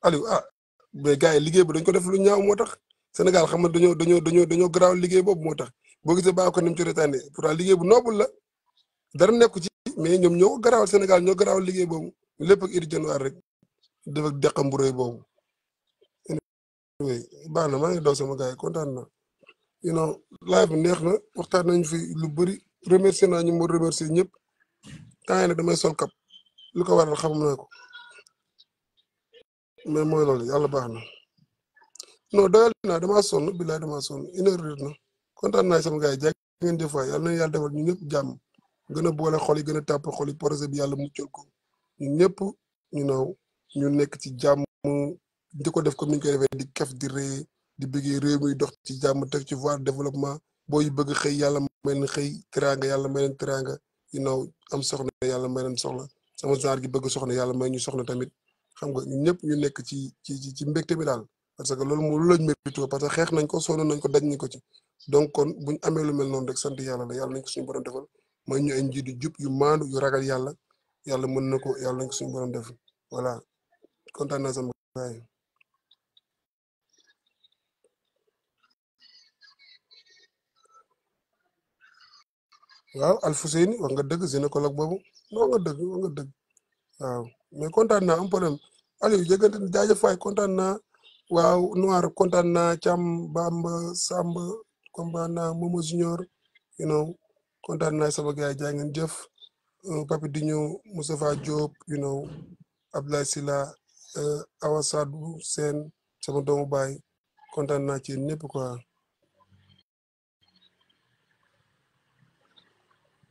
Aliou ah mais gars yi liggéey bi dañ ko def lu ñaaw moo tax Sénégal xam nga dañoo dañoo dañoo dañoo garaaw liggéey boobu moo tax boo gisee baa ko ni mu ci retaane pourtant liggéey bu noble la dara nekku ci mais ñoom ñoo ko garaawal Sénégal ñoo garaawal liggéey boobu lépp ak Idy Diène Wade rek def ak deqam bu boobu. baax na maa ngi daw sama gars yi kontaan na you know live neex na waxtaan nañu fi lu bëri remercier naa ñu ma remercier ñëpp temps yii nag damay sol kap lu ko waral xam naa ko. mais mooy loolu yàlla baax na non doyal naa damaa sonn billaay damaa sonn une heure réer na kontaan naa sama gars yi ngeen jëf waay yàlla na yàlla defal ñu ñëpp jàmm gën boole xol yi gën a tàpp xol projet bi yàlla muccal ko ñëpp ñu naw ñu nekk ci jàmm di ko def comme ni ñu koy di di ree di bëggee réew muy dox ci jàmm teg ci voie développement boo yu bëgg xëy yàlla may leen xëy teraanga yàlla may leen teraanga ñu naw am soxna yàlla may leen soxla sama genre gi bëgg soxna yàlla may ñu soxna tamit xam nga ñëpp ñu nekk ci ci ci mbégte bi daal parce que loolu moo lu lañ mérito parce que xeex nañ ko sonn nañ ko daj nañ ko ci donc kon buñ amee lu mel noonu rek sant yàlla la yàlla nañ ko suñu borom defal mooy ñu ay njiit jub yu maandu yu ragal yàlla yàlla mën na ko yàlla nañ ko suñu borom def voilà kontaan naa sama gaay waaw Alfousseyni wax nga dëgg gynécologue boobu wax nga dëgg nga dëgg waaw mais kontaan naa am problème Aliou jëggante jaajëf waay kontaan naa waaw Noir kontaan naa Thiam Bamba Samba kontaan naa Momo Junior you know kontaan naa sama gars jëf euh, Papi Digno Moustapha Diop you know Abdoulaye Sylla euh, Awa Sadou Sène sama doomu baay kontaan naa ci ñëpp quoi.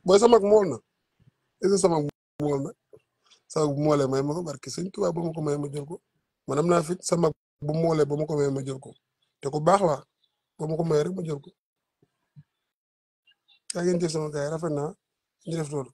booy sama saako bu moolee may ma ko barki sëñ Tuubaa ba ma ko may ma jël ko man am naa fit sa bu moolee ba ma ko may ma jël ko te ku baax la ba ma ko may rek ma jël ko yaa ngeen jëf sama gars yi rafet naa ñu def loolu